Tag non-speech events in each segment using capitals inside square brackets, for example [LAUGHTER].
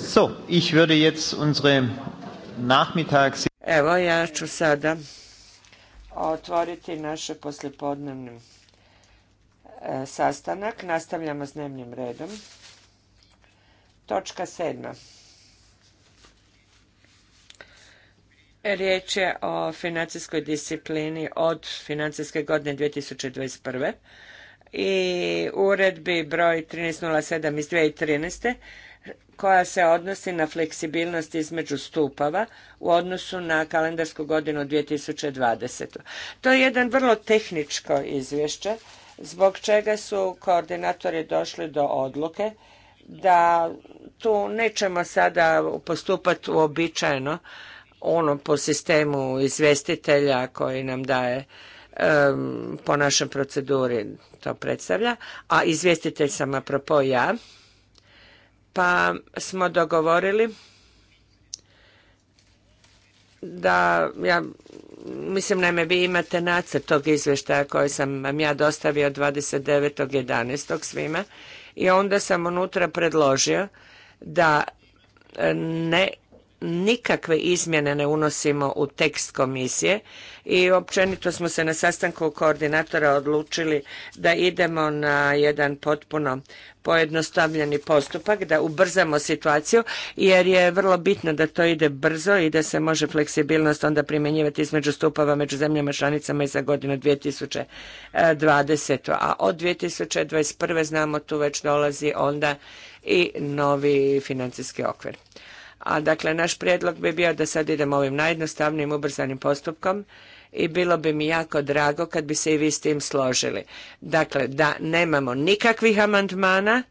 So, ich würde jetzt unsere Nachmittags Evo, ja ću sada otvoriti naše poslijepodnevni e, sastanak. Nastavljamo s dnevnim redom. Točka sedma. Riječ je o financijskoj disciplini od financijske godine 2021 i uredbi broj 1307 iz 2013 koja se odnosi na fleksibilnost između stupava u odnosu na kalendarsku godinu 2020. To je jedan vrlo tehničko izvješće zbog čega su koordinatori došli do odluke da tu nećemo sada postupati uobičajeno ono po sistemu izvjestitelja koji nam daje po našoj proceduri to predstavlja, a izvjestitelj sam apropo ja, pa smo dogovorili da ja mislim naime vi imate nacrt tog izvještaja koji sam vam ja dostavio 29.11. svima i onda sam unutra predložio da ne nikakve izmjene ne unosimo u tekst komisije i općenito smo se na sastanku koordinatora odlučili da idemo na jedan potpuno pojednostavljeni postupak, da ubrzamo situaciju jer je vrlo bitno da to ide brzo i da se može fleksibilnost onda primjenjivati između stupova među zemljama članicama i za godinu 2020. A od 2021. znamo tu već dolazi onda i novi financijski okvir. A dakle, naš prijedlog bi bio da sad idemo ovim najjednostavnijim ubrzanim postupkom i bilo bi mi jako drago kad bi se i vi s tim složili. Dakle, da nemamo nikakvih amandmana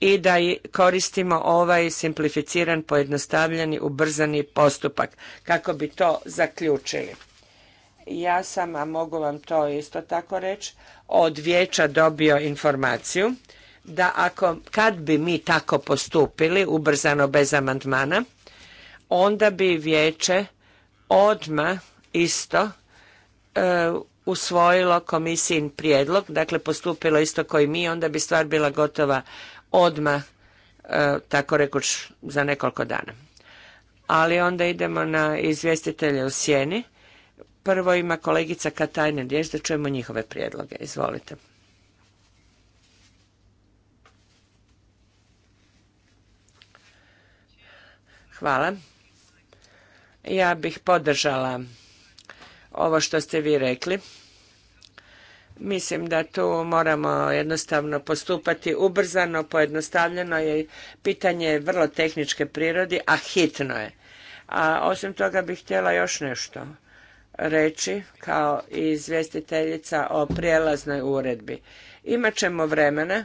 i da koristimo ovaj simplificiran, pojednostavljeni, ubrzani postupak kako bi to zaključili. Ja sam, a mogu vam to isto tako reći, od vijeća dobio informaciju da ako, kad bi mi tako postupili, ubrzano bez amandmana, onda bi vijeće odma isto e, usvojilo komisijin prijedlog, dakle postupilo isto koji mi, onda bi stvar bila gotova odma, e, tako rekuć, za nekoliko dana. Ali onda idemo na izvjestitelje u sjeni. Prvo ima kolegica Katajna riječ da čujemo njihove prijedloge. Izvolite. Hvala. Ja bih podržala ovo što ste vi rekli. Mislim da tu moramo jednostavno postupati ubrzano, pojednostavljeno je pitanje vrlo tehničke prirodi, a hitno je. A osim toga bih htjela još nešto reći kao izvjestiteljica o prijelaznoj uredbi. Imat ćemo vremena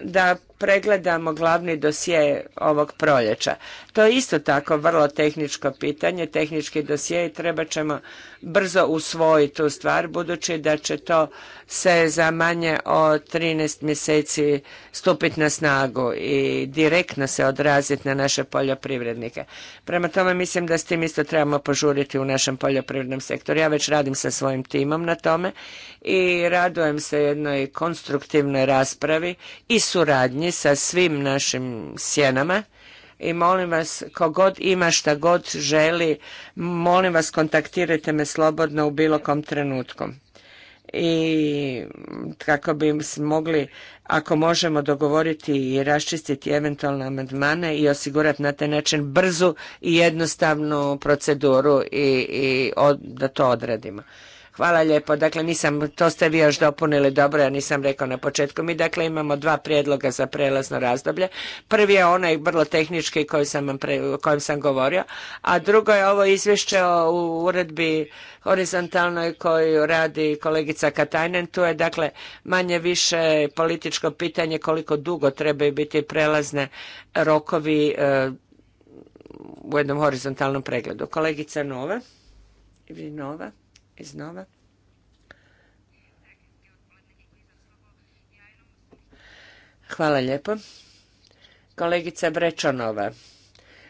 da pregledamo glavni dosje ovog proljeća. To je isto tako vrlo tehničko pitanje, tehnički dosje i treba ćemo brzo usvojiti tu stvar budući da će to se za manje od 13 mjeseci stupiti na snagu i direktno se odraziti na naše poljoprivrednike. Prema tome mislim da s tim isto trebamo požuriti u našem poljoprivrednom sektoru. Ja već radim sa svojim timom na tome i radujem se jednoj konstruktivnoj raspravi i suradnji sa svim našim sjenama i molim vas, kogod ima šta god želi, molim vas kontaktirajte me slobodno u bilo kom trenutku. I kako bi mogli, ako možemo dogovoriti i raščistiti eventualne amandmane i osigurati na taj način brzu i jednostavnu proceduru i, i da to odradimo. Hvala lijepo. Dakle, nisam, to ste vi još dopunili dobro, ja nisam rekao na početku. Mi dakle imamo dva prijedloga za prelazno razdoblje. Prvi je onaj vrlo tehnički koji sam o kojem sam govorio, a drugo je ovo izvješće o uredbi horizontalnoj koju radi kolegica Katajnen. Tu je dakle manje više političko pitanje koliko dugo trebaju biti prelazne rokovi e, u jednom horizontalnom pregledu. Kolegica Nova. Nova iznova. Hvala lijepo. Kolegica Brečanova,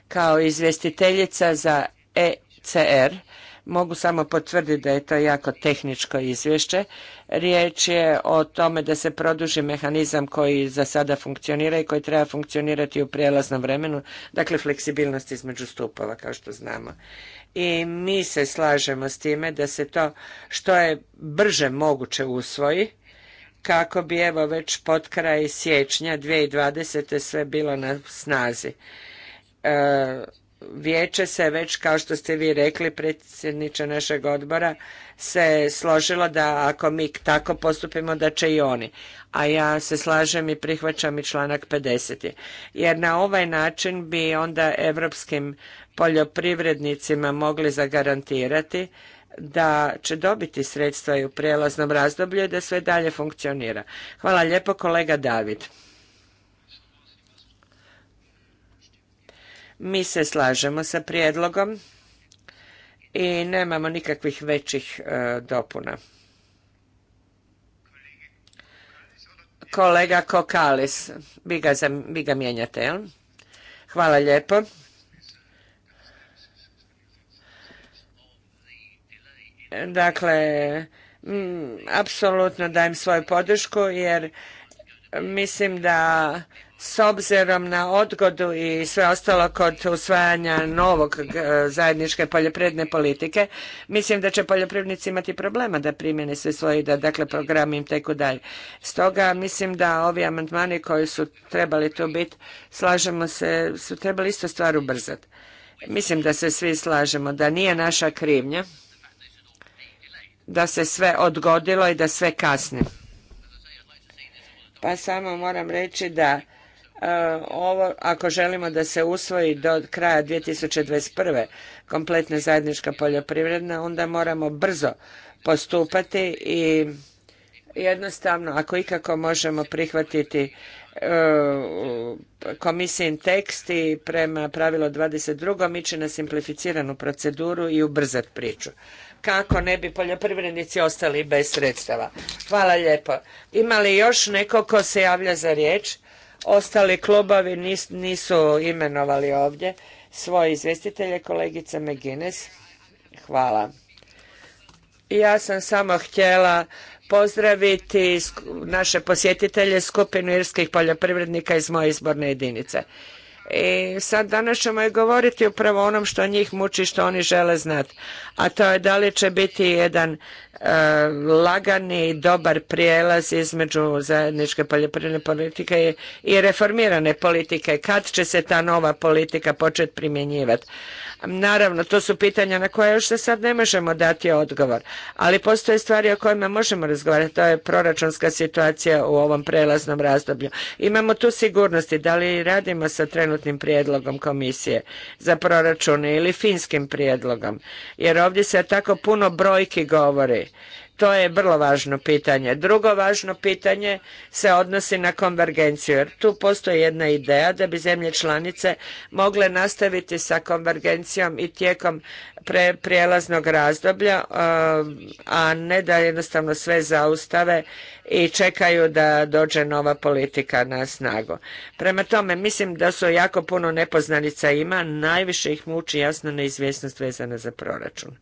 kao izvjestiteljica za ECR, mogu samo potvrditi da je to jako tehničko izvješće. Riječ je o tome da se produži mehanizam koji za sada funkcionira i koji treba funkcionirati u prijelaznom vremenu, dakle fleksibilnost između stupova, kao što znamo i mi se slažemo s time da se to što je brže moguće usvoji kako bi evo već pod kraj siječnja 2020. sve bilo na snazi. E, vijeće se već, kao što ste vi rekli, predsjedniče našeg odbora, se složilo da ako mi tako postupimo da će i oni. A ja se slažem i prihvaćam i članak 50. Jer na ovaj način bi onda europskim poljoprivrednicima mogli zagarantirati da će dobiti sredstva i u prijelaznom razdoblju i da sve dalje funkcionira. Hvala lijepo kolega David. Mi se slažemo sa prijedlogom i nemamo nikakvih većih e, dopuna. Kolega Kokalis, vi ga, mijenjate, jel? Hvala lijepo. Dakle, apsolutno dajem svoju podršku jer mislim da s obzirom na odgodu i sve ostalo kod usvajanja novog zajedničke poljoprivredne politike, mislim da će poljoprivrednici imati problema da primjene sve svoje, da dakle programi im teku dalje. Stoga mislim da ovi amandmani koji su trebali tu biti, slažemo se, su trebali isto stvar ubrzati. Mislim da se svi slažemo da nije naša krivnja da se sve odgodilo i da sve kasni. Pa samo moram reći da ovo, ako želimo da se usvoji do kraja 2021. kompletna zajednička poljoprivredna, onda moramo brzo postupati i jednostavno, ako ikako možemo prihvatiti e, komisijin tekst i prema pravilu 22. ići na simplificiranu proceduru i ubrzati priču. Kako ne bi poljoprivrednici ostali bez sredstava. Hvala lijepo. Ima li još neko ko se javlja za riječ? ostali klubovi nisu imenovali ovdje svoje izvjestitelje, kolegice McGuinness. Hvala. Ja sam samo htjela pozdraviti naše posjetitelje skupinu irskih poljoprivrednika iz moje izborne jedinice. I sad danas ćemo i govoriti upravo o onom što njih muči, što oni žele znati. A to je da li će biti jedan e, lagani i dobar prijelaz između zajedničke poljoprivredne politike i, i reformirane politike. Kad će se ta nova politika početi primjenjivati? Naravno, to su pitanja na koja još sad ne možemo dati odgovor, ali postoje stvari o kojima možemo razgovarati, to je proračunska situacija u ovom prelaznom razdoblju. Imamo tu sigurnosti, da li radimo sa trenutnim prijedlogom komisije za proračune ili finskim prijedlogom, jer ovdje se tako puno brojki govori to je vrlo važno pitanje. Drugo važno pitanje se odnosi na konvergenciju, jer tu postoji jedna ideja da bi zemlje članice mogle nastaviti sa konvergencijom i tijekom pre prijelaznog razdoblja, eh, a ne da jednostavno sve zaustave i čekaju da dođe nova politika na snagu. Prema tome, mislim da su jako puno nepoznanica ima, najviše ih muči jasno neizvjesnost vezana za proračun.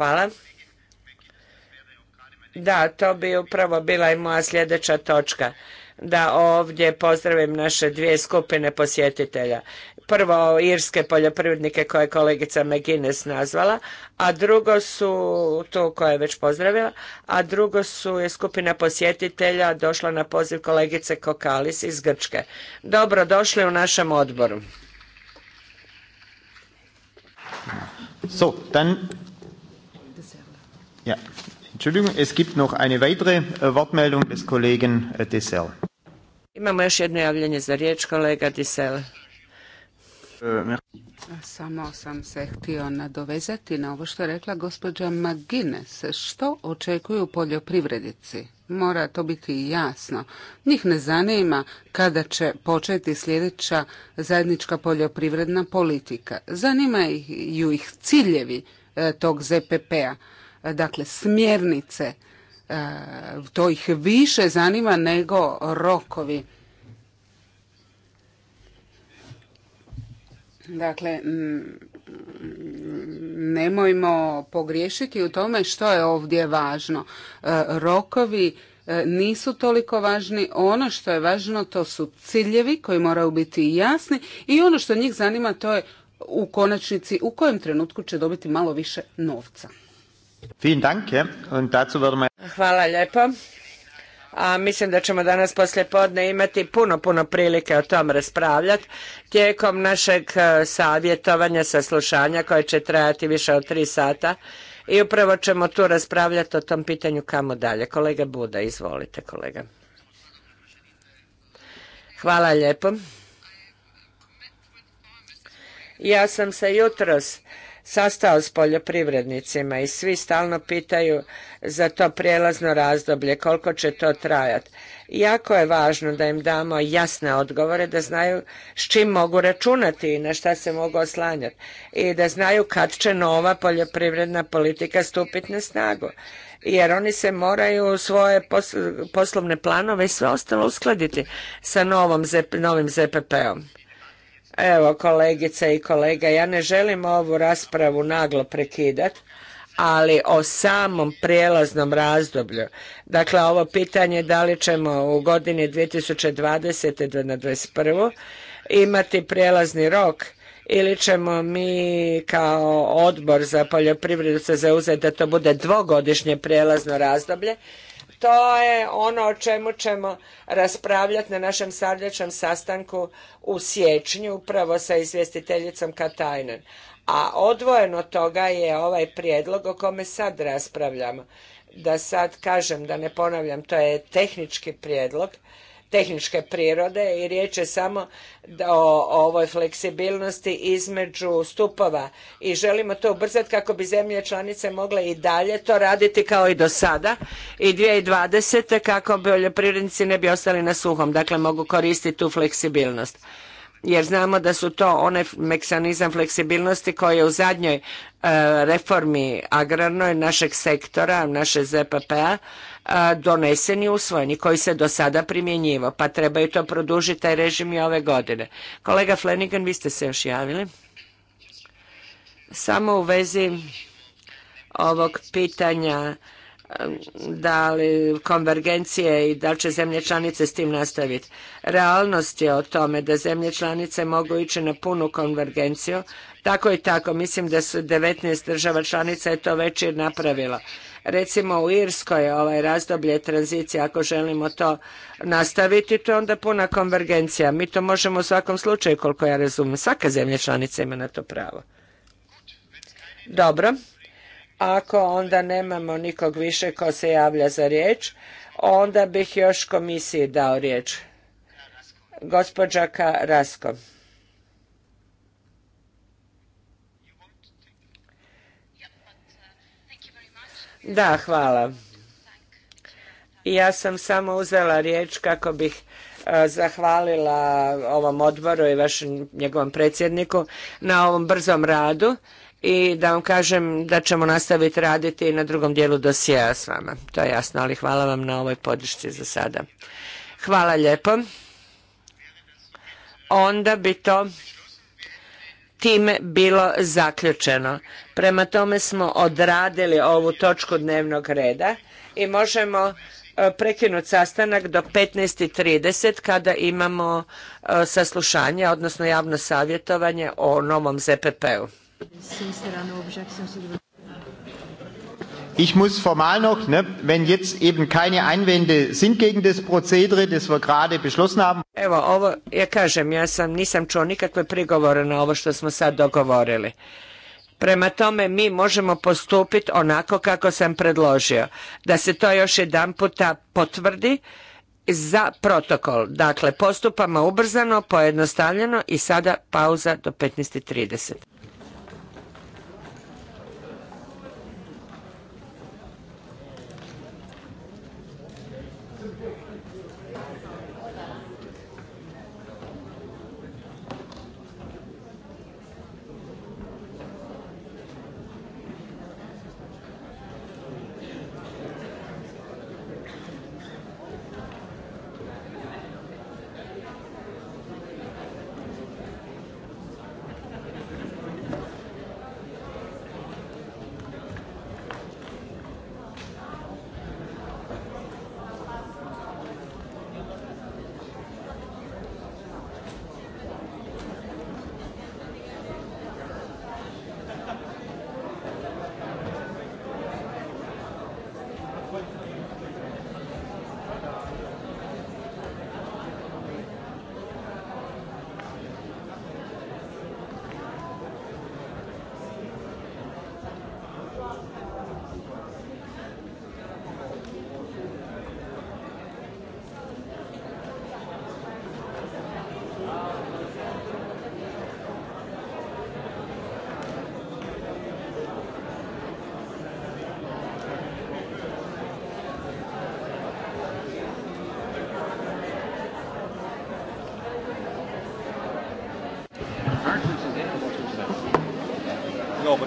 Hvala. Da, to bi upravo bila i moja sljedeća točka. Da ovdje pozdravim naše dvije skupine posjetitelja. Prvo irske poljoprivrednike koje je kolegica McGuinness nazvala, a drugo su, tu koja je već pozdravila, a drugo su je skupina posjetitelja došla na poziv kolegice Kokalis iz Grčke. Dobro došli u našem odboru. So, ja, Entschuldigung, es gibt äh, äh, Imamo još jedno javljanje za riječ, kolega Dissel. E, samo sam se htio nadovezati na ovo što je rekla gospođa Magines. Što očekuju poljoprivrednici? Mora to biti jasno. Njih ne zanima kada će početi sljedeća zajednička poljoprivredna politika. Zanimaju ih ciljevi e, tog ZPP-a E, dakle smjernice. E, to ih više zanima nego rokovi. Dakle, nemojmo pogriješiti u tome što je ovdje važno. E, rokovi nisu toliko važni. Ono što je važno to su ciljevi koji moraju biti jasni i ono što njih zanima to je u konačnici u kojem trenutku će dobiti malo više novca. Hvala lijepo. A mislim da ćemo danas poslje podne imati puno, puno prilike o tom raspravljati tijekom našeg e, savjetovanja, saslušanja koje će trajati više od tri sata i upravo ćemo tu raspravljati o tom pitanju kamo dalje. Kolega Buda, izvolite kolega. Hvala lijepo. Ja sam se jutros sastao s poljoprivrednicima i svi stalno pitaju za to prijelazno razdoblje, koliko će to trajati. Jako je važno da im damo jasne odgovore, da znaju s čim mogu računati i na šta se mogu oslanjati i da znaju kad će nova poljoprivredna politika stupiti na snagu. Jer oni se moraju svoje poslovne planove i sve ostalo uskladiti sa novom, novim ZPP-om. Evo, kolegice i kolege, ja ne želim ovu raspravu naglo prekidati, ali o samom prijelaznom razdoblju. Dakle, ovo pitanje da li ćemo u godini 2020. na 2021. imati prijelazni rok ili ćemo mi kao odbor za poljoprivredu se zauzeti da to bude dvogodišnje prijelazno razdoblje to je ono o čemu ćemo raspravljati na našem sljedećem sastanku u siječnju upravo sa izvjestiteljicom Katajnen. A odvojeno od toga je ovaj prijedlog o kome sad raspravljamo. Da sad kažem, da ne ponavljam, to je tehnički prijedlog tehničke prirode i riječ je samo o, ovoj fleksibilnosti između stupova i želimo to ubrzati kako bi zemlje članice mogle i dalje to raditi kao i do sada i 2020. kako poljoprivrednici ne bi ostali na suhom, dakle mogu koristiti tu fleksibilnost jer znamo da su to one meksanizam fleksibilnosti koji je u zadnjoj e, reformi agrarnoj našeg sektora, naše ZPP-a, e, donesen i usvojen koji se do sada primjenjivao, pa trebaju to produžiti taj režim i ove godine. Kolega Flanagan, vi ste se još javili. Samo u vezi ovog pitanja da li konvergencije i da li će zemlje članice s tim nastaviti. Realnost je o tome da zemlje članice mogu ići na punu konvergenciju, tako i tako. Mislim da su 19 država članica je to već i napravilo. Recimo u Irskoj ovaj razdoblje tranzicije, ako želimo to nastaviti, to je onda puna konvergencija. Mi to možemo u svakom slučaju, koliko ja razumijem. Svaka zemlja članica ima na to pravo. Dobro. Ako onda nemamo nikog više ko se javlja za riječ, onda bih još komisiji dao riječ. Gospođa Karasko. Da, hvala. Ja sam samo uzela riječ kako bih e, zahvalila ovom odboru i vašem njegovom predsjedniku na ovom brzom radu i da vam kažem da ćemo nastaviti raditi na drugom dijelu dosjea s vama. To je jasno, ali hvala vam na ovoj podršci za sada. Hvala lijepo. Onda bi to time bilo zaključeno. Prema tome smo odradili ovu točku dnevnog reda i možemo e, prekinuti sastanak do 15.30 kada imamo e, saslušanje, odnosno javno savjetovanje o novom ZPP-u. Ich muss formal noch, ne, wenn jetzt eben keine Einwände sind gegen das Prozedere, das wir gerade beschlossen haben. Evo, ovo, ja kažem, ja sam, nisam čuo nikakve prigovore na ovo što smo sad dogovorili. Prema tome mi možemo postupiti onako kako sam predložio. Da se to još jedan potvrdi za protokol. Dakle, postupamo ubrzano, pojednostavljeno i sada pauza do 15.30.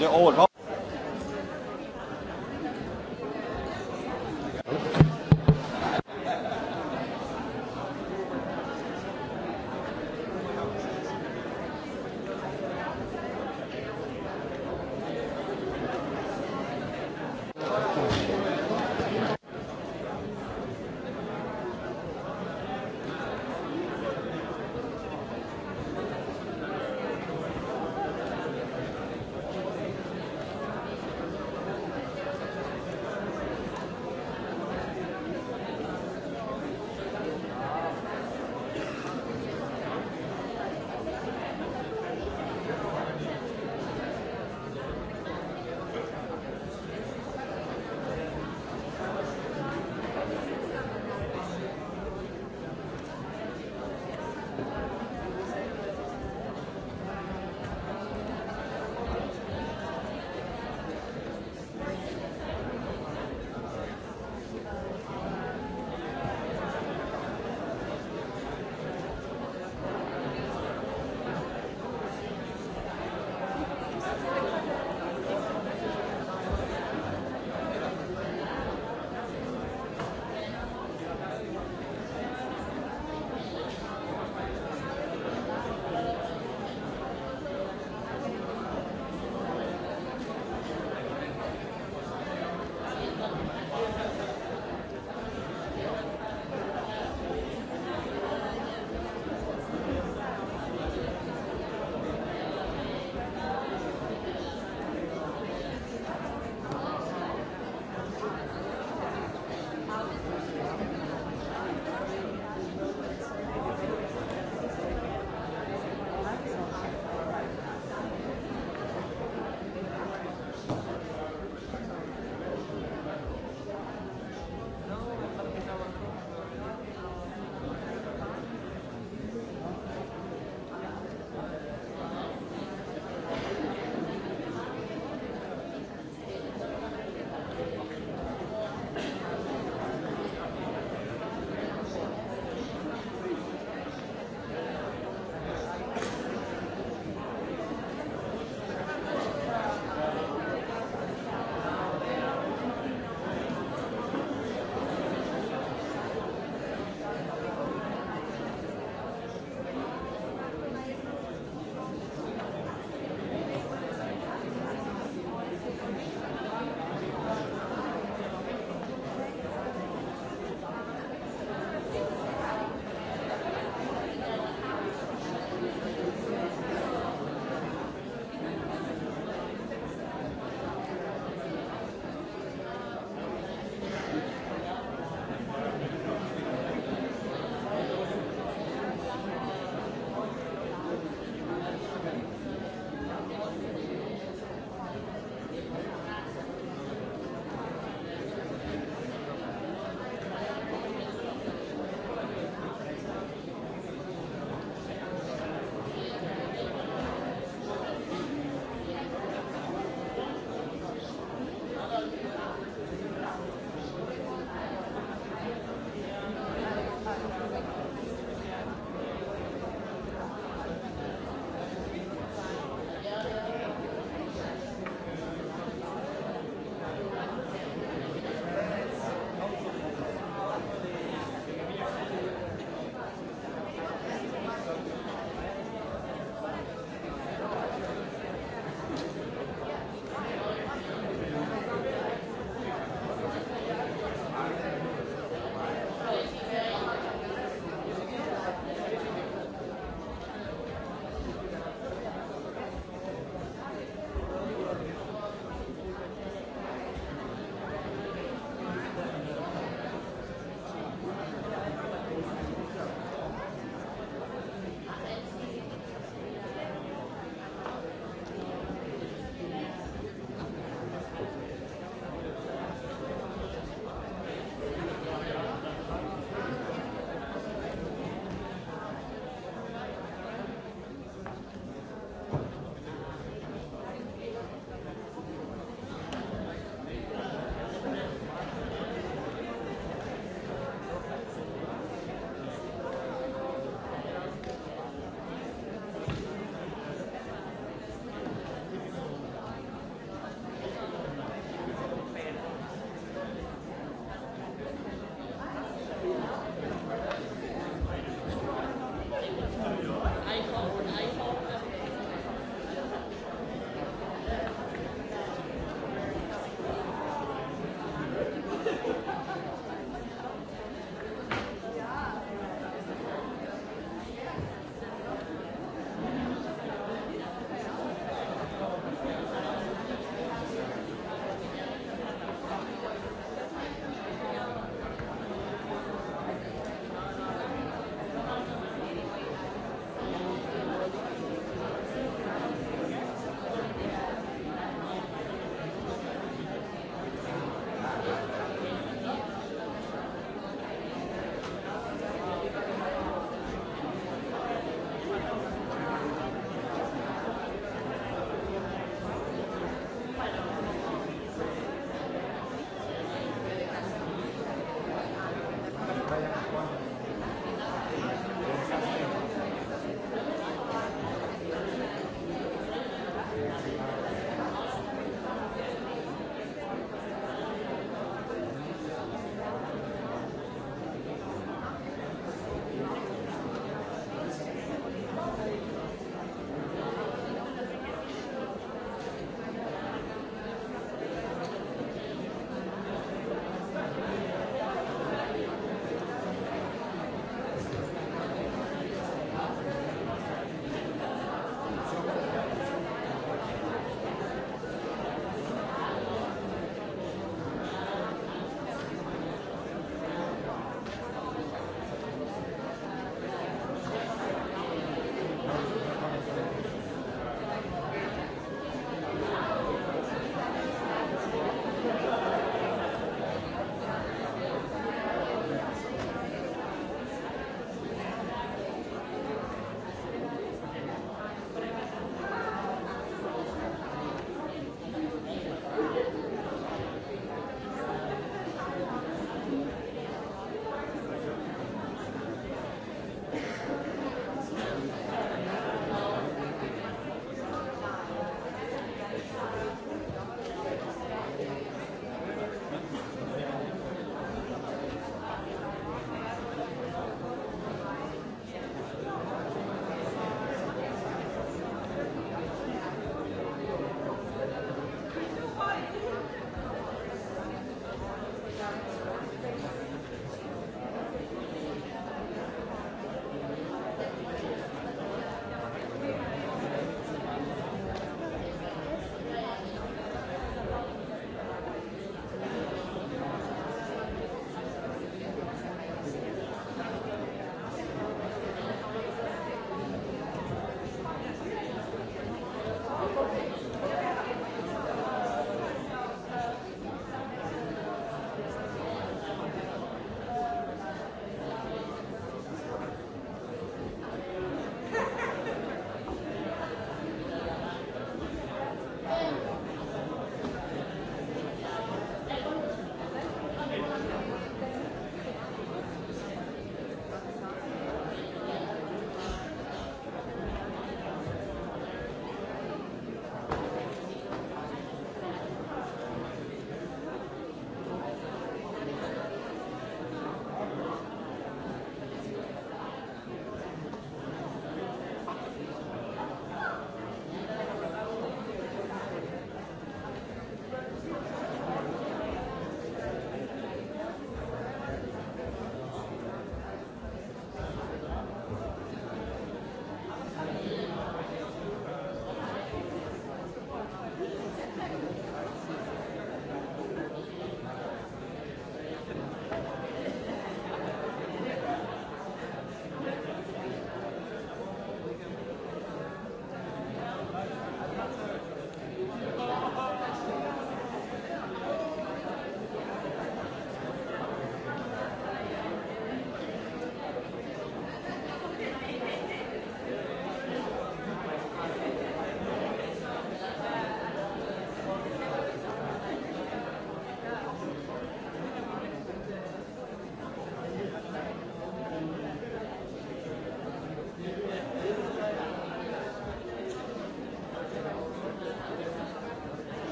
je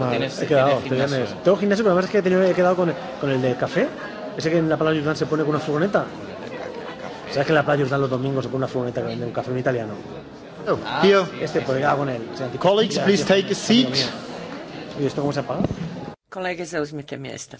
mal. tienes, he quedado, tienes gimnasio. Tienes... Tengo gimnasio, pero además es que he, tenido, he quedado con, con, el de café. Ese que en la Playa Jordán se pone con una furgoneta. ¿Sabes que en la Playa Jordán los domingos se pone una furgoneta que vende un café en italiano? Oh, ah, tío. Este, pues he quedado con él. O sea, Colleagues, please take a seat. ¿Y esto cómo se apaga? Kolege, zauzmite mjesta.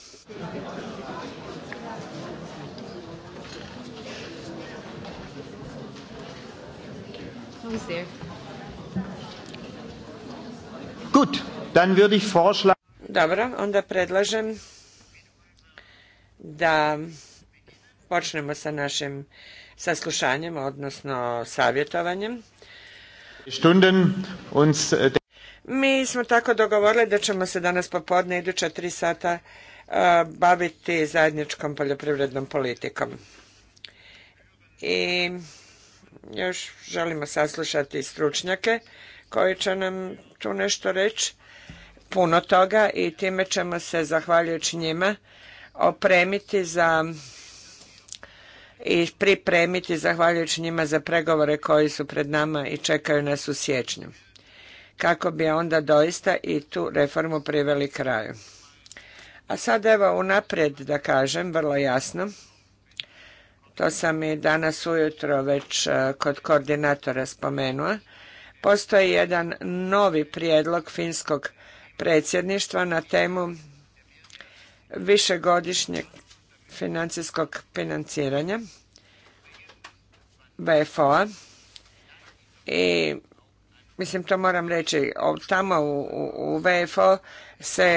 Dobro, onda predlažem da počnemo sa našim saslušanjem, odnosno savjetovanjem. Äh, Mi smo tako dogovorili da ćemo se danas popodne iduća tri sata e, baviti zajedničkom poljoprivrednom politikom. I još želimo saslušati stručnjake koji će nam tu nešto reći puno toga i time ćemo se, zahvaljujući njima, opremiti za i pripremiti, zahvaljujući njima, za pregovore koji su pred nama i čekaju nas u siječnju. Kako bi onda doista i tu reformu priveli kraju. A sad evo unaprijed da kažem, vrlo jasno, to sam i danas ujutro već e, kod koordinatora spomenula, postoji jedan novi prijedlog finskog predsjedništva na temu višegodišnjeg financijskog financiranja vfo a i mislim to moram reći tamo u, u VFO se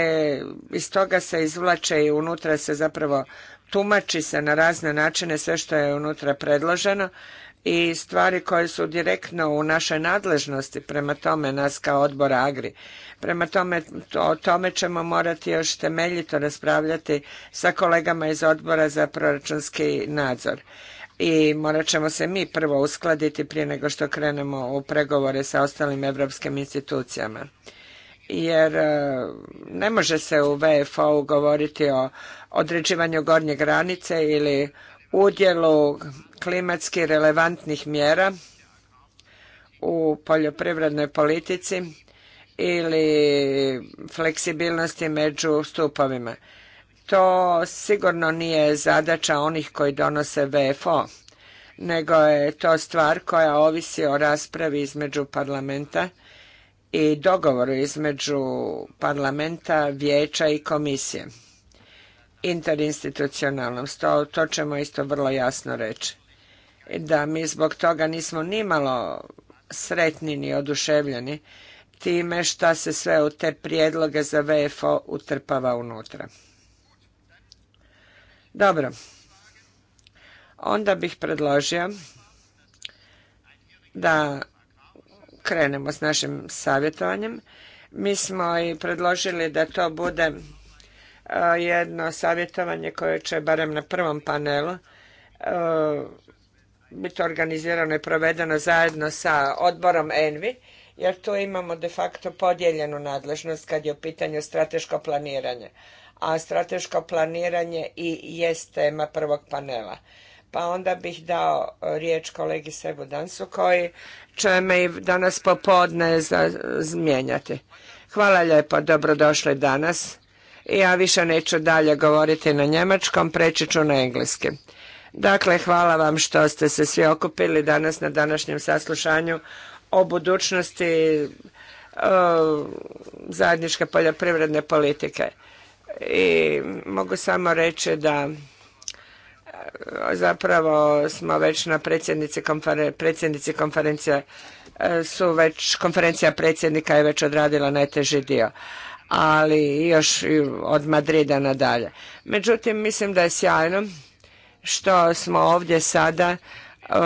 iz toga se izvlače i unutra se zapravo tumači se na razne načine sve što je unutra predloženo i stvari koje su direktno u našoj nadležnosti, prema tome nas kao odbora Agri. Prema tome, o tome ćemo morati još temeljito raspravljati sa kolegama iz odbora za proračunski nadzor. I morat ćemo se mi prvo uskladiti prije nego što krenemo u pregovore sa ostalim evropskim institucijama jer e, ne može se u VFO-u govoriti o određivanju gornje granice ili udjelu klimatski relevantnih mjera u poljoprivrednoj politici ili fleksibilnosti među stupovima. To sigurno nije zadaća onih koji donose VFO, nego je to stvar koja ovisi o raspravi između parlamenta i dogovoru između parlamenta, vijeća i komisije interinstitucionalnom. To, to ćemo isto vrlo jasno reći. Da mi zbog toga nismo nimalo sretni ni oduševljeni time šta se sve u te prijedloge za VFO utrpava unutra. Dobro. Onda bih predložio da krenemo s našim savjetovanjem. Mi smo i predložili da to bude jedno savjetovanje koje će barem na prvom panelu biti organizirano i provedeno zajedno sa odborom ENVI, jer tu imamo de facto podijeljenu nadležnost kad je u pitanju strateško planiranje. A strateško planiranje i jest tema prvog panela. Pa onda bih dao riječ kolegi Sebu Dansu koji će me i danas popodne zmijenjati. Hvala lijepo, dobrodošli danas ja više neću dalje govoriti na njemačkom, preći ću na engleski. Dakle, hvala vam što ste se svi okupili danas na današnjem saslušanju o budućnosti e, zajedničke poljoprivredne politike. I mogu samo reći da e, zapravo smo već na predsjednici, konferen predsjednici konferencija e, su već, konferencija predsjednika je već odradila najteži dio ali još od Madrida nadalje. Međutim, mislim da je sjajno što smo ovdje sada e,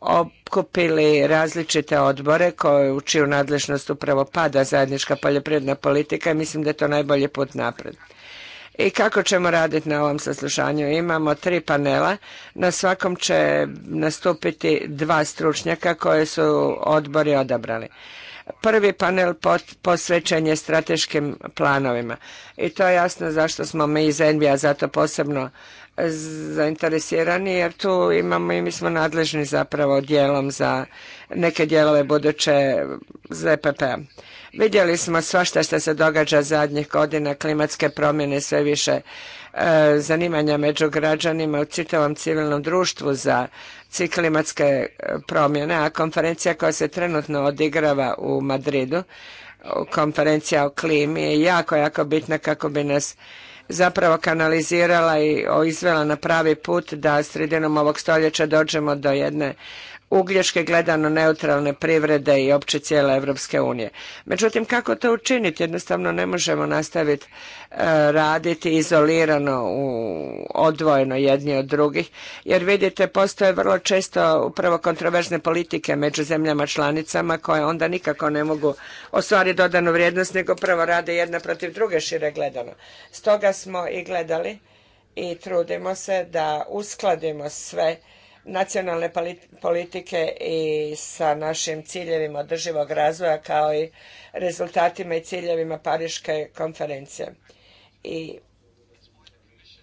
okupili opkupili različite odbore koje u čiju nadležnost upravo pada zajednička poljoprivredna politika i mislim da je to najbolji put napred. I kako ćemo raditi na ovom saslušanju? Imamo tri panela. Na svakom će nastupiti dva stručnjaka koje su odbori odabrali. Prvi panel posvećen je strateškim planovima i to je jasno zašto smo mi iz Envija zato posebno zainteresirani jer tu imamo i mi smo nadležni zapravo dijelom za neke dijelove buduće ZPP-a. E Vidjeli smo svašta što se događa zadnjih godina, klimatske promjene, sve više e, zanimanja među građanima u čitavom civilnom društvu za klimatske e, promjene, a konferencija koja se trenutno odigrava u Madridu, konferencija o klimi, je jako, jako bitna kako bi nas zapravo kanalizirala i izvela na pravi put da sredinom ovog stoljeća dođemo do jedne uglješke gledano neutralne privrede i opće cijele Europske unije. Međutim, kako to učiniti? Jednostavno ne možemo nastaviti e, raditi izolirano, u, odvojeno jedni od drugih, jer vidite, postoje vrlo često upravo kontroverzne politike među zemljama članicama koje onda nikako ne mogu ostvariti dodanu vrijednost, nego prvo rade jedna protiv druge šire gledano. Stoga smo i gledali i trudimo se da uskladimo sve nacionalne politike i sa našim ciljevima održivog razvoja kao i rezultatima i ciljevima Pariške konferencije. I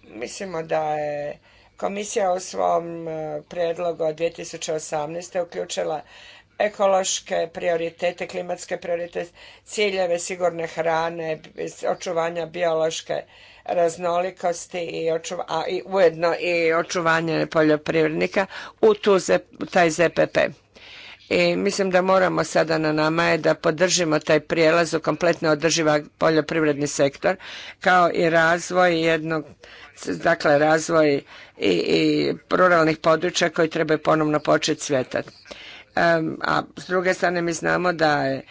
mislimo da je komisija u svom e, prijedlogu od 2018. uključila ekološke prioritete, klimatske prioritete, ciljeve sigurne hrane, očuvanja biološke raznolikosti i, ujedno i očuvanje poljoprivrednika u tu taj ZPP. I mislim da moramo sada na nama je da podržimo taj prijelaz u kompletno održiva poljoprivredni sektor kao i razvoj jednog dakle razvoj i, ruralnih područja koji trebaju ponovno početi cvjetati. a s druge strane mi znamo da je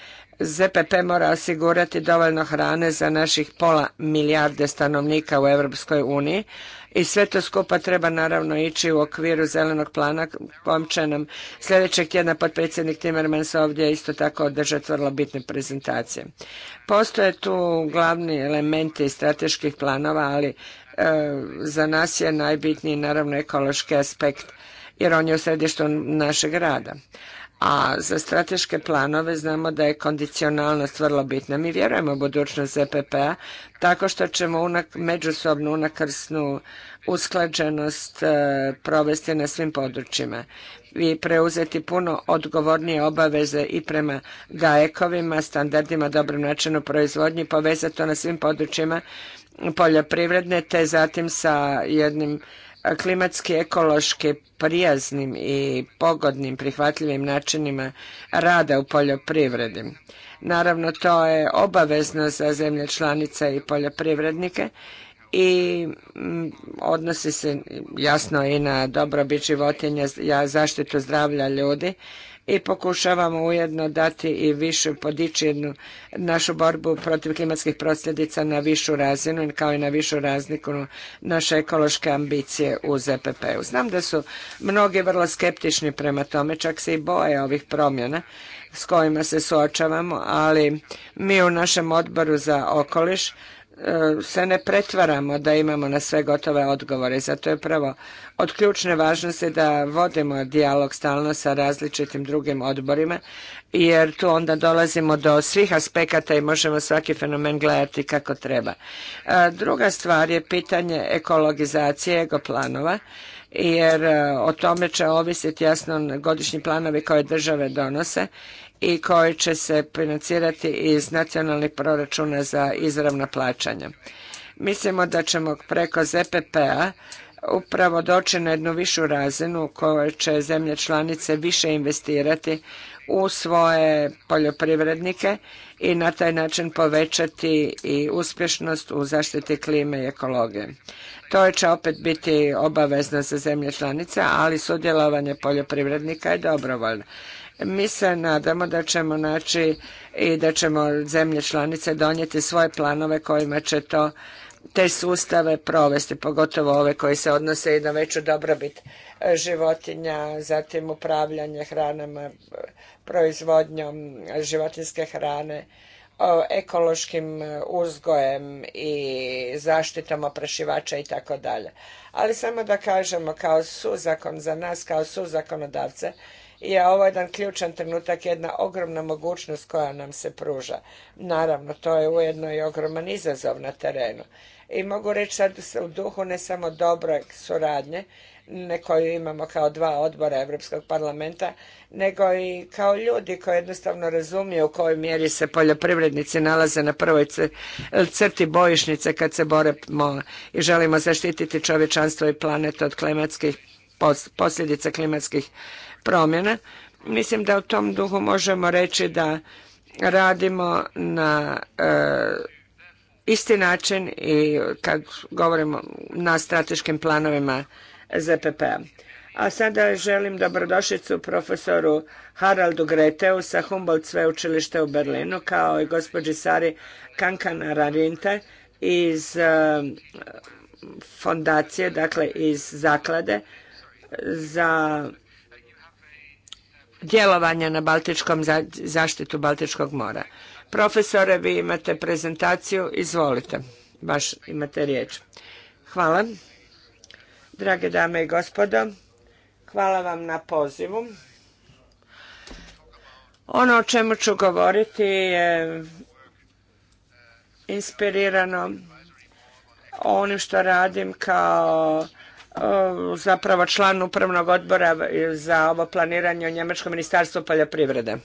ZPP mora osigurati dovoljno hrane za naših pola milijarde stanovnika u Europskoj uniji i sve to skupa treba naravno ići u okviru zelenog plana kojom nam sljedećeg tjedna potpredsjednik Timmermans ovdje isto tako održati vrlo bitne prezentacije. Postoje tu glavni elementi strateških planova, ali e, za nas je najbitniji naravno ekološki aspekt jer on je u središtu našeg rada. A za strateške planove znamo da je kondicionalnost vrlo bitna. Mi vjerujemo u budućnost ZPP-a tako što ćemo unak, međusobnu unakrsnu usklađenost e, provesti na svim područjima i preuzeti puno odgovornije obaveze i prema gajekovima, standardima, dobrom načinu proizvodnji, povezati to na svim područjima poljoprivredne, te zatim sa jednim klimatski ekološki prijaznim i pogodnim prihvatljivim načinima rada u poljoprivredi. Naravno, to je obavezno za zemlje članice i poljoprivrednike i mm, odnosi se jasno i na dobrobit životinja, zaštitu zdravlja ljudi i pokušavamo ujedno dati i više podići jednu našu borbu protiv klimatskih prosljedica na višu razinu kao i na višu razliku naše ekološke ambicije u ZPP-u. Znam da su mnogi vrlo skeptični prema tome, čak se i boje ovih promjena s kojima se suočavamo, ali mi u našem odboru za okoliš E, se ne pretvaramo da imamo na sve gotove odgovore. Zato je prvo od ključne važnosti da vodimo dijalog stalno sa različitim drugim odborima jer tu onda dolazimo do svih aspekata i možemo svaki fenomen gledati kako treba. E, druga stvar je pitanje ekologizacije egoplanova jer e, o tome će ovisiti jasno godišnji planovi koje države donose i koji će se financirati iz nacionalnih proračuna za izravna plaćanja. Mislimo da ćemo preko ZPP-a upravo doći na jednu višu razinu u kojoj će zemlje članice više investirati u svoje poljoprivrednike i na taj način povećati i uspješnost u zaštiti klime i ekologije. To će opet biti obavezno za zemlje članice, ali sudjelovanje poljoprivrednika je dobrovoljno. Mi se nadamo da ćemo naći i da ćemo zemlje članice donijeti svoje planove kojima će to te sustave provesti, pogotovo ove koji se odnose i na veću dobrobit e, životinja, zatim upravljanje hranama, proizvodnjom životinske hrane, ekološkim e, uzgojem i zaštitom oprašivača i tako dalje. Ali samo da kažemo kao suzakon za nas, kao suzakonodavce, je ovo jedan ključan trenutak, jedna ogromna mogućnost koja nam se pruža. Naravno, to je ujedno i ogroman izazov na terenu. I mogu reći sad u duhu ne samo dobre suradnje, ne koju imamo kao dva odbora Europskog parlamenta, nego i kao ljudi koji jednostavno razumiju u kojoj mjeri se poljoprivrednici nalaze na prvoj crti bojišnice kad se boremo i želimo zaštititi čovječanstvo i planet od klimatskih posljedica klimatskih promjena. Mislim da u tom duhu možemo reći da radimo na e, isti način i kad govorimo na strateškim planovima ZPP-a. A sada želim dobrodošlicu profesoru Haraldu Greteu sa Humboldt sveučilište u Berlinu kao i gospođi Sari Kankan Rarinte iz e, fondacije, dakle iz zaklade za djelovanja na Baltičkom, zaštitu Baltičkog mora. Profesore, vi imate prezentaciju, izvolite, baš imate riječ. Hvala. Drage dame i gospodo, hvala vam na pozivu. Ono o čemu ću govoriti je inspirirano onim što radim kao zapravo član upravnog odbora za ovo planiranje u Njemačkom ministarstvu poljoprivrede.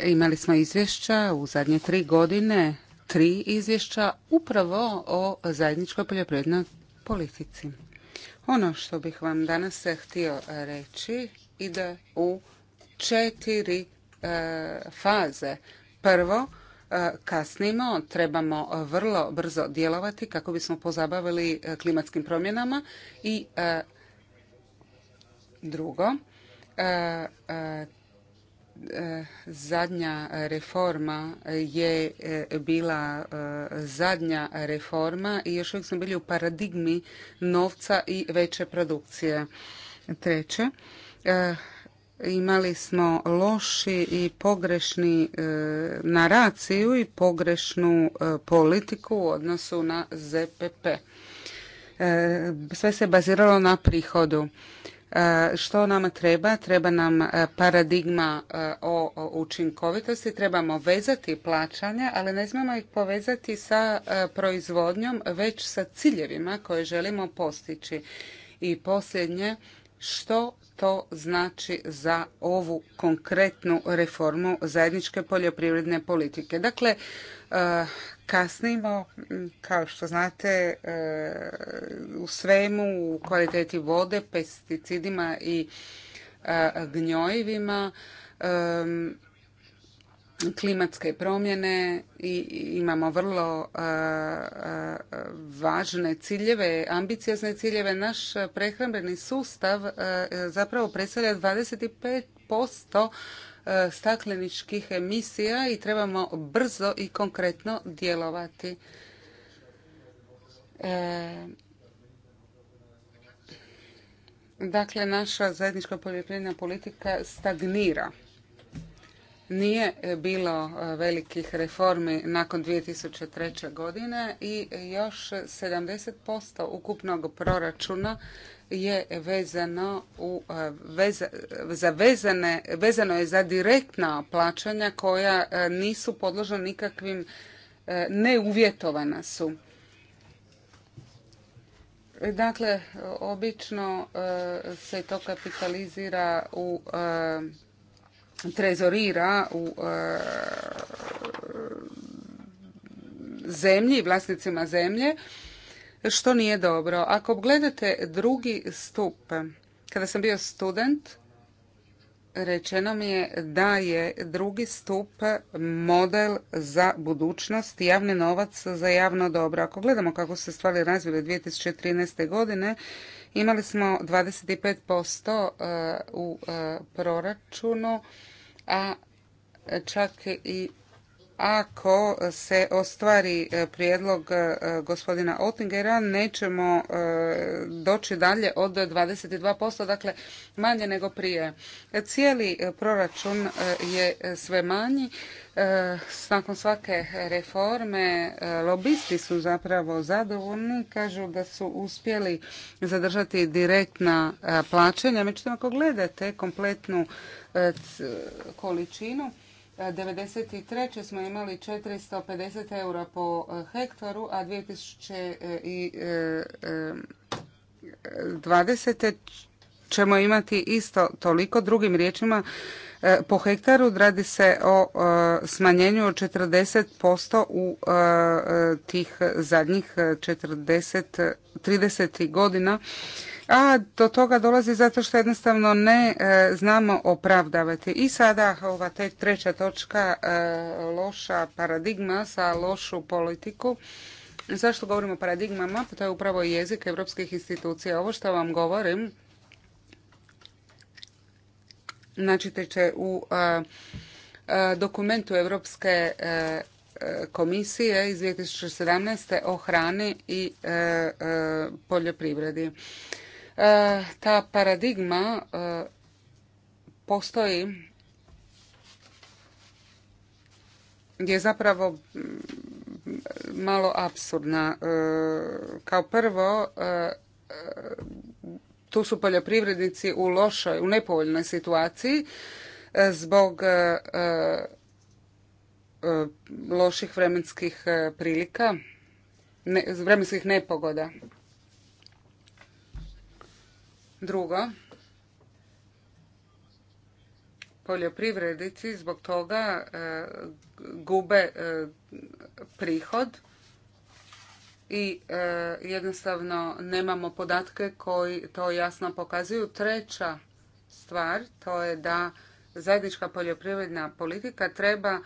E, imali smo izvješća u zadnje tri godine, tri izvješća upravo o zajedničkoj poljoprivrednoj politici. Ono što bih vam danas htio reći ide u četiri e, faze. Prvo, kasnimo, trebamo e, vrlo brzo djelovati kako bismo pozabavili e, klimatskim promjenama i e, drugo, zadnja reforma je bila zadnja reforma i još uvijek smo bili u paradigmi novca i veće produkcije. Treće, imali smo loši i pogrešni e, naraciju i pogrešnu e, politiku u odnosu na ZPP. E, sve se baziralo na prihodu. Što nama treba? Treba nam paradigma o učinkovitosti, trebamo vezati plaćanja, ali ne smijemo ih povezati sa proizvodnjom, već sa ciljevima koje želimo postići. I posljednje, što to znači za ovu konkretnu reformu zajedničke poljoprivredne politike. Dakle, e, kasnimo, kao što znate, e, u svemu, u kvaliteti vode, pesticidima i e, gnjojivima, klimatske promjene i imamo vrlo e, e, važne ciljeve, ambiciozne ciljeve. Naš prehrambeni sustav e, zapravo predstavlja 25% stakleničkih emisija i trebamo brzo i konkretno djelovati. Dakle, naša zajednička poljoprivredna politika stagnira nije e, bilo e, velikih reformi nakon 2003. godine i još 70% ukupnog proračuna je vezano u e, veza, za vezane, vezano je za direktna plaćanja koja nisu podložena nikakvim neuvjetovana su. Dakle, obično se to kapitalizira u trezorira u e, zemlji, vlasnicima zemlje, što nije dobro. Ako gledate drugi stup, kada sam bio student, rečeno mi je da je drugi stup model za budućnost, javni novac za javno dobro. Ako gledamo kako se stvari razvile 2013. godine, imali smo 25% e, u e, proračunu a čak i ako se ostvari e, prijedlog e, gospodina Otingera, nećemo e, doći dalje od 22%, dakle manje nego prije. Cijeli proračun je sve manji. Nakon svake reforme lobisti su zapravo zadovoljni, kažu da su uspjeli zadržati direktna plaćanja. Međutim, ako gledate kompletnu E, količinu. 93. E, smo imali 450 eura po e, hektaru, a 2020. ćemo imati isto toliko. Drugim riječima, po hektaru radi se o smanjenju od 40% u tih zadnjih 40, 30 godina a do toga dolazi zato što jednostavno ne e, znamo opravdavati. I sada ova te treća točka, e, loša paradigma sa lošu politiku. Zašto govorimo o paradigmama? Pa to je upravo jezik evropskih institucija. Ovo što vam govorim, znači, te će u e, dokumentu Evropske komisije iz 2017. o hrani i poljoprivredi. E, ta paradigma e, postoji je zapravo malo absurdna. E, kao prvo, tu su poljoprivrednici u lošoj, u nepovoljnoj situaciji zbog loših vremenskih prilika, vremenskih nepogoda. Drugo, poljoprivrednici zbog toga e, gube e, prihod i e, jednostavno nemamo podatke koji to jasno pokazuju. Treća stvar to je da zajednička poljoprivredna politika treba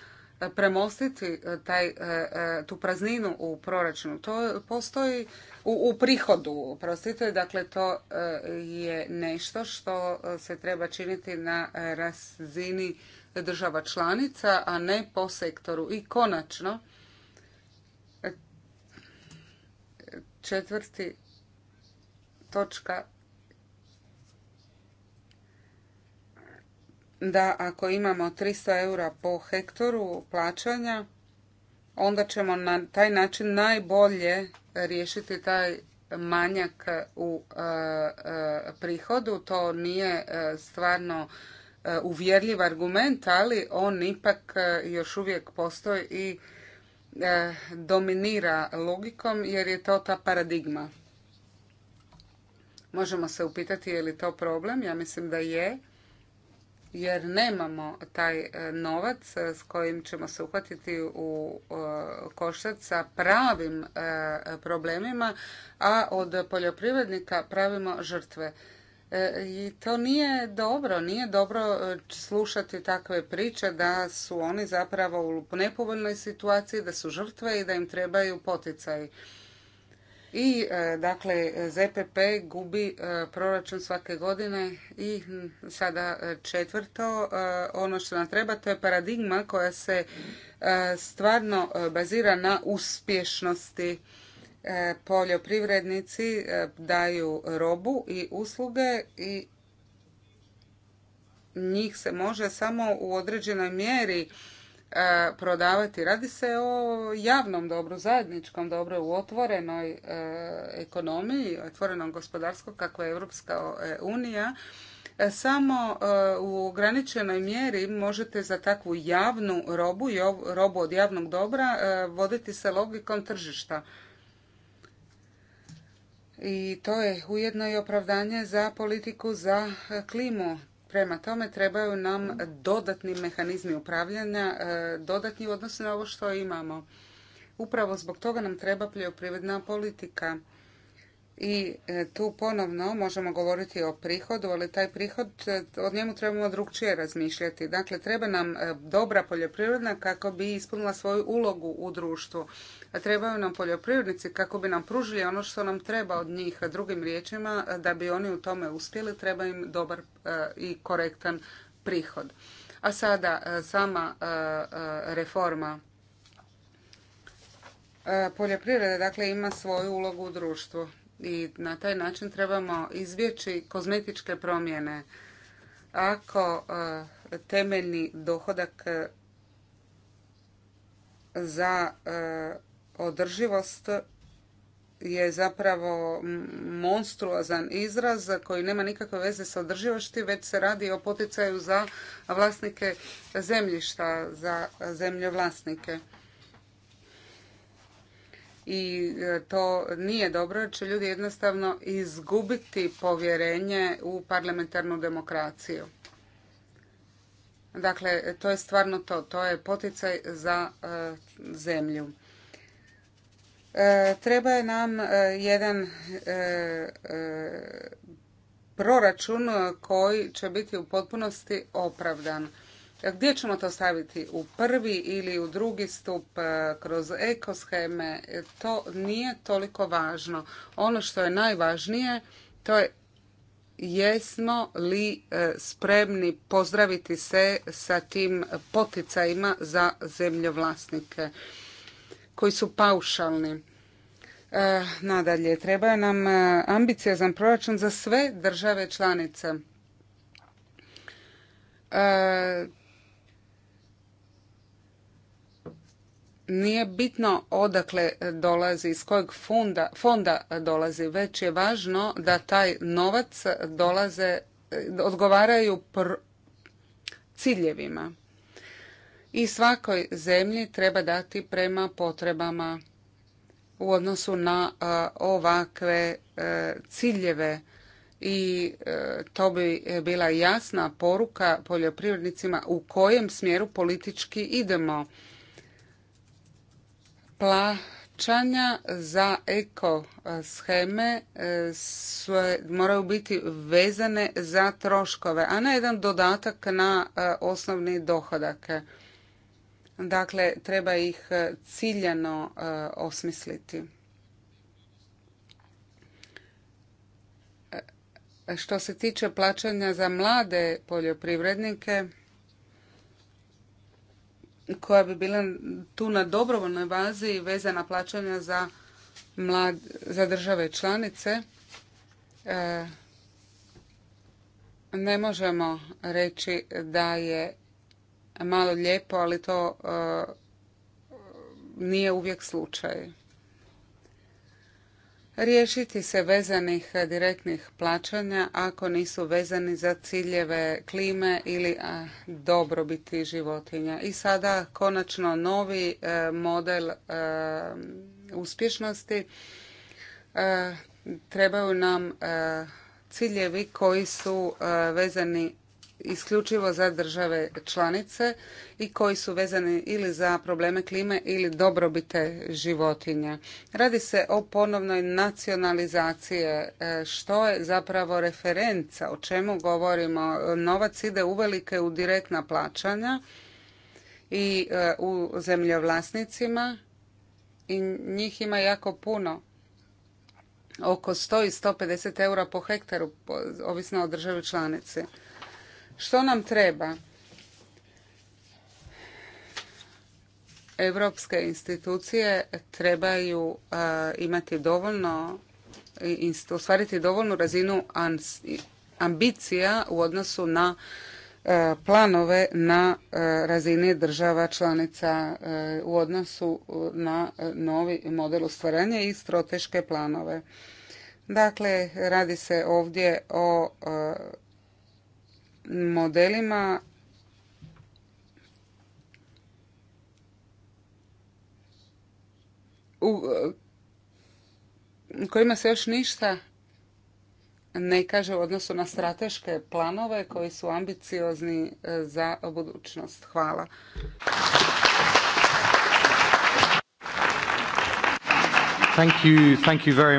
premostiti e, taj, e, e, tu prazninu u proračunu. To postoji u, prihodu, prostite, dakle to je nešto što se treba činiti na razini država članica, a ne po sektoru. I konačno, četvrti točka da ako imamo 300 eura po hektoru plaćanja, onda ćemo na taj način najbolje riješiti taj manjak u e, e, prihodu. To nije e, stvarno uvjerljiv argument, ali on ipak još uvijek postoji i dominira logikom jer je to ta paradigma. Možemo se upitati je li to problem, ja mislim da je jer nemamo taj e, novac e, s kojim ćemo se uhvatiti u e, koštac sa pravim problemima, a od poljoprivrednika pravimo žrtve. I to nije dobro, nije dobro slušati takve priče da su oni zapravo u nepovoljnoj situaciji, da su žrtve i da im trebaju poticaji. I e, dakle ZPP gubi e, proračun svake godine i hm, sada e, četvrto ono što nam treba to je paradigma koja se stvarno bazira na uspješnosti poljoprivrednici daju robu i usluge i njih se može samo u određenoj mjeri E, prodavati. Radi se o javnom dobru, zajedničkom dobru u otvorenoj e, ekonomiji, otvorenom gospodarstvu kako je Europska unija. E, samo u ograničenoj mjeri možete za takvu javnu robu i robu od javnog dobra voditi se logikom tržišta. I to je ujedno i opravdanje za politiku za klimu. Prema tome trebaju nam dodatni mehanizmi upravljanja, e, dodatni u odnosu na ovo što imamo. Upravo zbog toga nam treba poljoprivredna politika i e, tu ponovno možemo govoriti o prihodu, ali taj prihod, e, od njemu trebamo drugčije razmišljati. Dakle, treba nam e, dobra poljoprivredna kako bi ispunila svoju ulogu u društvu. Trebaju nam poljoprivrednici kako bi nam pružili ono što nam treba od njih. Drugim riječima, da bi oni u tome uspjeli, treba im dobar i korektan prihod. A sada sama reforma poljoprivrede dakle ima svoju ulogu u društvu i na taj način trebamo izbjeći kozmetičke promjene. Ako e, temeljni dohodak e, za e, održivost je zapravo monstruozan izraz koji nema nikakve veze sa održivošti, već se radi o poticaju za vlasnike zemljišta, za vlasnike i e, to nije dobro jer će ljudi jednostavno izgubiti povjerenje u parlamentarnu demokraciju. Dakle, to je stvarno to. To je poticaj za e, zemlju. E, treba je nam jedan proračun koji će biti u potpunosti opravdan. Gdje ćemo to staviti? U prvi ili u drugi stup e, kroz ekosheme? E, to nije toliko važno. Ono što je najvažnije to je jesmo li e, spremni pozdraviti se sa tim poticajima za zemljovlasnike koji su paušalni. Nadalje, treba nam ambiciozan proračun za sve države članice. nije bitno odakle dolazi, iz kojeg fonda, fonda dolazi, već je važno da taj novac dolaze, odgovaraju pr ciljevima. I svakoj zemlji treba dati prema potrebama u odnosu na ovakve e, ciljeve i e, to bi bila jasna poruka poljoprivrednicima u kojem smjeru politički idemo plaćanja za eko e, sheme e, moraju biti vezane za troškove, a ne jedan dodatak na e, osnovni dohodak. Dakle, treba ih ciljano osmisliti. Što se tiče plaćanja za mlade poljoprivrednike, koja bi bila tu na dobrovoljnoj bazi vezana plaćanja za, mlad, za države članice. E, ne možemo reći da je malo lijepo, ali to e, nije uvijek slučaj riješiti se vezanih direktnih plaćanja ako nisu vezani za ciljeve klime ili dobrobiti životinja. I sada konačno novi e, model e, uspješnosti e, trebaju nam ciljevi koji su vezani isključivo za države članice i koji su vezani ili za probleme klime ili dobrobite životinja. Radi se o ponovnoj nacionalizaciji e, što je zapravo referenca, o čemu govorimo. Novac ide uvelike u direktna plaćanja i e, u zemljovlasnicima i njih ima jako puno oko 100 i 150 eura po hektaru, ovisno o državi članici. Što nam treba? Europske institucije trebaju imati dovoljno, ostvariti dovoljnu razinu ambicija u odnosu na e, planove na e, razini država članica e, u odnosu na novi model ostvarenja i strateške planove. Dakle, radi se ovdje o modelima u kojima se još ništa ne kaže u odnosu na strateške planove koji su ambiciozni e, za budućnost. Hvala.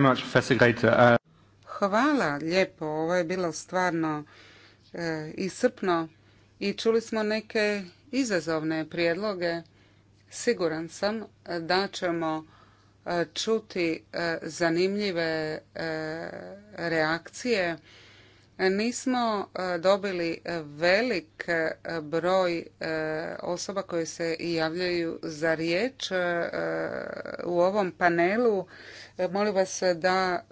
Uh, Hvala lijepo, ovo je bilo stvarno E, iscrpno i čuli smo neke izazovne prijedloge. Siguran sam e, da ćemo e, čuti zanimljive reakcije. Nismo dobili velik broj osoba koje se javljaju za riječ u ovom panelu. Molim vas da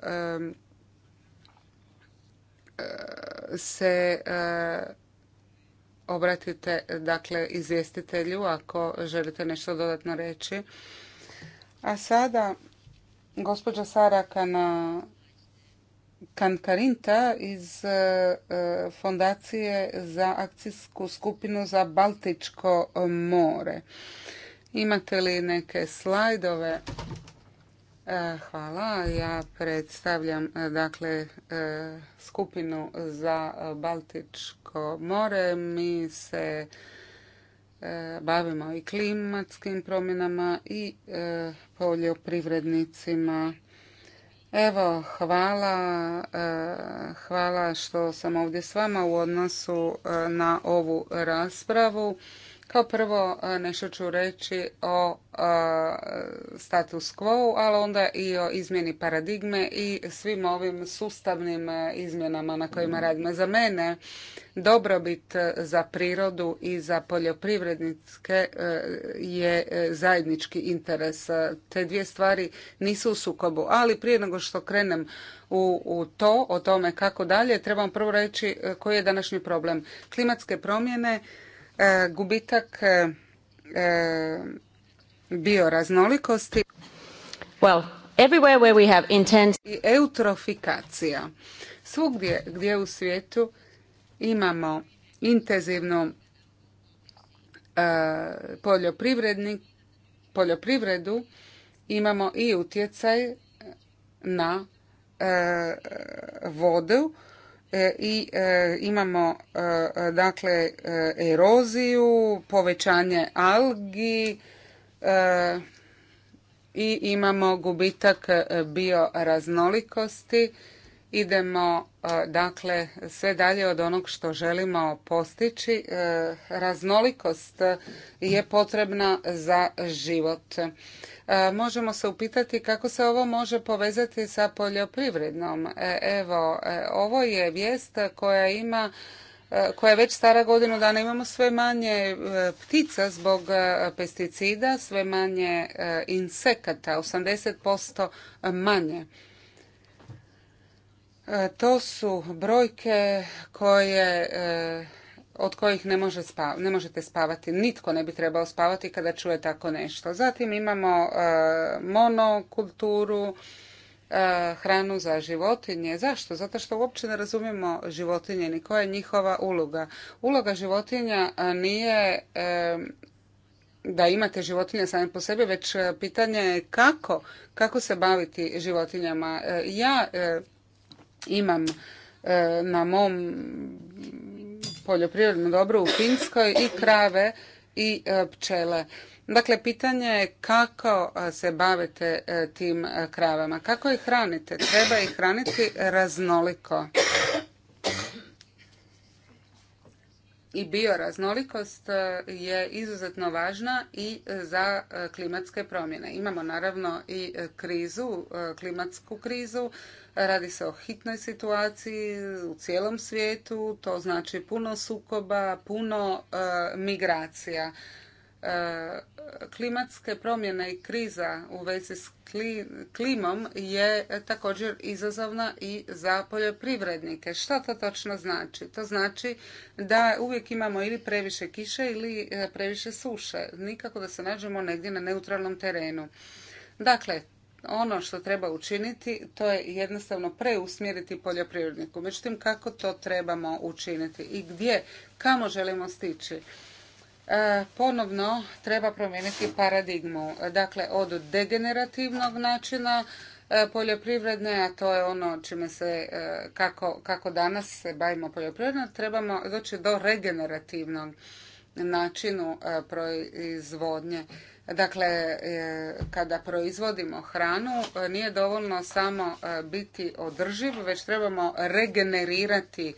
se e, obratite dakle izvjestitelju ako želite nešto dodatno reći. A sada gospođa Sara Kana Kankarinta iz e, Fondacije za akcijsku skupinu za Baltičko more. Imate li neke slajdove E, hvala. Ja predstavljam e, dakle e, skupinu za Baltičko more. Mi se bavimo i klimatskim promjenama i poljoprivrednicima. Evo, hvala, hvala što sam ovdje s vama u odnosu na ovu raspravu. Kao prvo e, nešto ću reći o e, status quo, ali onda i o izmjeni paradigme i svim ovim sustavnim e, izmjenama na kojima radimo. Za mene dobrobit za prirodu i za poljoprivrednike je zajednički interes. Te dvije stvari nisu u sukobu, ali prije nego što krenem u, u to, o tome kako dalje, trebam prvo reći koji je današnji problem. Klimatske promjene E, gubitak e, e, bioraznolikosti i eutrofikacija. Svugdje gdje u svijetu imamo intenzivnu poljoprivredu, imamo i utjecaj na vodu E, i e, imamo e, dakle eroziju, povećanje algi i imamo gubitak bioraznolikosti idemo e, dakle sve dalje od onog što želimo postići. E, raznolikost je potrebna za život. E, možemo se upitati kako se ovo može povezati sa poljoprivrednom. Evo, ovo je vijest koja ima koja je već stara godinu dana imamo sve manje ptica zbog pesticida, sve manje insekata, 80% manje. E, to su brojke koje e, od kojih ne, može ne možete spavati. Nitko ne bi trebao spavati kada čuje tako nešto. Zatim imamo e, monokulturu, hranu za životinje. Zašto? Zato što uopće ne razumijemo životinje ni koja je njihova uloga. Uloga životinja nije da imate životinje same po sebi, već pitanje je kako, kako se baviti životinjama. Ja imam e, na mom poljoprivrednom dobru u Finskoj i krave i e, pčele. Dakle, pitanje je kako e, se bavite tim kravama, kako ih hranite. Treba ih hraniti raznoliko. i bioraznolikost e, je izuzetno važna i e, za e, klimatske promjene. Imamo naravno i krizu, klimatsku krizu. Radi se o hitnoj situaciji u cijelom svijetu, to znači puno sukoba, puno migracija E, klimatske promjene i kriza u vezi s klimom je također izazovna i za poljoprivrednike. Što to točno znači? To znači da uvijek imamo ili previše kiše ili e, previše suše. Nikako da se nađemo negdje na neutralnom terenu. Dakle, ono što treba učiniti to je jednostavno preusmjeriti poljoprivredniku. Međutim, kako to trebamo učiniti i gdje, kamo želimo stići? E, ponovno treba promijeniti paradigmu. Dakle, od degenerativnog načina e, poljoprivredne, a to je ono čime se, e, kako, kako danas se bavimo poljoprivredno, trebamo doći do regenerativnog načinu proizvodnje. Dakle, kada proizvodimo hranu, nije dovoljno samo biti održiv, već trebamo regenerirati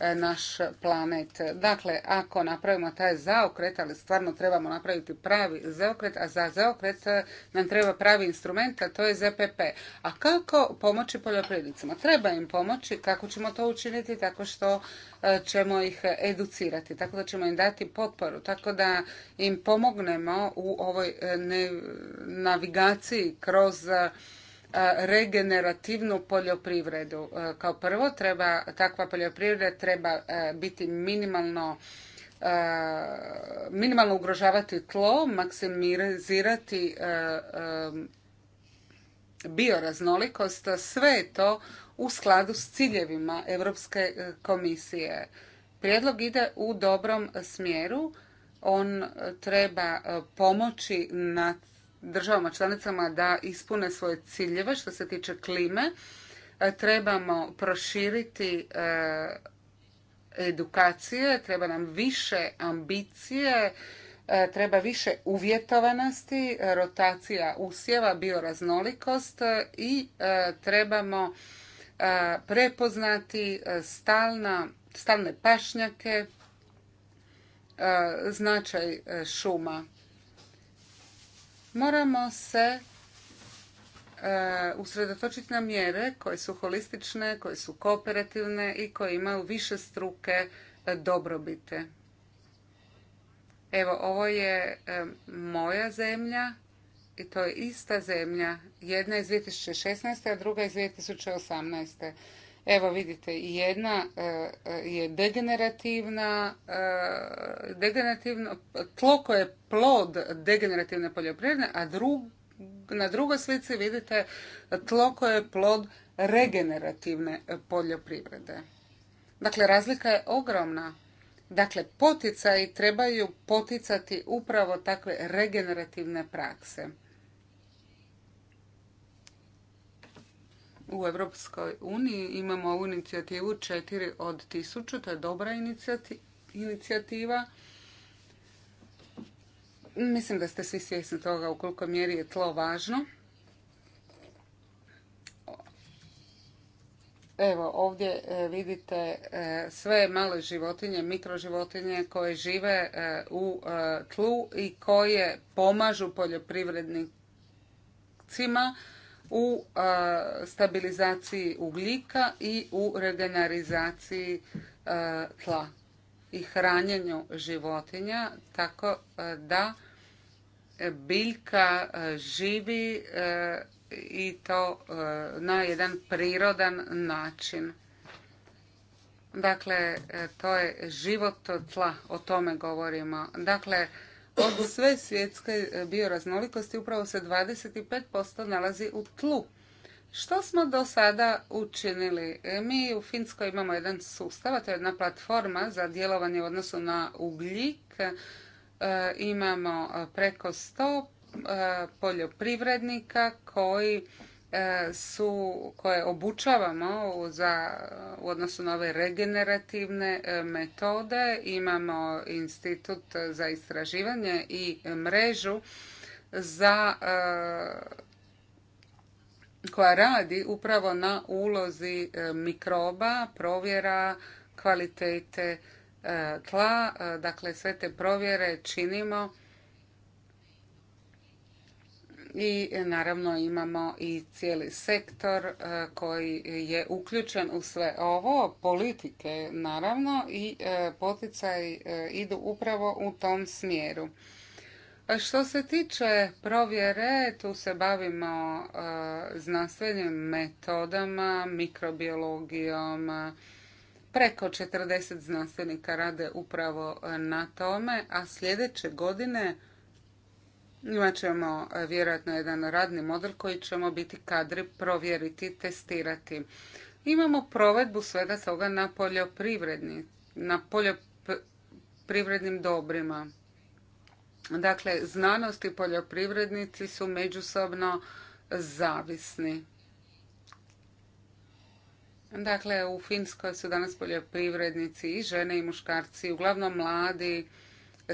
E, naš planet. Dakle, ako napravimo taj zaokret, ali stvarno trebamo napraviti pravi zaokret, a za zaokret e, nam treba pravi instrument, a to je ZPP. A kako pomoći poljoprivrednicima? Treba im pomoći, kako ćemo to učiniti, tako što e, ćemo ih educirati, tako da ćemo im dati potporu, tako da im pomognemo u ovoj navigaciji kroz E, regenerativnu poljoprivredu. E, kao prvo, treba, takva poljoprivreda treba e, biti minimalno minimalno ugrožavati tlo, maksimizirati bioraznolikost, sve je to u skladu s ciljevima Europske komisije. Prijedlog ide u dobrom smjeru, on treba pomoći na državama članicama da ispune svoje ciljeve što se tiče klime. E, trebamo proširiti e, edukacije, treba nam više ambicije, e, treba više uvjetovanosti, rotacija usjeva, bioraznolikost i trebamo prepoznati stalna, stalne pašnjake, značaj šuma Moramo se e, usredotočiti na mjere koje su holistične, koje su kooperativne i koje imaju više struke e, dobrobite. Evo, ovo je e, moja zemlja i to je ista zemlja. Jedna iz 2016. a druga iz 2018. Evo vidite, jedna e, e, je degenerativna, e, degenerativno, tlo koje je plod degenerativne poljoprivrede, a drug, na drugoj slici vidite tlo koje je plod regenerativne poljoprivrede. Dakle, razlika je ogromna. Dakle, poticaji trebaju poticati upravo takve regenerativne prakse. u Europskoj uniji imamo ovu inicijativu 4 od 1000, to je dobra inicijativa. Mislim da ste svi svjesni toga u koliko mjeri je tlo važno. Evo, ovdje e, vidite e, sve male životinje, mikroživotinje koje žive e, u tlu i koje pomažu poljoprivrednicima u stabilizaciji ugljika i u regenerizaciji tla i hranjenju životinja tako da biljka živi i to na jedan prirodan način. Dakle, to je život tla, o tome govorimo. Dakle, od sve svjetske e, bioraznolikosti upravo se 25% nalazi u tlu. Što smo do sada učinili? E, mi u Finskoj imamo jedan sustav, a to je jedna platforma za djelovanje u odnosu na ugljik. E, imamo preko 100 poljoprivrednika koji E, su, koje obučavamo za, u odnosu na ove regenerativne e, metode. Imamo institut za istraživanje i mrežu za e, koja radi upravo na ulozi mikroba, provjera kvalitete tla, dakle sve te provjere činimo i naravno imamo i cijeli sektor e, koji je uključen u sve ovo, politike naravno i e, poticaj e, idu upravo u tom smjeru. Što se tiče provjere, tu se bavimo znanstvenim metodama, mikrobiologijom, Preko 40 znanstvenika rade upravo na tome, a sljedeće godine Imat ćemo e, vjerojatno jedan radni model koji ćemo biti kadri provjeriti, testirati. Imamo provedbu svega toga na poljoprivredni, na poljoprivrednim dobrima. Dakle, znanost i poljoprivrednici su međusobno zavisni. Dakle, u Finskoj su danas poljoprivrednici i žene i muškarci, uglavnom mladi,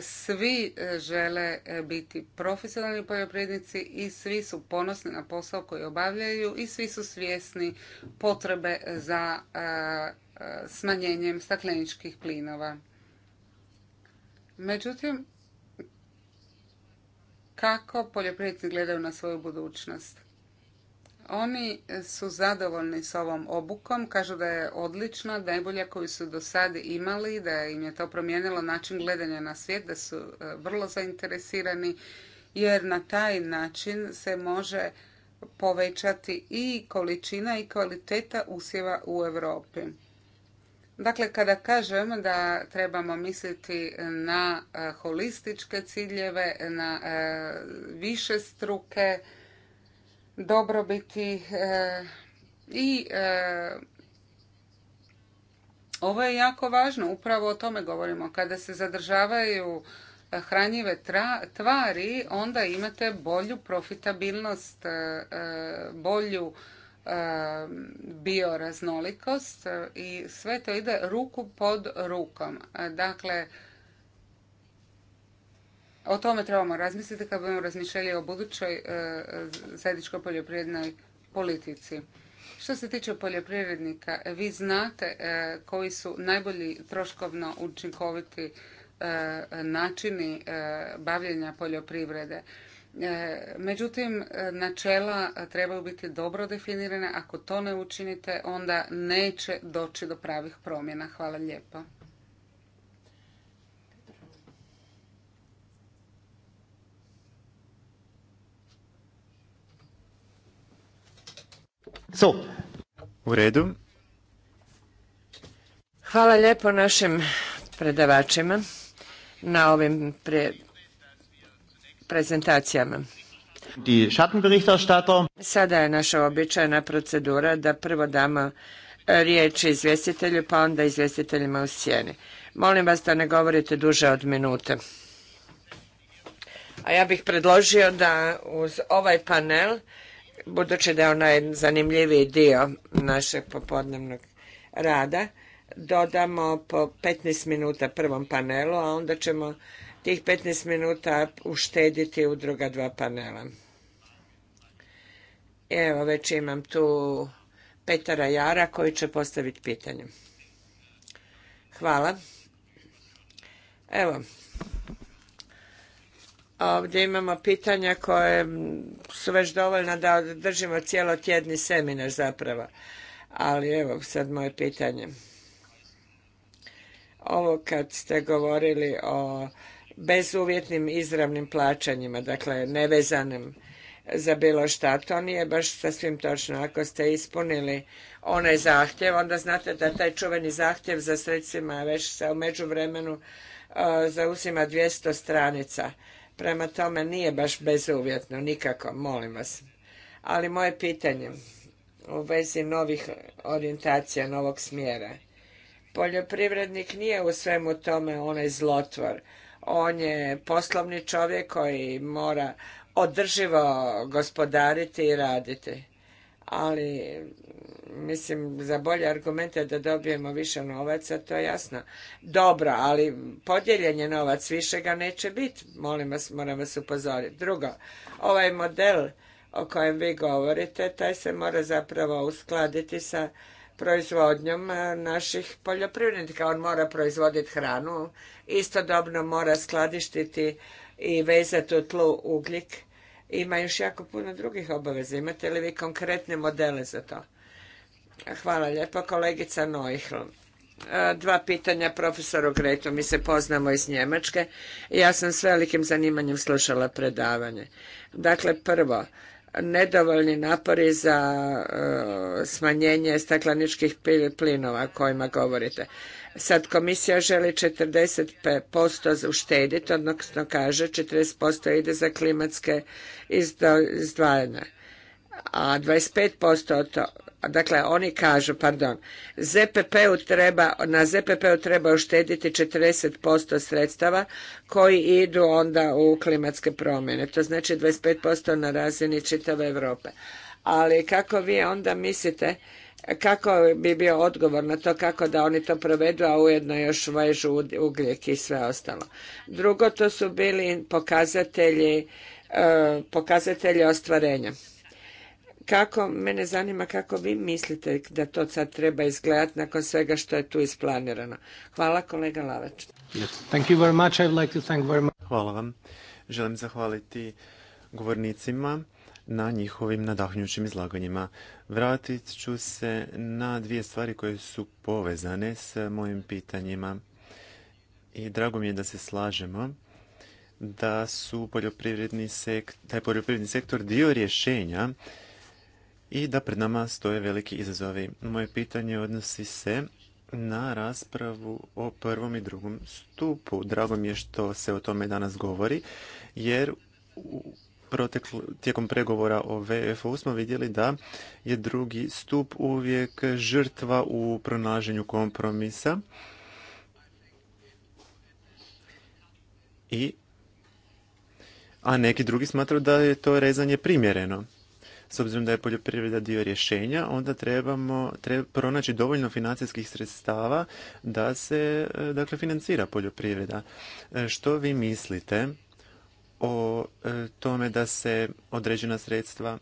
svi e, žele e, biti profesionalni poljoprivrednici i svi su ponosni na posao koji obavljaju i svi su svjesni potrebe za e, smanjenjem stakleničkih plinova. Međutim, kako poljoprivrednici gledaju na svoju budućnost? Oni su zadovoljni s ovom obukom, kažu da je odlična, najbolja koju su do sad imali, da im je to promijenilo način gledanja na svijet, da su e, vrlo zainteresirani jer na taj način se može povećati i količina i kvaliteta usjeva u Europi. Dakle, kada kažem da trebamo misliti na e, holističke ciljeve, na e, više struke, dobrobiti e, i e, ovo je jako važno, upravo o tome govorimo. Kada se zadržavaju e, hranjive tvari, onda imate bolju profitabilnost, bolju bioraznolikost i sve to ide ruku pod rukom. Dakle, o tome trebamo razmisliti kad budemo razmišljali o budućoj e, zajedničkoj poljoprivrednoj politici. Što se tiče poljoprivrednika, vi znate e, koji su najbolji troškovno učinkoviti e, načini bavljenja poljoprivrede. Međutim, načela trebaju biti dobro definirane. Ako to ne učinite, onda neće doći do pravih promjena. Hvala lijepo. So. U redu. Hvala lijepo našim predavačima na ovim pre prezentacijama. Sada je naša običajna procedura da prvo damo e, riječ izvjestitelju, pa onda izvjestiteljima u sjeni. Molim vas da ne govorite duže od minute. A ja bih predložio da uz ovaj panel budući da je onaj zanimljiviji dio našeg popodnevnog rada, dodamo po 15 minuta prvom panelu, a onda ćemo tih 15 minuta uštediti u druga dva panela. Evo, već imam tu Petara Jara koji će postaviti pitanje. Hvala. Evo, Ovdje imamo pitanja koje su već dovoljna da držimo cijelo tjedni seminar zapravo. Ali evo sad moje pitanje. Ovo kad ste govorili o bezuvjetnim izravnim plaćanjima, dakle nevezanim za bilo šta, to nije baš sasvim točno. Ako ste ispunili onaj zahtjev, onda znate da taj čuveni zahtjev za sredstvima već se u međuvremenu uh, zauzima 200 stranica Prema tome nije baš bezuvjetno, nikako, molim vas. Ali moje pitanje u vezi novih orijentacija, novog smjera. Poljoprivrednik nije u svemu tome onaj zlotvor. On je poslovni čovjek koji mora održivo gospodariti i raditi ali mislim za bolje argumente da dobijemo više novaca, to je jasno. Dobro, ali podijeljen novac, više ga neće biti, molim vas, moram vas upozoriti. Drugo, ovaj model o kojem vi govorite, taj se mora zapravo uskladiti sa proizvodnjom e, naših poljoprivrednika. On mora proizvoditi hranu, istodobno mora skladištiti i vezati u tlu ugljik ima još jako puno drugih obaveza. Imate li vi konkretne modele za to? Hvala lijepo, kolegica Noihl. E, dva pitanja profesoru Gretu. Mi se poznamo iz Njemačke. Ja sam s velikim zanimanjem slušala predavanje. Dakle, prvo, nedovoljni napori za e, smanjenje stakleničkih plinova o kojima govorite. Sad komisija želi 40% uštediti, odnosno kaže 40% ide za klimatske izdvajanja, a 25% od to, dakle oni kažu, pardon, zpp treba, na ZPP-u treba uštediti 40% sredstava koji idu onda u klimatske promjene. To znači 25% na razini čitave Europe. Ali kako vi onda mislite kako bi bio odgovor na to kako da oni to provedu, a ujedno još vežu ugljek i sve ostalo. Drugo, to su bili pokazatelji, e, pokazatelji ostvarenja. Kako, mene zanima kako vi mislite da to sad treba izgledati nakon svega što je tu isplanirano. Hvala kolega Lavač. Hvala vam. Želim zahvaliti govornicima na njihovim nadahnjućim izlaganjima. Vratit ću se na dvije stvari koje su povezane s mojim pitanjima i drago mi je da se slažemo da su poljoprivredni sektor, taj poljoprivredni sektor dio rješenja i da pred nama stoje veliki izazovi. Moje pitanje odnosi se na raspravu o prvom i drugom stupu. Drago mi je što se o tome danas govori, jer tijekom pregovora o VFO smo vidjeli da je drugi stup uvijek žrtva u pronaženju kompromisa. I, a neki drugi smatraju da je to rezanje primjereno. S obzirom da je poljoprivreda dio rješenja, onda trebamo pronaći dovoljno financijskih sredstava da se e, dakle, financira poljoprivreda. E, što vi mislite? o e, tome da se određena sredstva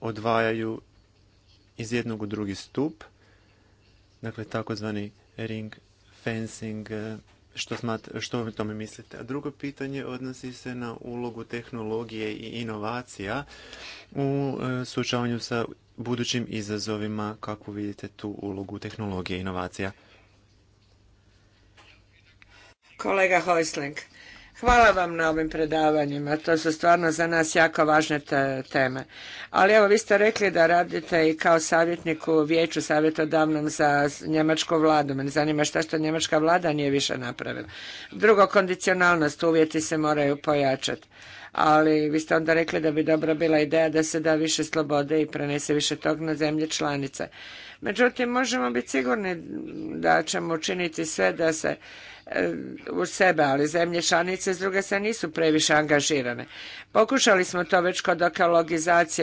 odvajaju iz jednog u drugi stup, dakle takozvani ring fencing, e, što, smat, što tome mislite? A drugo pitanje odnosi se na ulogu tehnologije i inovacija u e, suočavanju sa budućim izazovima, kako vidite tu ulogu tehnologije i inovacija. Kolega Hojsling, Hvala vam na ovim predavanjima, to su stvarno za nas jako važne teme. Ali evo, vi ste rekli da radite i kao savjetnik u vijeću savjetodavnom za njemačku vladu. Mene zanima šta što njemačka vlada nije više napravila. Drugo, kondicionalnost, uvjeti se moraju pojačati. Ali vi ste onda rekli da bi dobra bila ideja da se da više slobode i prenese više tog na zemlje članice. Međutim, možemo biti sigurni da ćemo učiniti sve da se u sebe, ali zemlje članice s druge se nisu previše angažirane. Pokušali smo to već kod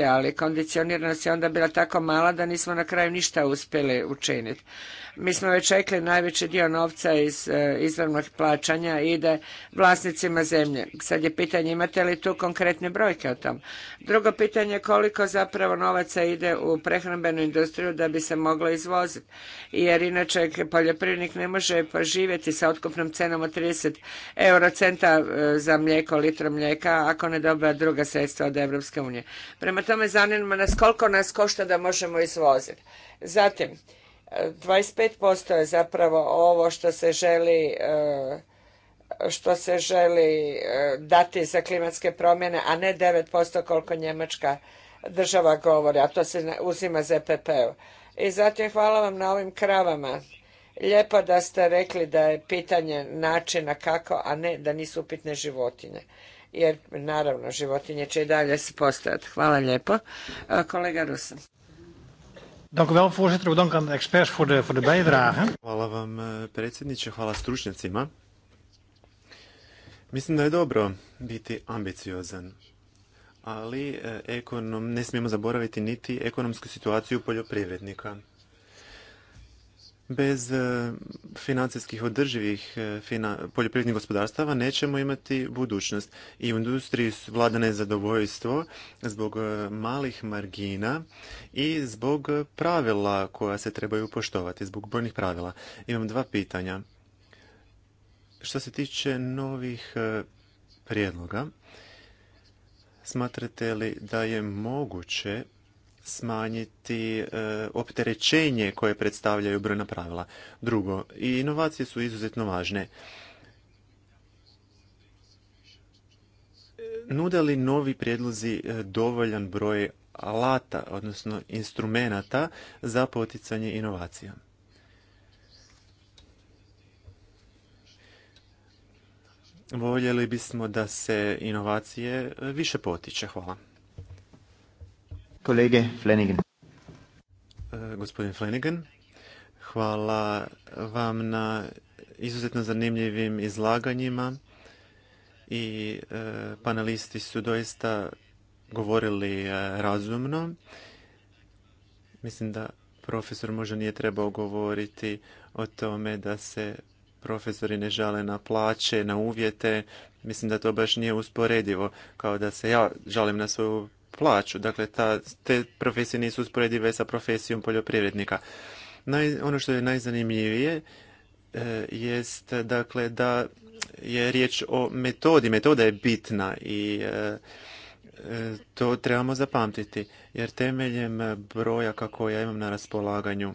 ali kondicioniranost je onda bila tako mala da nismo na kraju ništa uspjeli učiniti. Mi smo već rekli najveći dio novca iz e, izravnog plaćanja ide vlasnicima zemlje. Sad je pitanje imate li tu konkretne brojke o tom. Drugo pitanje je koliko zapravo novaca ide u prehrambenu industriju da bi se moglo izvoziti. Jer inače poljoprivrednik ne može poživjeti sa otkupom otkupnom cenom od 30 euro centa e, za mlijeko, litro mlijeka, ako ne dobiva druga sredstva od Europske unije. Prema tome zanima nas koliko nas košta da možemo izvoziti. Zatim, 25% je zapravo ovo što se želi e, što se želi e, dati za klimatske promjene, a ne 9% koliko Njemačka država govori, a to se uzima epp u I zatim hvala vam na ovim kravama lijepa da ste rekli da je pitanje načina kako, a ne da nisu upitne životinje. Jer naravno životinje će i dalje postojati. Hvala lijepo. E, kolega Rusan. Hvala vam, e, predsjedniče. Hvala stručnjacima. Mislim da je dobro biti ambiciozan, ali e, ekonom, ne smijemo zaboraviti niti ekonomsku situaciju poljoprivrednika bez e, financijskih održivih e, poljoprivrednih gospodarstava nećemo imati budućnost. I u industriji vlada nezadovoljstvo zbog e, malih margina i zbog pravila koja se trebaju poštovati, zbog brojnih pravila. Imam dva pitanja. Što se tiče novih prijedloga, smatrate li da je moguće smanjiti e, opterećenje koje predstavljaju brojna pravila. Drugo, i inovacije su izuzetno važne. Nude li novi prijedlozi e, dovoljan broj alata, odnosno instrumenata za poticanje inovacija? Voljeli bismo da se inovacije e, više potiče. Hvala. Kolege Flanagan. E, gospodin Flanagan, hvala vam na izuzetno zanimljivim izlaganjima i e, panelisti su doista govorili e, razumno. Mislim da profesor možda nije trebao govoriti o tome da se profesori ne žale na plaće, na uvjete. Mislim da to baš nije usporedivo, kao da se ja žalim na svoju plaću. Dakle, ta, te profesije nisu usporedive sa profesijom poljoprivrednika. ono što je najzanimljivije e, jest dakle, da je riječ o metodi. Metoda je bitna i e, e, to trebamo zapamtiti, jer temeljem broja kako ja imam na raspolaganju,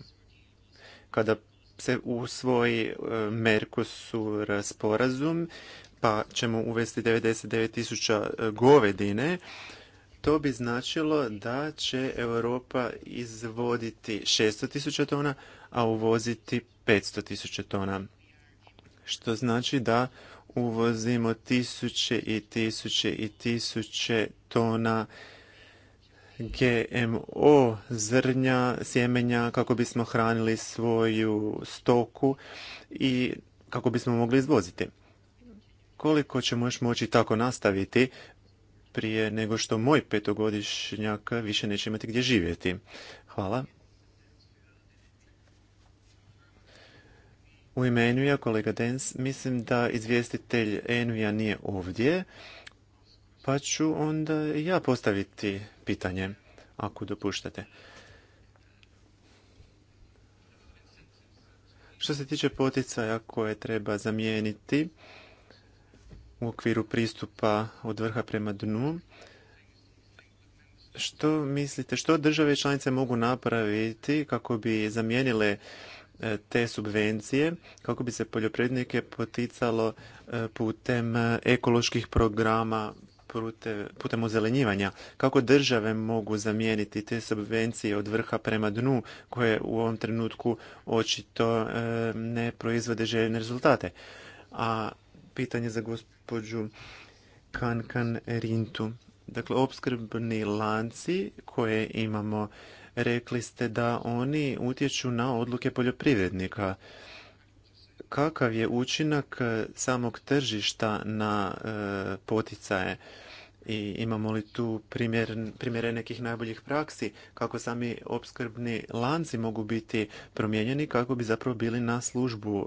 kada se usvoji e, Mercosur sporazum, pa ćemo uvesti 99.000 govedine, to bi značilo da će Europa izvoditi 600 tisuća tona, a uvoziti 500 tisuća tona. Što znači da uvozimo tisuće i tisuće i tisuće tona GMO zrnja, sjemenja kako bismo hranili svoju stoku i kako bismo mogli izvoziti. Koliko ćemo još moći tako nastaviti, prije nego što moj petogodišnjak više neće imati gdje živjeti. Hvala. U ime Envija, kolega Dens, mislim da izvjestitelj Envija nije ovdje, pa ću onda ja postaviti pitanje, ako dopuštate. Što se tiče poticaja koje treba zamijeniti, u okviru pristupa od vrha prema dnu. Što mislite, što države članice mogu napraviti kako bi zamijenile e, te subvencije, kako bi se poljoprivrednike poticalo e, putem e, ekoloških programa, putem ozelenjivanja. Kako države mogu zamijeniti te subvencije od vrha prema dnu koje u ovom trenutku očito ne proizvode željene rezultate? A pitanje za gospođu Kankan Rintu. Dakle, opskrbni lanci koje imamo, rekli ste da oni utječu na odluke poljoprivrednika. Kakav je učinak samog tržišta na e, poticaje? i imamo li tu primjer, primjere nekih najboljih praksi kako sami opskrbni lanci mogu biti promijenjeni kako bi zapravo bili na službu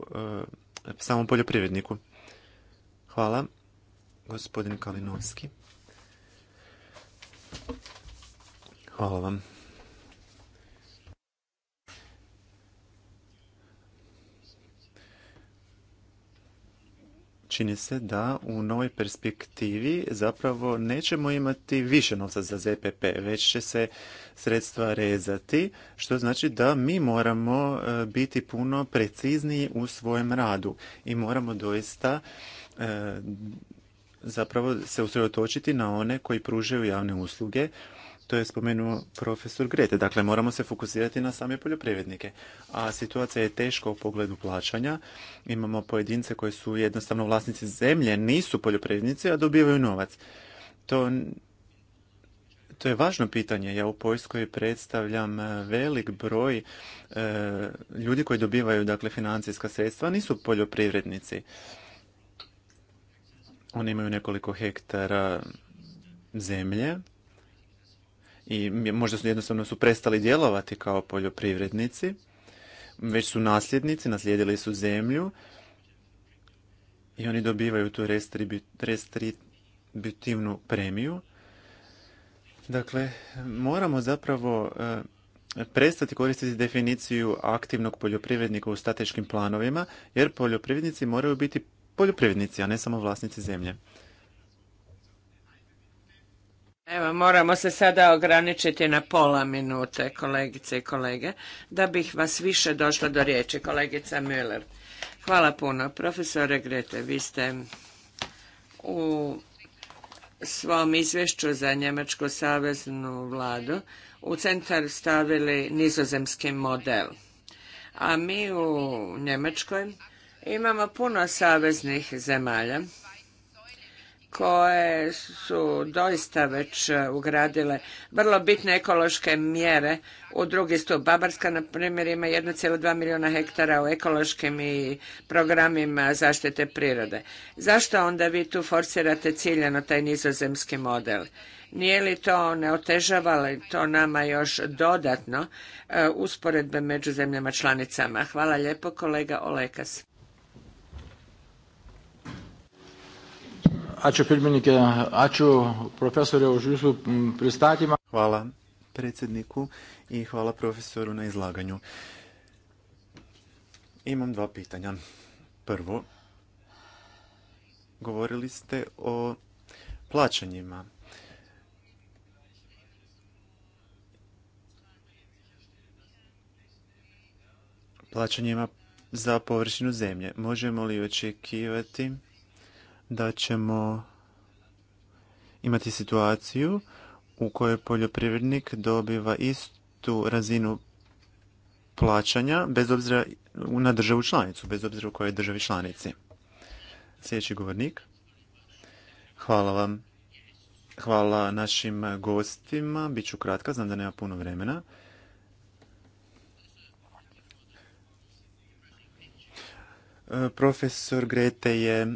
e, samom poljoprivredniku. Hvala. Gospodin Kalinovski. Hvala vam. čini se da u novoj perspektivi zapravo nećemo imati više novca za ZPP, već će se sredstva rezati, što znači da mi moramo e, biti puno precizniji u svojem radu i moramo doista e, zapravo se usredotočiti na one koji pružaju javne usluge to je spomenuo profesor Grete. Dakle, moramo se fokusirati na same poljoprivrednike. A situacija je teška u pogledu plaćanja. Imamo pojedince koji su jednostavno vlasnici zemlje, nisu poljoprivrednici, a dobivaju novac. To, to je važno pitanje. Ja u Poljskoj predstavljam e, velik broj e, ljudi koji dobivaju dakle, financijska sredstva, nisu poljoprivrednici. Oni imaju nekoliko hektara zemlje, i možda su jednostavno su prestali djelovati kao poljoprivrednici, već su nasljednici, naslijedili su zemlju i oni dobivaju tu restributivnu premiju. Dakle, moramo zapravo e, prestati koristiti definiciju aktivnog poljoprivrednika u strateškim planovima, jer poljoprivrednici moraju biti poljoprivrednici, a ne samo vlasnici zemlje. Evo, moramo se sada ograničiti na pola minute, kolegice i kolege, da bih vas više došla do riječi, kolegica Müller. Hvala puno. Profesore Grete, vi ste u svom izvješću za Njemačku saveznu vladu u centar stavili nizozemski model. A mi u Njemačkoj imamo puno saveznih zemalja koje su doista već e, ugradile vrlo bitne ekološke mjere u drugi stup. Babarska, na primjer, ima 1,2 milijuna hektara u ekološkim i programima zaštite prirode. Zašto onda vi tu forsirate ciljano taj nizozemski model? Nije li to ne otežava to nama još dodatno e, usporedbe među zemljama članicama? Hvala lijepo kolega Olekas. Ačiū pirmininkė, ačiū profesorė už jūsų pristatymą. Hvala predsjedniku i hvala profesoru na izlaganju. Imam dva pitanja. Prvo, govorili ste o plaćanjima. Plaćanjima za površinu zemlje. Možemo li očekivati da ćemo imati situaciju u kojoj poljoprivrednik dobiva istu razinu plaćanja bez obzira na državu članicu, bez obzira u kojoj državi članici. Sljedeći govornik. Hvala vam. Hvala našim gostima. Biću kratka, znam da nema puno vremena. Profesor Grete je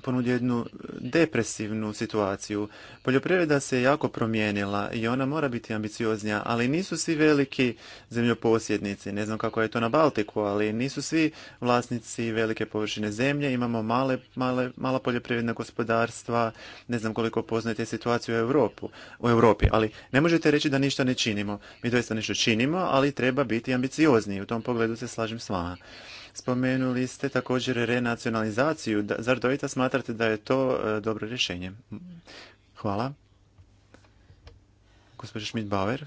ponudio jednu depresivnu situaciju. Poljoprivreda se jako promijenila i ona mora biti ambicioznija, ali nisu svi veliki zemljoposjednici. Ne znam kako je to na Baltiku, ali nisu svi vlasnici velike površine zemlje. Imamo male, male, mala poljoprivredna gospodarstva. Ne znam koliko poznajete situaciju u, Europu, u Europi, ali ne možete reći da ništa ne činimo. Mi doista nešto činimo, ali treba biti ambiciozniji. U tom pogledu se slažem s vama. Spomenuli ste također renacionalizaciju. Zar doista smatrate da je to e, dobro rješenje? Hvala. Gospođa Schmidt-Bauer.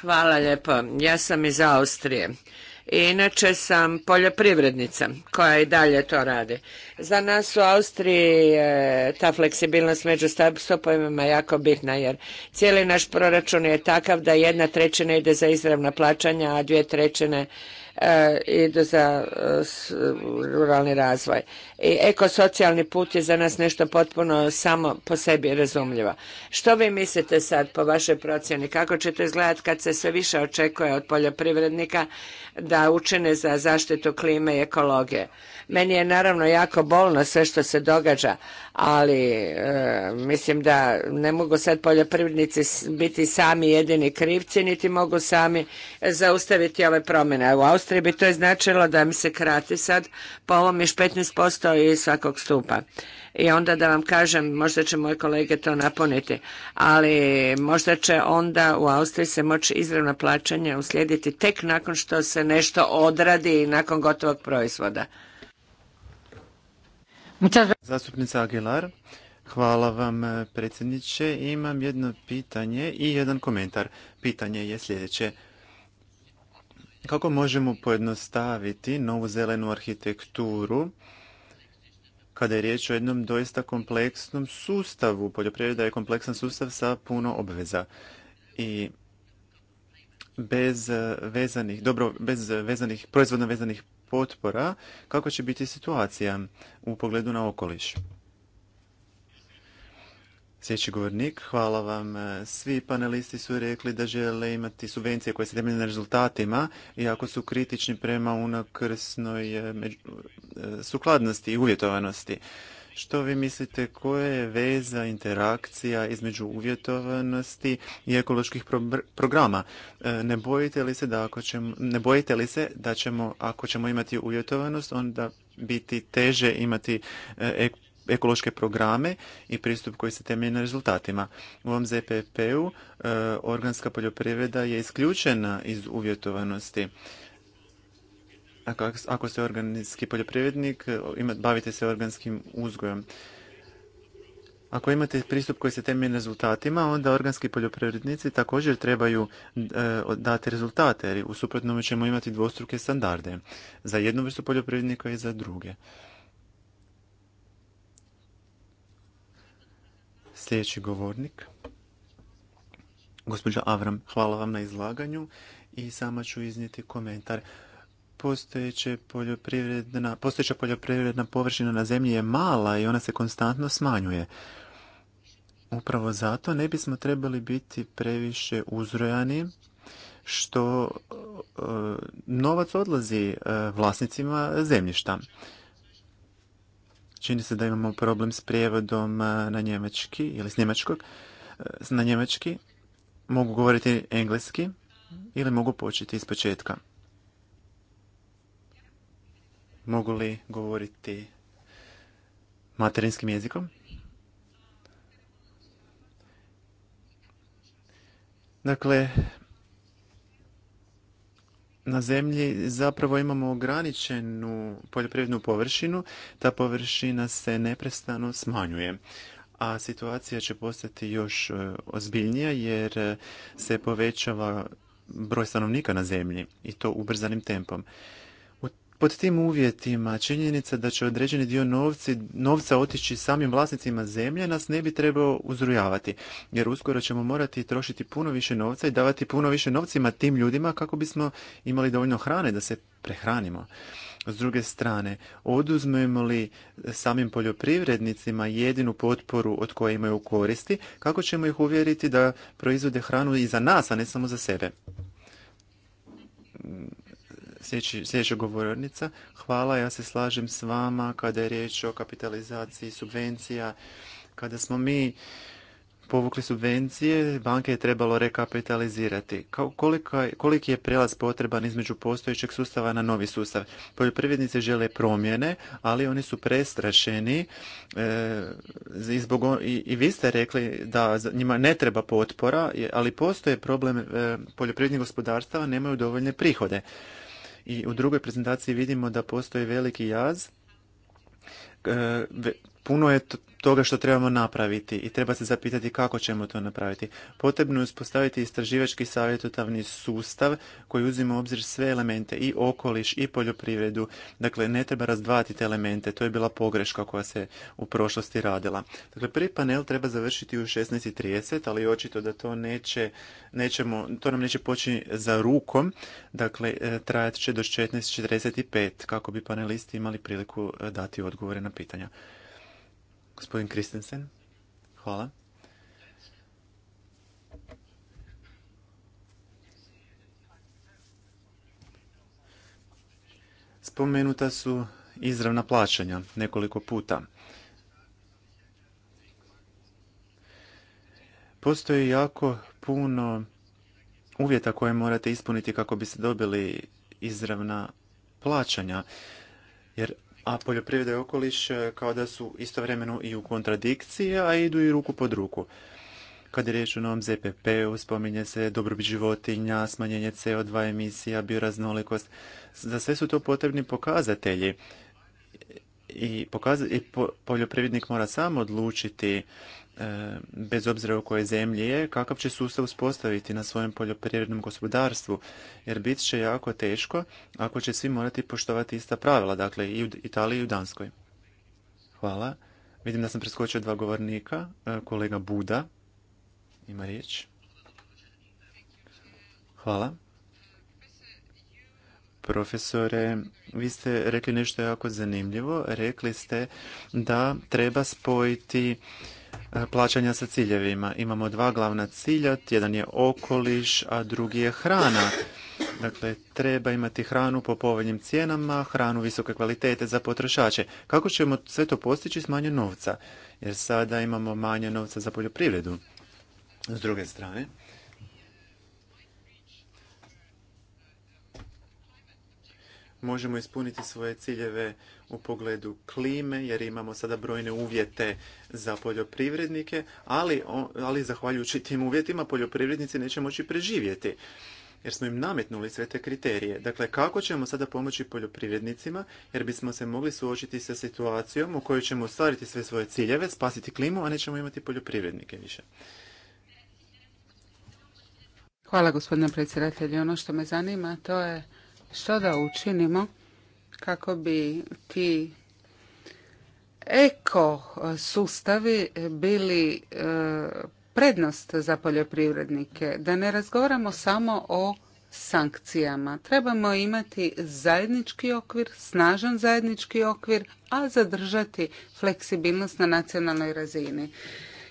Hvala lijepo. Ja sam iz Austrije. I inače sam poljoprivrednica koja i dalje to radi. Za nas u Austriji ta fleksibilnost među stopovima jako bitna jer cijeli naš proračun je takav da jedna trećina ide za izravna plaćanja, a dvije trećine E, i za e, ruralni razvoj i ekosocijalni put je za nas nešto potpuno samo po sebi razumljivo. Što vi mislite sad po vašoj procjeni? Kako će to izgledati kad se sve više očekuje od poljoprivrednika da učine za zaštitu klime i ekologije? Meni je naravno jako bolno sve što se događa, ali e, mislim da ne mogu sad poljoprivrednici biti sami jedini krivci, niti mogu sami zaustaviti ove promjene. U Austriji bi to značilo da mi se krati sad po ovom još 15% kao i svakog stupa. I onda da vam kažem, možda će moje kolege to napuniti, ali možda će onda u Austriji se moći izravna plaćanja uslijediti tek nakon što se nešto odradi i nakon gotovog proizvoda. Zastupnica Aguilar, hvala vam eh, predsjedniče. Imam jedno pitanje i jedan komentar. Pitanje je sljedeće. Kako možemo pojednostaviti novu zelenu arhitekturu kada je riječ o jednom doista kompleksnom sustavu. Poljoprivreda je kompleksan sustav sa puno obveza. I bez vezanih, dobro, bez vezanih, proizvodno vezanih potpora, kako će biti situacija u pogledu na okoliš? Sljedeći govornik, hvala vam. E, svi panelisti su rekli da žele imati subvencije koje se temelje na rezultatima i ako su kritični prema unakrsnoj e, e, sukladnosti i uvjetovanosti. Što vi mislite, koja je veza, interakcija između uvjetovanosti i ekoloških programa? Ne bojite li se da ako ćemo, ne bojite li se da ćemo, ako ćemo imati uvjetovanost, onda biti teže imati ekološke programe i pristup koji se temelji na rezultatima. U ovom ZPP-u e, organska poljoprivreda je isključena iz uvjetovanosti. Ako ste organski poljoprivrednik, e, bavite se organskim uzgojem. Ako imate pristup koji se temelji na rezultatima, onda organski poljoprivrednici također trebaju e, dati rezultate, jer u suprotnom ćemo imati dvostruke standarde za jednu vrstu poljoprivrednika i za druge. Sljedeći govornik. Gospođa Avram, hvala vam na izlaganju i sama ću iznijeti komentar. Postojeće poljoprivredna, postojeća poljoprivredna površina na zemlji je mala i ona se konstantno smanjuje. Upravo zato ne bismo trebali biti previše uzrojani što e, novac odlazi e, vlasnicima zemljišta. Čini se da imamo problem s prijevodom e, na njemački ili s njemačkog. E, na njemački mogu govoriti engleski ili mogu početi iz početka. Mogu li govoriti materinskim jezikom? Dakle, na zemlji zapravo imamo ograničenu poljoprivrednu površinu, ta površina se neprestano smanjuje. A situacija će postati još e, ozbiljnija jer e, se povećava broj stanovnika na zemlji i to ubrzanim tempom. Pod tim uvjetima činjenica da će određeni dio novci, novca otići samim vlasnicima zemlje nas ne bi trebao uzrujavati, jer uskoro ćemo morati trošiti puno više novca i davati puno više novcima tim ljudima kako bismo imali dovoljno hrane da se prehranimo. S druge strane, oduzmemo li samim poljoprivrednicima jedinu potporu od koje imaju koristi, kako ćemo ih uvjeriti da proizvode hranu i za nas, a ne samo za sebe? sljedeća govornica. Hvala, ja se slažem s vama kada je riječ o kapitalizaciji subvencija. Kada smo mi povukli subvencije, banke je trebalo rekapitalizirati. Koliki je prelaz potreban između postojećeg sustava na novi sustav? Poljoprivrednici žele promjene, ali oni su prestrašeni e, i, i, vi ste rekli da njima ne treba potpora, ali postoje problem e, poljoprivrednih gospodarstava, nemaju dovoljne prihode. I u drugoj prezentaciji vidimo da postoji veliki jaz. E, puno je toga što trebamo napraviti i treba se zapitati kako ćemo to napraviti. Potrebno je uspostaviti istraživački savjetotavni sustav koji uzima u obzir sve elemente i okoliš i poljoprivredu. Dakle, ne treba razdvati te elemente. To je bila pogreška koja se u prošlosti radila. Dakle, prvi panel treba završiti u 16.30, ali očito da to neće, nećemo, to nam neće poći za rukom. Dakle, e, trajat će do 14.45 kako bi panelisti imali priliku e, dati odgovore na pitanja. Gospodin Kristensen, hvala. Spomenuta su izravna plaćanja nekoliko puta. Postoji jako puno uvjeta koje morate ispuniti kako biste dobili izravna plaćanja. Jer a poljoprivreda i okoliš e, kao da su istovremeno i u kontradikciji, a idu i ruku pod ruku. Kad je riječ o novom ZPP-u, spominje se dobrobit životinja, smanjenje CO2 emisija, bioraznolikost. Za sve su to potrebni pokazatelji. I, pokaz... I poljoprivrednik mora sam odlučiti E, bez obzira u kojoj zemlje je, kakav će sustav uspostaviti na svojem poljoprivrednom gospodarstvu, jer bit će jako teško ako će svi morati poštovati ista pravila, dakle i u Italiji i u Danskoj. Hvala. Vidim da sam preskočio dva govornika. E, kolega Buda ima riječ. Hvala. Profesore, vi ste rekli nešto jako zanimljivo. Rekli ste da treba spojiti E, plaćanja sa ciljevima. Imamo dva glavna cilja, jedan je okoliš, a drugi je hrana. Dakle, treba imati hranu po povoljnim cijenama, hranu visoke kvalitete za potrošače. Kako ćemo sve to postići s manje novca? Jer sada imamo manje novca za poljoprivredu. S druge strane, možemo ispuniti svoje ciljeve u pogledu klime jer imamo sada brojne uvjete za poljoprivrednike, ali, ali zahvaljujući tim uvjetima poljoprivrednici neće moći preživjeti jer smo im nametnuli sve te kriterije. Dakle, kako ćemo sada pomoći poljoprivrednicima jer bismo se mogli suočiti sa situacijom u kojoj ćemo ostvariti sve svoje ciljeve, spasiti klimu, a nećemo imati poljoprivrednike više. Hvala gospodine predsjedatelju. Ono što me zanima to je što da učinimo kako bi ti eko sustavi bili e, prednost za poljoprivrednike, da ne razgovaramo samo o sankcijama. Trebamo imati zajednički okvir, snažan zajednički okvir, a zadržati fleksibilnost na nacionalnoj razini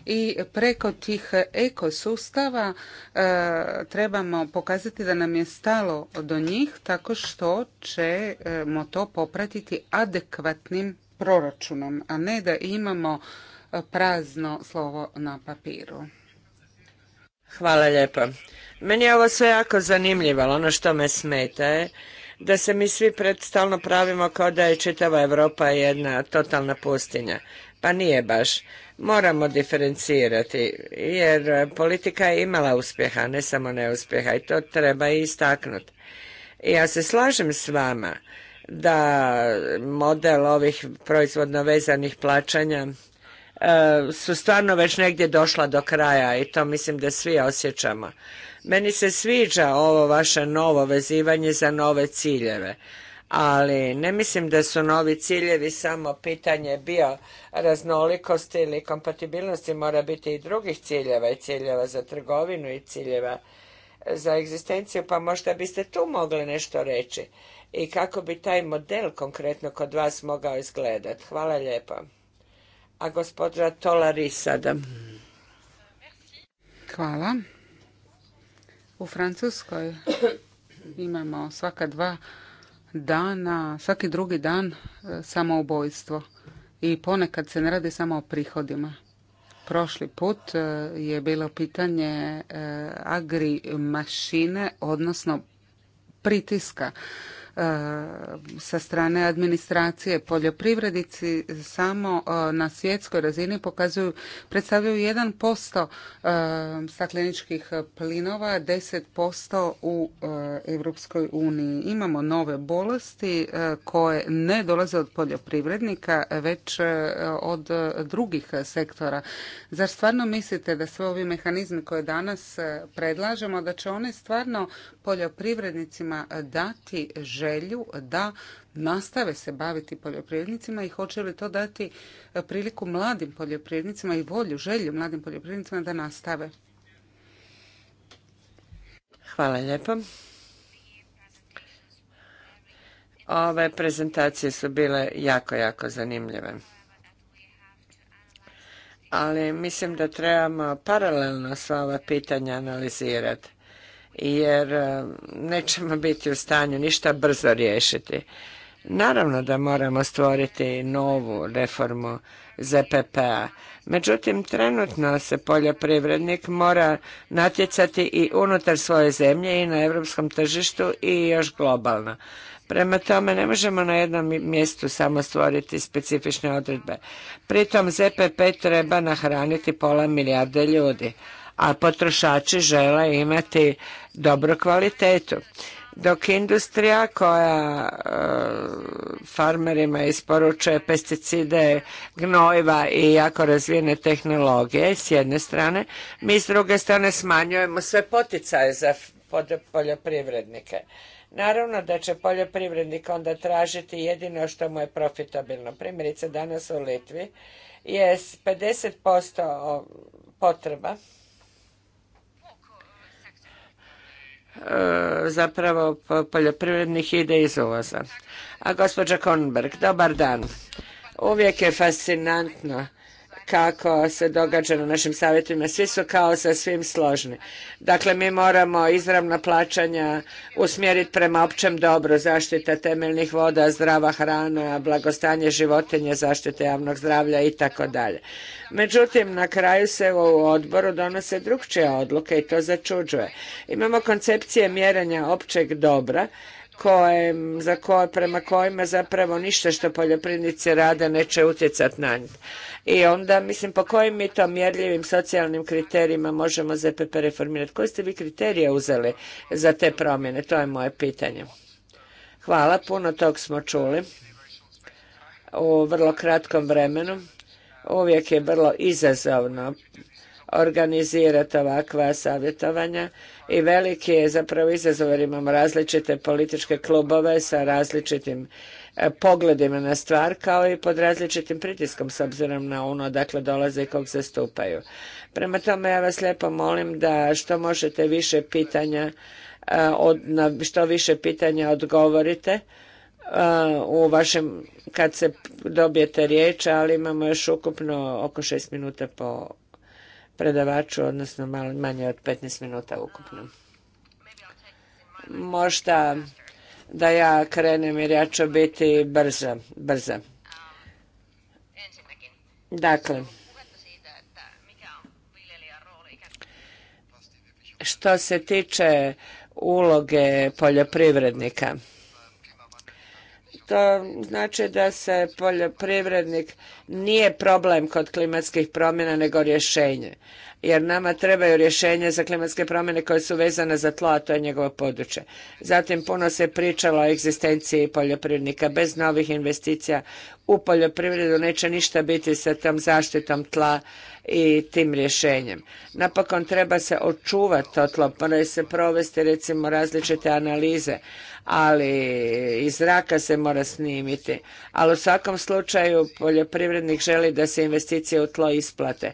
i preko tih ekosustava e, trebamo pokazati da nam je stalo do njih tako što ćemo e, to popratiti adekvatnim proračunom, a ne da imamo e, prazno slovo na papiru. Hvala lijepa. Meni je ovo sve jako zanimljivo, ono što me smeta je da se mi svi predstalno pravimo kao da je čitava Europa jedna totalna pustinja. Pa nije baš. Moramo diferencirati jer e, politika je imala uspjeha, ne samo neuspjeha i to treba i istaknuti. ja se slažem s vama da model ovih proizvodno vezanih plaćanja e, su stvarno već negdje došla do kraja i to mislim da svi osjećamo. Meni se sviđa ovo vaše novo vezivanje za nove ciljeve, ali ne mislim da su novi ciljevi samo pitanje bio raznolikosti ili kompatibilnosti, mora biti i drugih ciljeva i ciljeva za trgovinu i ciljeva za egzistenciju, pa možda biste tu mogli nešto reći i kako bi taj model konkretno kod vas mogao izgledati. Hvala lijepo. A gospodra Tolari sada. Hvala. U Francuskoj imamo svaka dva dana, svaki drugi dan e, samoubojstvo i ponekad se ne radi samo o prihodima. Prošli put e, je bilo pitanje e, agri mašine, odnosno pritiska E, sa strane administracije. Poljoprivrednici samo e, na svjetskoj razini pokazuju, predstavljaju 1% e, stakleničkih plinova, 10% u Europskoj uniji. Imamo nove bolesti koje ne dolaze od poljoprivrednika, već od drugih sektora. Zar stvarno mislite da sve ovi mehanizmi koje danas predlažemo, da će one stvarno poljoprivrednicima dati želju želju da nastave se baviti poljoprivrednicima i hoće li to dati priliku mladim poljoprivrednicima i volju, želju mladim poljoprivrednicima da nastave. Hvala lijepo. Ove prezentacije su bile jako, jako zanimljive. Ali mislim da trebamo paralelno sva ova pitanja analizirati jer e, nećemo biti u stanju ništa brzo riješiti. Naravno da moramo stvoriti novu reformu ZPP-a. Međutim, trenutno se poljoprivrednik mora natjecati i unutar svoje zemlje i na europskom tržištu i još globalno. Prema tome, ne možemo na jednom mjestu samo stvoriti specifične odredbe. Pritom ZPP treba nahraniti pola milijarde ljudi a potrošači žele imati dobru kvalitetu. Dok industrija koja e, farmerima isporučuje pesticide, gnojiva i jako razvijene tehnologije s jedne strane, mi s druge strane smanjujemo sve poticaje za poljoprivrednike. Naravno da će poljoprivrednik onda tražiti jedino što mu je profitabilno. Primjerice danas u Litvi je 50% potreba E, zapravo poljoprivrednih ide iz uvoza. A gospođa Konberg, dobar dan. Uvijek je fascinantno kako se događa na našim savjetima. Svi su kao sa svim složni. Dakle, mi moramo izravna plaćanja usmjeriti prema općem dobru, zaštita temeljnih voda, zdrava hrana, blagostanje životinja, zaštite javnog zdravlja i tako dalje. Međutim, na kraju se u odboru donose drugčije odluke i to začuđuje. Imamo koncepcije mjerenja općeg dobra za prema kojima zapravo ništa što poljoprivrednici rade neće utjecati na njih. I onda, mislim, po kojim mi to mjerljivim socijalnim kriterijima možemo ZPP reformirati? Koji ste vi kriterije uzeli za te promjene? To je moje pitanje. Hvala, puno tog smo čuli u vrlo kratkom vremenu. Uvijek je vrlo izazovno organizirati ovakva savjetovanja i veliki je zapravo izazov jer imamo različite političke klubove sa različitim e, pogledima na stvar kao i pod različitim pritiskom s obzirom na ono dakle dolaze i kog zastupaju. Prema tome ja vas lijepo molim da što možete više pitanja e, od, na što više pitanja odgovorite e, u vašem kad se dobijete riječ, ali imamo još ukupno oko šest minuta po predavaču, odnosno manje od 15 minuta ukupno. Možda da ja krenem jer ja ću biti brza, brza. Dakle, što se tiče uloge poljoprivrednika, što znači da se poljoprivrednik nije problem kod klimatskih promjena nego rješenje. Jer nama trebaju rješenja za klimatske promjene koje su vezane za tlo, a to je njegovo područje. Zatim puno se pričalo o egzistenciji poljoprivrednika. Bez novih investicija u poljoprivredu neće ništa biti sa tom zaštitom tla, i tim rješenjem. Napokon treba se očuvati to tlo, moraju se provesti recimo različite analize, ali iz zraka se mora snimiti. Ali u svakom slučaju poljoprivrednik želi da se investicije u tlo isplate.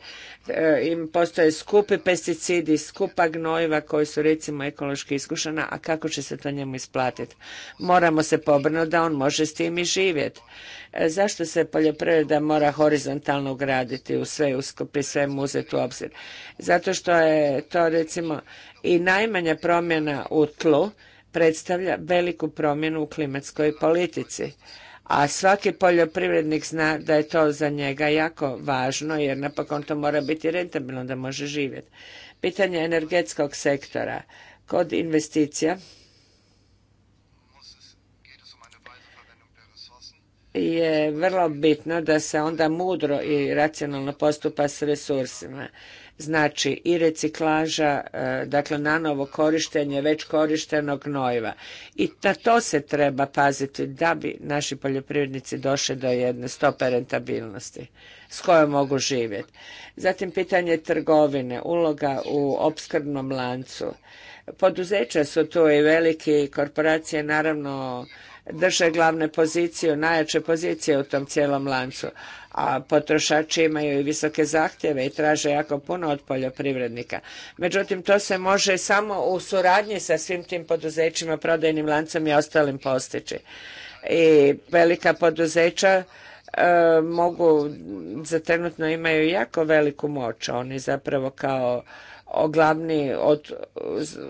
E, im postoje skupi pesticidi, skupa gnojiva koji su recimo ekološki iskušana, a kako će se to njemu isplatiti? Moramo se pobrnuti da on može s tim i živjeti. E, zašto se poljoprivreda mora horizontalno ugraditi u sve uskupi, sve uzeti u obzir? Zato što je to recimo i najmanja promjena u tlu predstavlja veliku promjenu u klimatskoj politici a svaki poljoprivrednik zna da je to za njega jako važno jer napokon to mora biti rentabilno da može živjeti. Pitanje energetskog sektora kod investicija je vrlo bitno da se onda mudro i racionalno postupa s resursima Znači i reciklaža, e, dakle nanovo korištenje već korištenog gnojiva. I na to se treba paziti da bi naši poljoprivrednici došli do jedne stope rentabilnosti s kojom mogu živjeti. Zatim pitanje trgovine, uloga u opskrbnom lancu. Poduzeća su tu i velike korporacije naravno drže glavne pozicije, najjače pozicije u tom cijelom lancu a potrošači imaju i visoke zahtjeve i traže jako puno od poljoprivrednika. Međutim, to se može samo u suradnji sa svim tim poduzećima, prodajnim lancem i ostalim postići. I velika poduzeća e, mogu, za trenutno imaju jako veliku moć. Oni zapravo kao glavni od,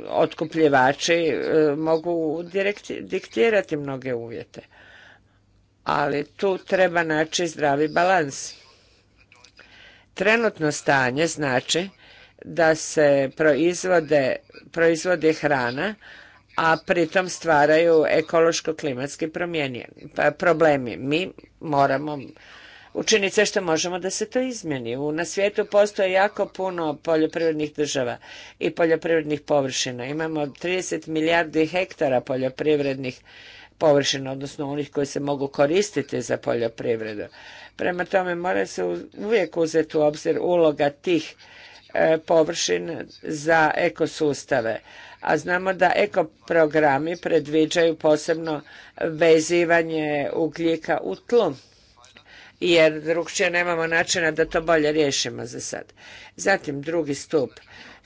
otkupljivači e, mogu direkt, diktirati mnoge uvjete ali tu treba naći zdravi balans. Trenutno stanje znači da se proizvode, proizvode hrana, a pritom stvaraju ekološko-klimatski pa problemi. Mi moramo učiniti sve što možemo da se to izmjeni. U, na svijetu postoje jako puno poljoprivrednih država i poljoprivrednih površina. Imamo 30 milijardi hektara poljoprivrednih površina, odnosno onih koji se mogu koristiti za poljoprivredu. Prema tome mora se uvijek uzeti u obzir uloga tih površina e, površin za ekosustave. A znamo da ekoprogrami predviđaju posebno vezivanje ugljika u tlu jer drugčije nemamo načina da to bolje riješimo za sad. Zatim drugi stup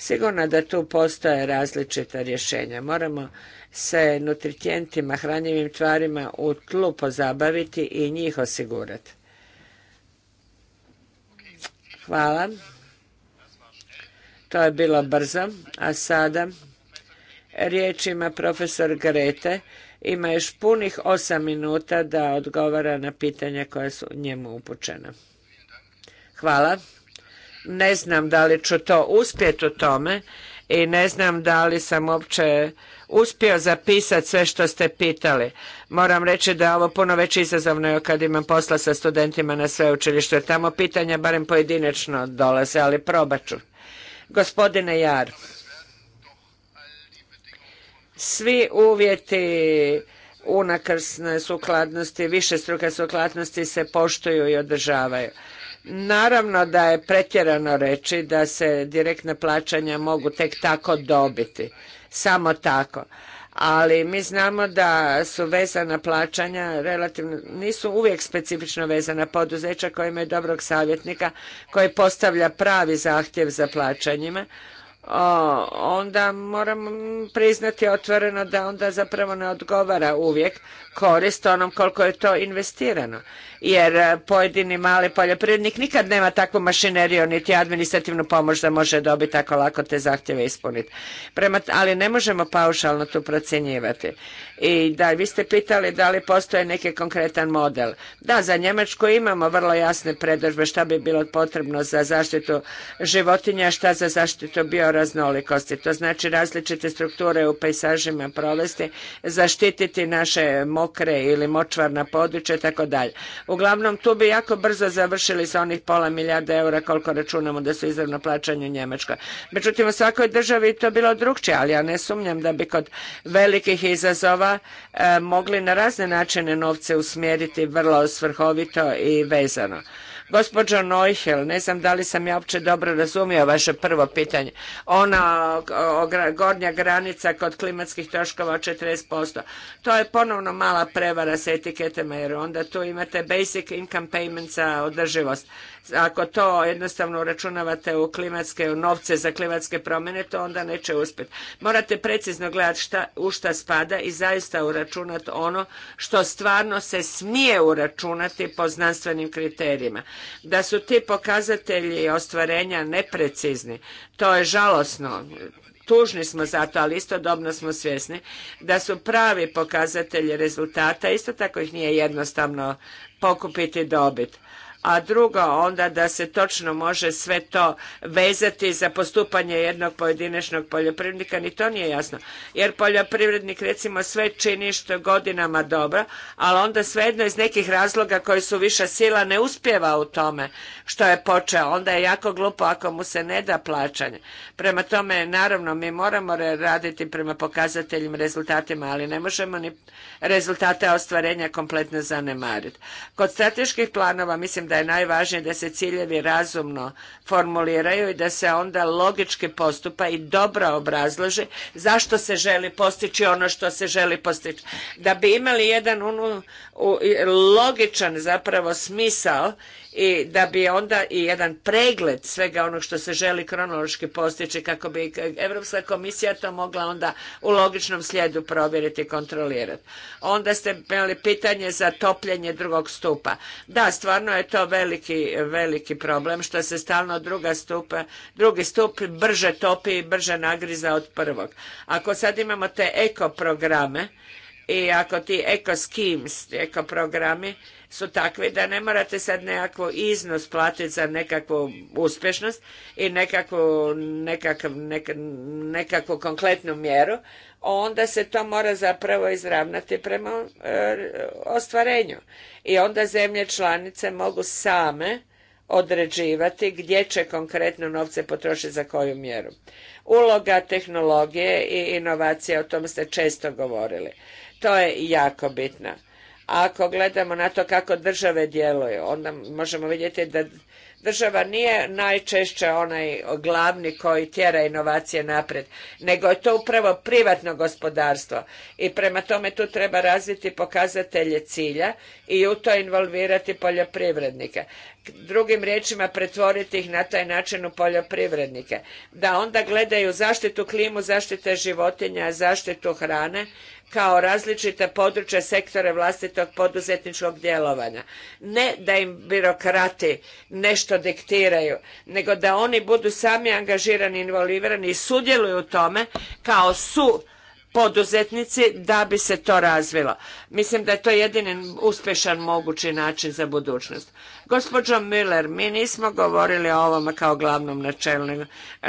Sigurno da tu postoje različita rješenja. Moramo se nutrijentima, hranjivim tvarima u tlu pozabaviti i njih osigurati. Hvala. To je bilo brzo, a sada riječ ima profesor Grete. Ima još punih osam minuta da odgovara na pitanja koja su njemu upućena. Hvala. Ne znam da li ću to uspjeti u tome i ne znam da li sam uopće uspio zapisati sve što ste pitali. Moram reći da je ovo puno već izazovno kad imam posla sa studentima na sveučilištu, jer tamo pitanja barem pojedinačno dolaze, ali probat ću. Gospodine Jar, svi uvjeti unakrsne sukladnosti, više struke sukladnosti se poštuju i održavaju. Naravno da je pretjerano reći da se direktna plaćanja mogu tek tako dobiti, samo tako. Ali mi znamo da su vezana plaćanja relativno, nisu uvijek specifično vezana poduzeća koja imaju dobrog savjetnika koji postavlja pravi zahtjev za plaćanjima. O, onda moram priznati otvoreno da onda zapravo ne odgovara uvijek korist onom koliko je to investirano. Jer e, pojedini mali poljoprivrednik nikad nema takvu mašineriju niti administrativnu pomoć da može dobiti tako lako te zahtjeve ispuniti. Prema, ali ne možemo paušalno tu procjenjivati. I da, vi ste pitali da li postoje neki konkretan model. Da, za Njemačku imamo vrlo jasne predožbe šta bi bilo potrebno za zaštitu životinja, šta za zaštitu bioraznolikosti. To znači različite strukture u pejsažima provesti, zaštititi naše mokre ili močvarna područja i tako dalje. Uglavnom, tu bi jako brzo završili sa onih pola milijarda eura koliko računamo da su izravno plaćanje u Njemačkoj. Međutim, u svakoj državi to bilo drugčije, ali ja ne sumnjam da bi kod velikih izazova e, mogli na razne načine novce usmjeriti vrlo svrhovito i vezano. Gospođo Neuhel, ne znam da li sam ja uopće dobro razumio vaše prvo pitanje. Ona gornja granica kod klimatskih troškova od 40%. To je ponovno mala prevara sa etiketama jer onda tu imate basic income payment za održivost. Ako to jednostavno uračunavate u klimatske u novce za klimatske promjene, to onda neće uspjeti. Morate precizno gledati šta, u šta spada i zaista uračunati ono što stvarno se smije uračunati po znanstvenim kriterijima. Da su ti pokazatelji ostvarenja neprecizni, to je žalosno tužni smo zato, ali istodobno smo svjesni da su pravi pokazatelji rezultata, isto tako ih nije jednostavno pokupiti dobit a drugo onda da se točno može sve to vezati za postupanje jednog pojedinačnog poljoprivrednika, ni to nije jasno. Jer poljoprivrednik recimo sve čini što godinama dobro, ali onda svejedno iz nekih razloga koji su viša sila ne uspjeva u tome što je počeo. Onda je jako glupo ako mu se ne da plaćanje. Prema tome, naravno, mi moramo raditi prema pokazateljima, rezultatima, ali ne možemo ni rezultate ostvarenja kompletno zanemariti. Kod strateških planova mislim da je najvažnije da se ciljevi razumno formuliraju i da se onda logički postupa i dobro obrazlože zašto se želi postići ono što se želi postići. Da bi imali jedan logičan zapravo smisao i da bi onda i jedan pregled svega onog što se želi kronološki postići kako bi Europska komisija to mogla onda u logičnom slijedu provjeriti i kontrolirati. Onda ste imali pitanje za topljenje drugog stupa. Da, stvarno je to veliki, veliki problem što se stalno druga stupa, drugi stup brže topi i brže nagriza od prvog. Ako sad imamo te eko programe i ako ti eko schemes, eko programi su takve da ne morate sad nekakvo iznos platiti za nekakvu uspješnost i nekakvu, nekakvu konkretnu mjeru, onda se to mora zapravo izravnati prema e, ostvarenju. I onda zemlje članice mogu same određivati gdje će konkretno novce potrošiti za koju mjeru. Uloga tehnologije i inovacije, o tom ste često govorili. To je jako bitno ako gledamo na to kako države djeluju, onda možemo vidjeti da država nije najčešće onaj glavni koji tjera inovacije naprijed, nego je to upravo privatno gospodarstvo. I prema tome tu treba razviti pokazatelje cilja i u to involvirati poljoprivrednike. Drugim riječima pretvoriti ih na taj način u poljoprivrednike. Da onda gledaju zaštitu klimu, zaštite životinja, zaštitu hrane kao različite područja sektore vlastitog poduzetničkog djelovanja. Ne da im birokrati nešto diktiraju, nego da oni budu sami angažirani, involivirani i sudjeluju u tome kao su poduzetnici da bi se to razvilo. Mislim da je to jedini uspješan mogući način za budućnost. Gospođo Miller, mi nismo govorili o ovome kao glavnom načelu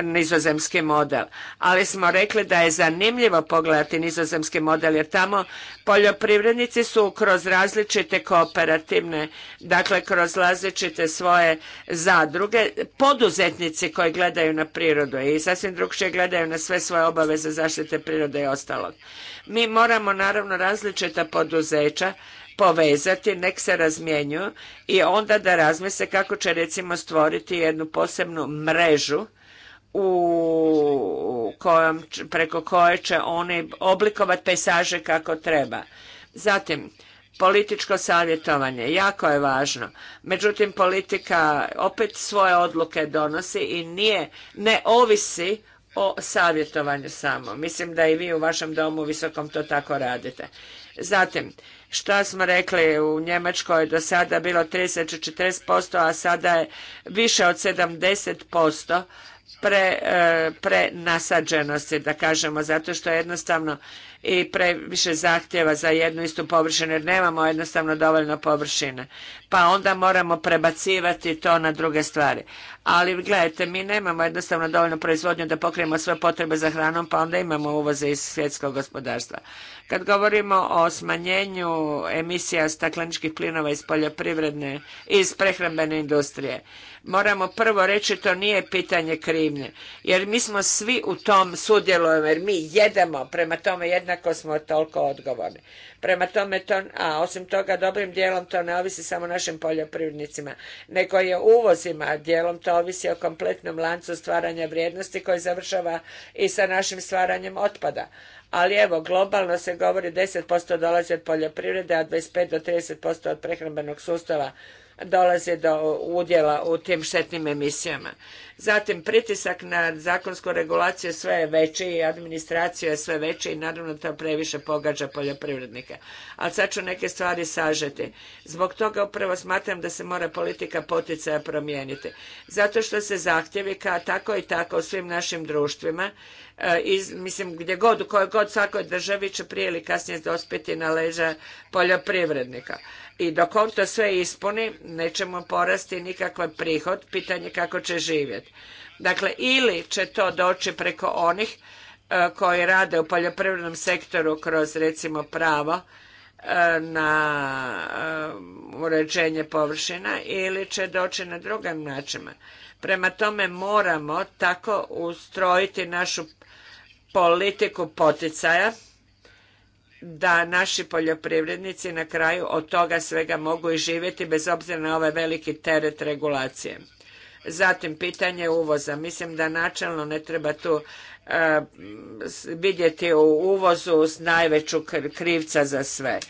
nizozemski model, ali smo rekli da je zanimljivo pogledati nizozemski model jer tamo poljoprivrednici su kroz različite kooperativne, dakle kroz različite svoje zadruge, poduzetnici koji gledaju na prirodu i sasvim drukčije gledaju na sve svoje obaveze zaštite prirode i ostalog. Mi moramo naravno različita poduzeća povezati, nek se razmjenjuju i onda da razmise kako će recimo stvoriti jednu posebnu mrežu u kojom, preko koje će oni oblikovati pesaže kako treba. Zatim, političko savjetovanje, jako je važno. Međutim, politika opet svoje odluke donosi i nije, ne ovisi o savjetovanju samo. Mislim da i vi u vašem domu visokom to tako radite. Zatim, Šta smo rekli u Njemačkoj do sada bilo 30-40%, a sada je više od 70% pre, pre prenasađenosti, da kažemo, zato što jednostavno i previše zahtjeva za jednu istu površinu jer nemamo jednostavno dovoljno površine. Pa onda moramo prebacivati to na druge stvari. Ali gledajte, mi nemamo jednostavno dovoljno proizvodnju da pokrijemo sve potrebe za hranom, pa onda imamo uvoze iz svjetskog gospodarstva. Kad govorimo o smanjenju emisija stakleničkih plinova iz poljoprivredne, iz prehrambene industrije, moramo prvo reći to nije pitanje krivnje, jer mi smo svi u tom sudjelujemo, jer mi jedemo, prema tome jednako smo toliko odgovorni. Prema tome to, a osim toga dobrim dijelom to ne ovisi samo našim poljoprivrednicima, nego je uvozima, dijelom to ovisi o kompletnom lancu stvaranja vrijednosti koji završava i sa našim stvaranjem otpada. Ali evo, globalno se govori 10% dolazi od poljoprivrede, a 25 do 30% od prehrambenog sustava dolazi do udjela u tim štetnim emisijama. Zatim pritisak na zakonsku regulaciju sve je veći i administracija je sve veća i naravno to previše pogađa poljoprivrednika. Ali sad ću neke stvari sažeti. Zbog toga upravo smatram da se mora politika poticaja promijeniti. Zato što se zahtjevi ka tako i tako u svim našim društvima e, iz, mislim, gdje god, u kojoj god svakoj državi će prije ili kasnije dospjeti na leđa poljoprivrednika i dok on to sve ispuni, nećemo porasti nikakav prihod, pitanje kako će živjeti. Dakle, ili će to doći preko onih e, koji rade u poljoprivrednom sektoru kroz recimo pravo e, na e, uređenje površina ili će doći na drugim načinima. Prema tome moramo tako ustrojiti našu politiku poticaja da naši poljoprivrednici na kraju od toga svega mogu i živjeti bez obzira na ovaj veliki teret regulacije. Zatim, pitanje uvoza. Mislim da načelno ne treba tu e, vidjeti u uvozu s najveću krivca za sve.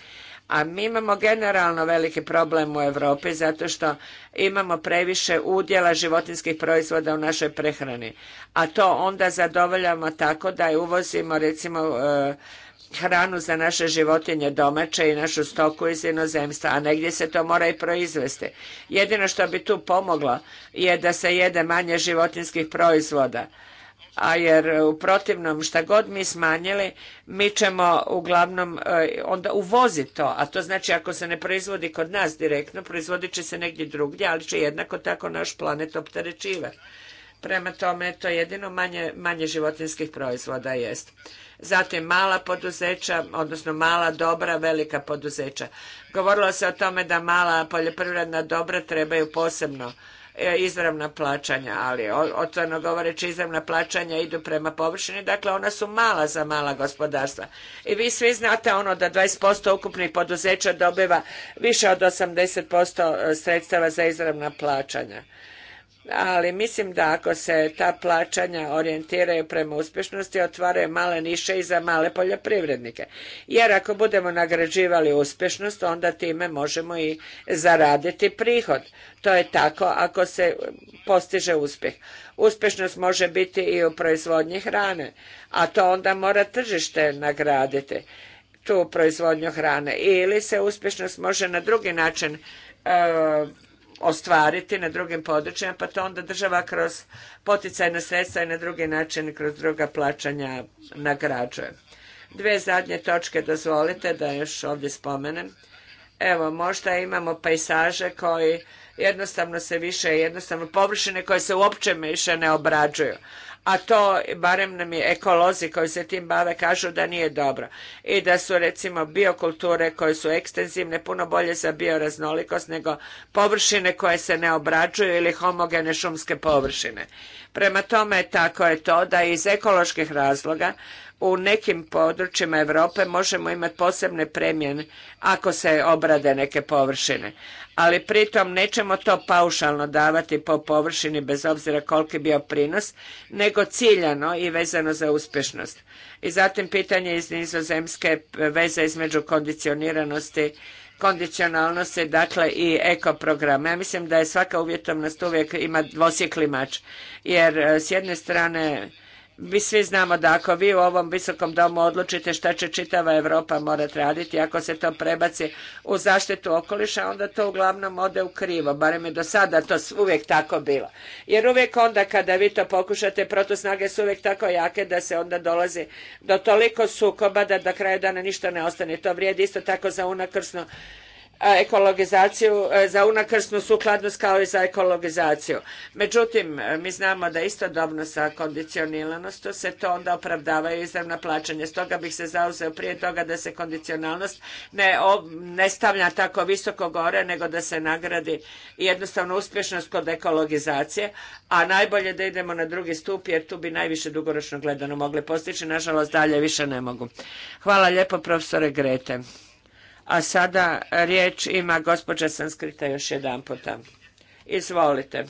A mi imamo generalno veliki problem u Europi zato što imamo previše udjela životinskih proizvoda u našoj prehrani. A to onda zadovoljamo tako da uvozimo recimo e, hranu za naše životinje domaće i našu stoku iz inozemstva, a negdje se to mora i proizvesti. Jedino što bi tu pomoglo je da se jede manje životinskih proizvoda, a jer u protivnom šta god mi smanjili, mi ćemo uglavnom e, onda uvoziti to, a to znači ako se ne proizvodi kod nas direktno, proizvodit će se negdje drugdje, ali će jednako tako naš planet opterećivati. Prema tome, to jedino manje, manje životinskih proizvoda jest. Zatim mala poduzeća, odnosno mala dobra, velika poduzeća. Govorilo se o tome da mala poljoprivredna dobra trebaju posebno e, izravna plaćanja, ali otvorno govoreći izravna plaćanja idu prema površini, dakle ona su mala za mala gospodarstva. I vi svi znate ono da 20% ukupnih poduzeća dobiva više od 80% e, sredstava za izravna plaćanja ali mislim da ako se ta plaćanja orijentiraju prema uspješnosti, otvaraju male niše i za male poljoprivrednike. Jer ako budemo nagrađivali uspješnost, onda time možemo i zaraditi prihod. To je tako ako se postiže uspjeh. Uspješnost može biti i u proizvodnji hrane, a to onda mora tržište nagraditi tu proizvodnju hrane ili se uspješnost može na drugi način e, ostvariti na drugim područjima, pa to onda država kroz poticajna sredstva i na drugi način kroz druga plaćanja nagrađuje. Dve zadnje točke dozvolite da još ovdje spomenem. Evo, možda imamo pejsaže koji jednostavno se više, jednostavno površine koje se uopće više ne obrađuju a to barem nam je ekolozi koji se tim bave kažu da nije dobro i da su recimo biokulture koje su ekstenzivne puno bolje za bioraznolikost nego površine koje se ne obrađuju ili homogene šumske površine. Prema tome tako je to da iz ekoloških razloga u nekim područjima Europe možemo imati posebne premjene ako se obrade neke površine. Ali pritom nećemo to paušalno davati po površini bez obzira koliki bio prinos, nego ciljano i vezano za uspješnost. I zatim pitanje iz nizozemske veze između kondicioniranosti kondicionalnosti, dakle i ekoprograma. Ja mislim da je svaka uvjetovnost uvijek ima mač jer e, s jedne strane mi svi znamo da ako vi u ovom visokom domu odlučite šta će čitava Europa morati raditi, ako se to prebaci u zaštitu okoliša, onda to uglavnom ode u krivo, barem je do sada to uvijek tako bilo. Jer uvijek onda kada vi to pokušate, protusnage su uvijek tako jake da se onda dolazi do toliko sukoba da do kraja dana ništa ne ostane. To vrijedi isto tako za unakrsno E, ekologizaciju, e, za unakrsnu sukladnost kao i za ekologizaciju. Međutim, e, mi znamo da istodobno sa kondicioniranost se to onda opravdavaju izravna plaćanja. Stoga bih se zauzeo prije toga da se kondicionalnost ne, ne stavlja tako visoko gore, nego da se nagradi jednostavno uspješnost kod ekologizacije, a najbolje da idemo na drugi stup jer tu bi najviše dugoročno gledano mogli postići. Nažalost, dalje više ne mogu. Hvala lijepo profesore Grete. A sada riječ ima gospođa Sanskrita još jedan puta. Izvolite.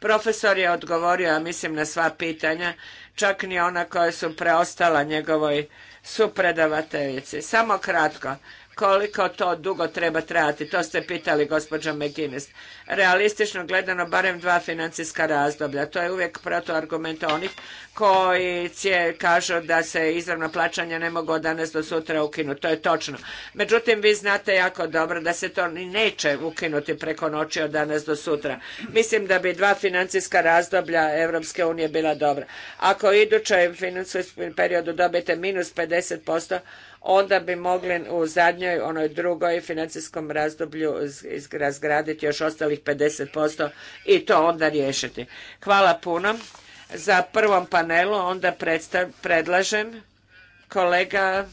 Profesor je odgovorio, mislim, na sva pitanja, čak ni ona koja su preostala njegovoj supredavateljici. Samo kratko, koliko to dugo treba trajati, to ste pitali gospođo McGuinness. Realistično gledano barem dva financijska razdoblja, to je uvijek protuargument onih koji cije, kažu da se izravno plaćanje ne mogu od danas do sutra ukinuti, to je točno. Međutim, vi znate jako dobro da se to ni neće ukinuti preko noći od danas do sutra. Mislim da bi dva financijska razdoblja Europske unije bila dobra. Ako u idućem financijskom periodu dobijete minus 50%, onda bi mogli u zadnjoj, onoj drugoj financijskom razdoblju razgraditi još ostalih 50% i to onda riješiti. Hvala puno. Za prvom panelu onda predlažem kolega...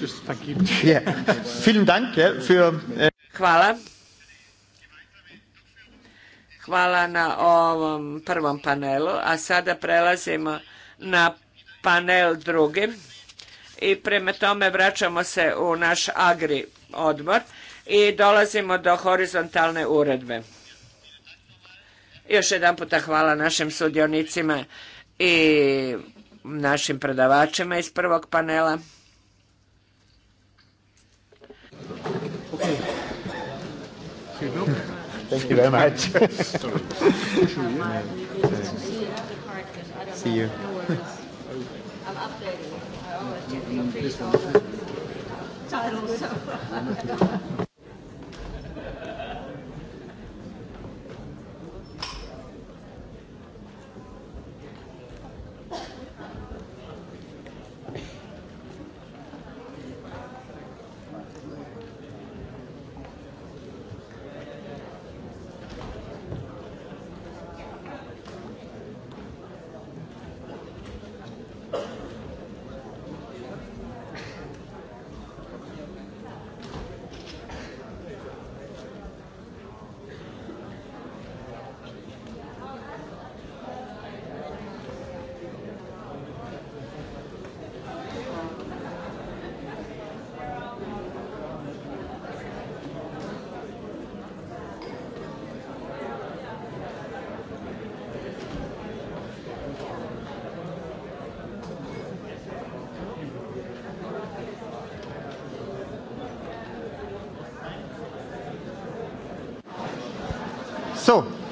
Äh, Hvala. Hvala na ovom prvom panelu, a sada prelazimo na panel drugi i prema tome vraćamo se u naš agri odbor i dolazimo do horizontalne uredbe. Još jedan puta hvala našim sudionicima i našim predavačima iz prvog panela. Thank you very much. [LAUGHS] See you. Charles. [LAUGHS] [LAUGHS]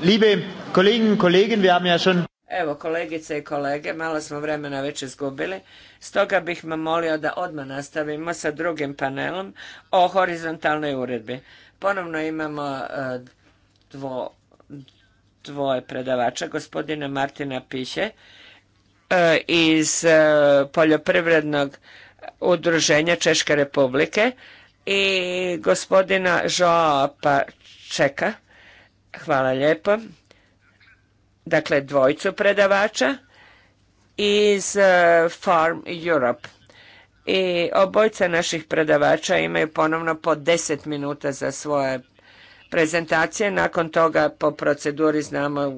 Liebe Kolleginnen und Evo, kolegice i kolege, malo smo vremena već izgubili, stoga bih vam molio da odmah nastavimo sa drugim panelom o horizontalnoj uredbi. Ponovno imamo e, dvo, dvoje predavača, gospodina Martina Piše e, iz e, Poljoprivrednog udruženja Češke republike i gospodina Žoa Čeka Hvala lijepo. Dakle, dvojcu predavača iz e, Farm Europe. I obojca naših predavača imaju ponovno po deset minuta za svoje prezentacije. Nakon toga po proceduri znamo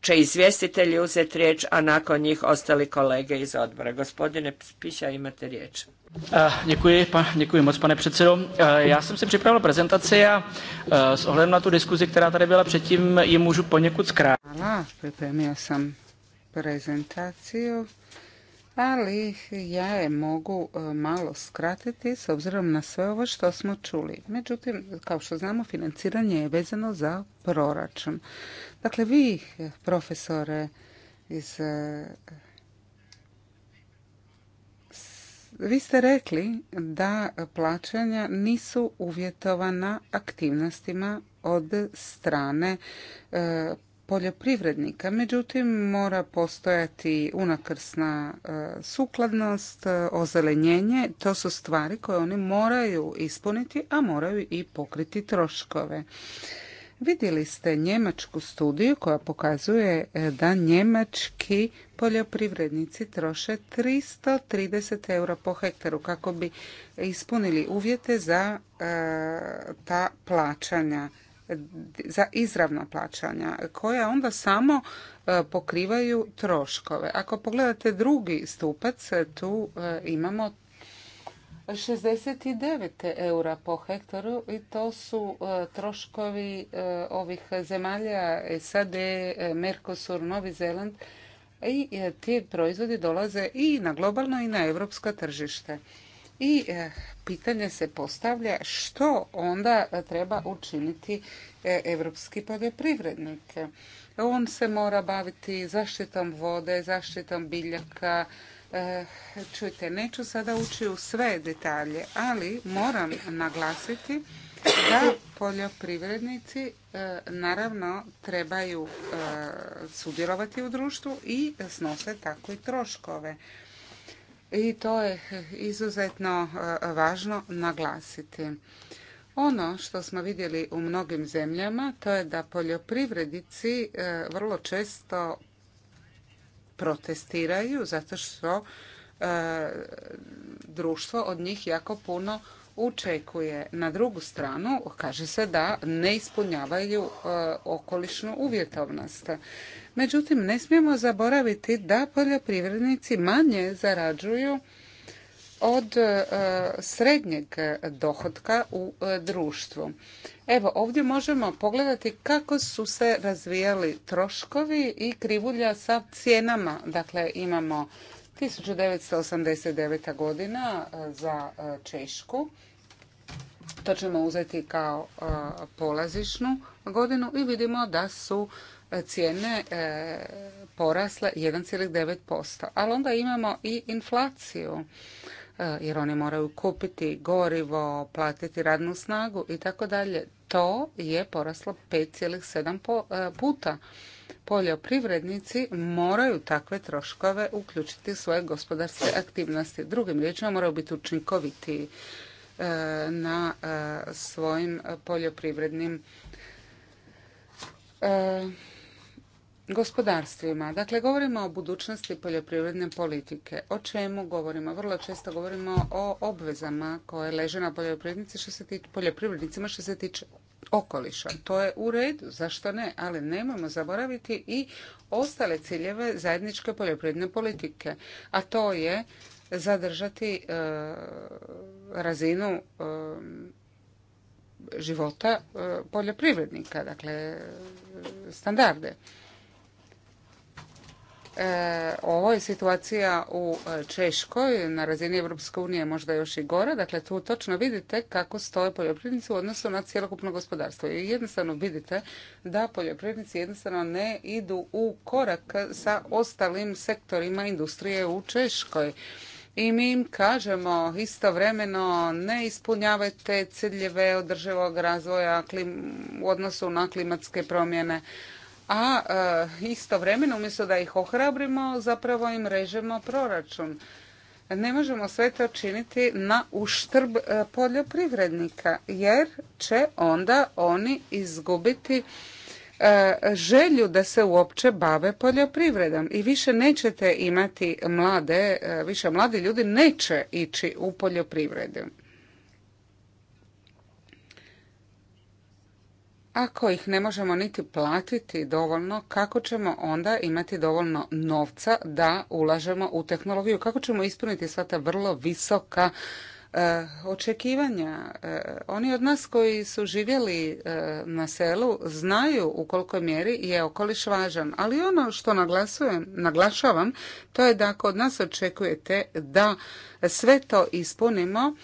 će izvjestitelji uzeti riječ, a nakon njih ostali kolege iz odbora. Gospodine Piša, imate riječ. Eh, děkuji, pan, děkuji moc, pane předsedo. Eh, já jsem si připravil prezentaci a eh, s ohledem na tu diskuzi, která tady byla předtím, ji můžu poněkud zkrátit. Pripremio jsem prezentaciju, ali já je mohu malo skratiti s obzirom na sve ovo što smo čuli. Međutim, kao što znamo, financiranje je vezano za proračun. Dakle, vi, profesore iz Vi ste rekli da plaćanja nisu uvjetovana aktivnostima od strane e, poljoprivrednika. Međutim, mora postojati unakrsna e, sukladnost, e, ozelenjenje. To su stvari koje oni moraju ispuniti, a moraju i pokriti troškove. Vidjeli ste njemačku studiju koja pokazuje e, da njemački poljoprivrednici troše 330 eura po hektaru kako bi ispunili uvjete za e, ta plaćanja za izravna plaćanja koja onda samo e, pokrivaju troškove. Ako pogledate drugi stupac, tu imamo 69 eura po hektaru i to su e, troškovi e, ovih zemalja SAD, e, Mercosur, Novi Zeland i ti proizvodi dolaze i na globalno i na evropsko tržište. I pitanje se postavlja što onda treba učiniti europski poljoprivrednik. On se mora baviti zaštitom vode, zaštitom biljaka, Eh, čujte, neću sada ući u sve detalje, ali moram naglasiti da poljoprivrednici eh, naravno trebaju eh, sudjelovati u društvu i snose tako troškove. I to je izuzetno važno naglasiti. Ono što smo vidjeli u mnogim zemljama to je da poljoprivrednici vrlo često protestiraju zato što e, društvo od njih jako puno učekuje. Na drugu stranu kaže se da ne ispunjavaju e, okolišnu uvjetovnost. Međutim, ne smijemo zaboraviti da poljoprivrednici manje zarađuju od e, srednjeg dohodka u e, društvu. Evo, ovdje možemo pogledati kako su se razvijali troškovi i krivulja sa cijenama. Dakle, imamo 1989. godina e, za Češku. To ćemo uzeti kao polazišnu godinu i vidimo da su cijene porasle 1,9%. Ali onda imamo i inflaciju E, jer oni moraju kupiti gorivo, platiti radnu snagu i tako dalje. To je poraslo 5,7 e, puta. Poljoprivrednici moraju takve troškove uključiti u svoje gospodarske aktivnosti. Drugim riječima moraju biti učinkoviti e, na svojim poljoprivrednim gospodarstvima. Dakle, govorimo o budućnosti poljoprivredne politike. O čemu govorimo? Vrlo često govorimo o obvezama koje leže na poljoprivrednici što se tiče, poljoprivrednicima što se tiče okoliša. To je u redu, zašto ne? Ali nemojmo zaboraviti i ostale ciljeve zajedničke poljoprivredne politike. A to je zadržati e, razinu e, života e, poljoprivrednika, dakle standarde. E, ovo je situacija u e, Češkoj na razini Evropske unije možda još i gora. Dakle, tu točno vidite kako stoje poljoprivrednici u odnosu na cjelokupno gospodarstvo. I jednostavno vidite da poljoprivrednici jednostavno ne idu u korak sa ostalim sektorima industrije u Češkoj. I mi im kažemo istovremeno ne ispunjavajte ciljeve održivog razvoja u odnosu na klimatske promjene a e, istovremeno umjesto da ih ohrabrimo zapravo im režemo proračun. Ne možemo sve to činiti na uštrb e, poljoprivrednika jer će onda oni izgubiti e, želju da se uopće bave poljoprivredom i više nećete imati mlade, više mladi ljudi neće ići u poljoprivredu. Ako ih ne možemo niti platiti dovoljno, kako ćemo onda imati dovoljno novca da ulažemo u tehnologiju? Kako ćemo ispuniti sva ta vrlo visoka e, očekivanja? E, oni od nas koji su živjeli e, na selu znaju u kolikoj mjeri je okoliš važan. Ali ono što naglašavam, to je da kod nas očekujete da sve to ispunimo,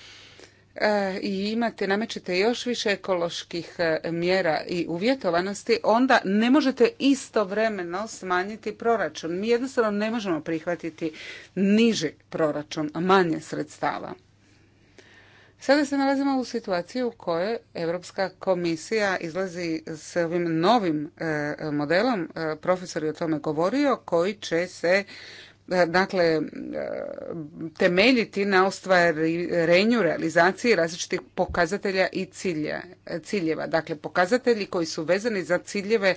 E, i imate, namećete još više ekoloških e, mjera i uvjetovanosti, onda ne možete istovremeno smanjiti proračun. Mi jednostavno ne možemo prihvatiti niži proračun, manje sredstava. Sada se nalazimo u situaciji u kojoj Europska komisija izlazi s ovim novim e, modelom, profesor je o tome govorio, koji će se dakle, e, temeljiti na ostvarenju realizaciji različitih pokazatelja i ciljeva. Dakle, pokazatelji koji su vezani za ciljeve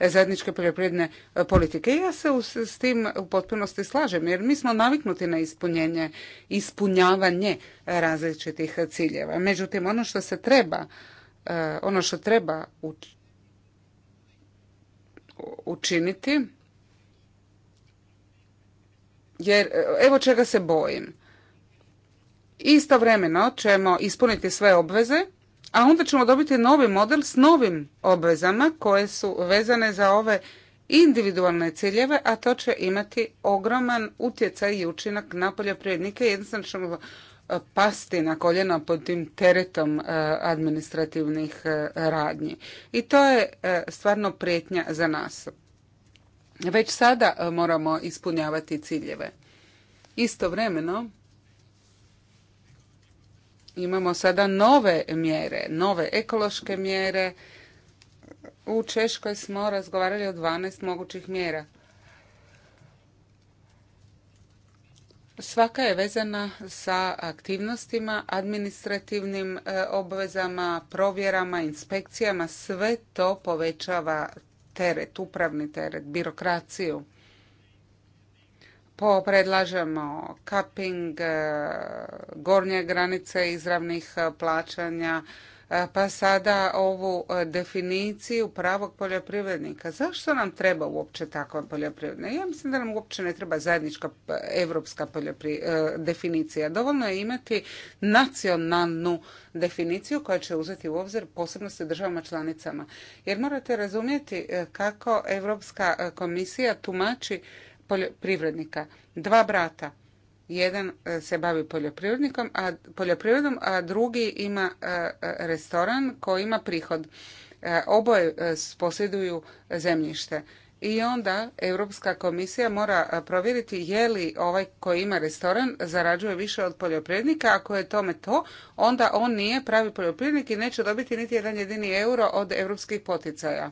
zajedničke poljoprivredne e, politike. I ja se s tim u potpunosti slažem, jer mi smo naviknuti na ispunjenje, ispunjavanje različitih ciljeva. Međutim, ono što se treba, e, ono što treba učiniti, jer e, evo čega se bojim. Istovremeno ćemo ispuniti sve obveze, a onda ćemo dobiti novi model s novim obvezama koje su vezane za ove individualne ciljeve, a to će imati ogroman utjecaj i učinak na poljoprivrednike. Jednostavno ćemo e, pasti na koljena pod tim teretom e, administrativnih radnji. I to je stvarno prijetnja za nas. Već sada e, moramo ispunjavati ciljeve. Istovremeno imamo sada nove mjere, nove ekološke mjere. U Češkoj smo razgovarali o 12 mogućih mjera. Svaka je vezana sa aktivnostima, administrativnim e, obvezama, provjerama, inspekcijama. Sve to povećava teret, upravni teret, birokraciju. Po predlažemo cupping, eh, gornje granice izravnih eh, plaćanja, E, pa sada ovu e, definiciju pravog poljoprivrednika. Zašto nam treba uopće takva poljoprivredna? Ja mislim da nam uopće ne treba zajednička e, evropska definicija. Dovoljno je imati nacionalnu definiciju koja će uzeti u obzir posebnosti državama članicama. Jer morate razumjeti kako Evropska komisija tumači poljoprivrednika. Dva brata jedan e, se bavi poljoprivrednikom, a poljoprivredom, a drugi ima e, e, restoran koji ima prihod. Oboje posjeduju zemljište. I onda Europska komisija mora provjeriti je li ovaj koji ima restoran zarađuje više od poljoprivrednika. Ako je tome to, onda on nije pravi poljoprivrednik i neće dobiti niti jedan jedini euro od europskih poticaja.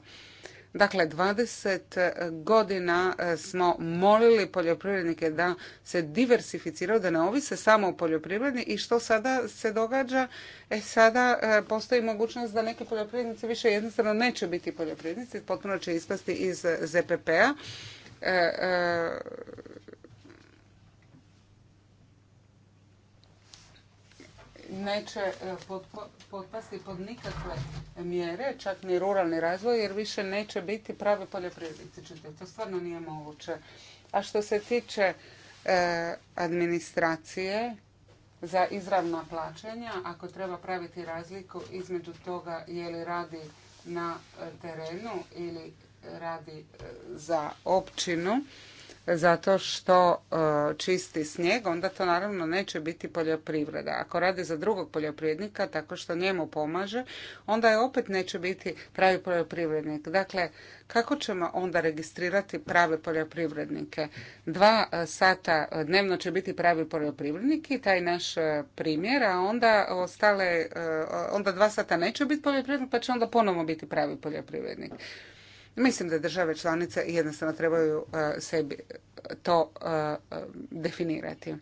Dakle, 20 godina e, smo molili poljoprivrednike da se diversificiraju, da ne ovise samo o poljoprivredi i što sada se događa? E, sada e, postoji mogućnost da neke poljoprivrednice više jednostavno neće biti poljoprivrednici, potpuno će ispasti iz ZPP-a. E, neće e, potpasti pod nikakve mjere, čak ni ruralni razvoj, jer više neće biti prave poljoprivrednici. To stvarno nije moguće. A što se tiče e, administracije za izravna plaćanja, ako treba praviti razliku između toga je li radi na terenu ili radi e, za općinu, zato što e, čisti snijeg, onda to naravno neće biti poljoprivreda. Ako radi za drugog poljoprivrednika tako što njemu pomaže, onda je opet neće biti pravi poljoprivrednik. Dakle, kako ćemo onda registrirati prave poljoprivrednike? Dva e, sata dnevno će biti pravi poljoprivrednik i taj naš e, primjer, a onda ostale, onda dva sata neće biti poljoprivrednik, pa će onda ponovno biti pravi poljoprivrednik. Mislim da države članice jednostavno trebaju e, sebi to e, definirati.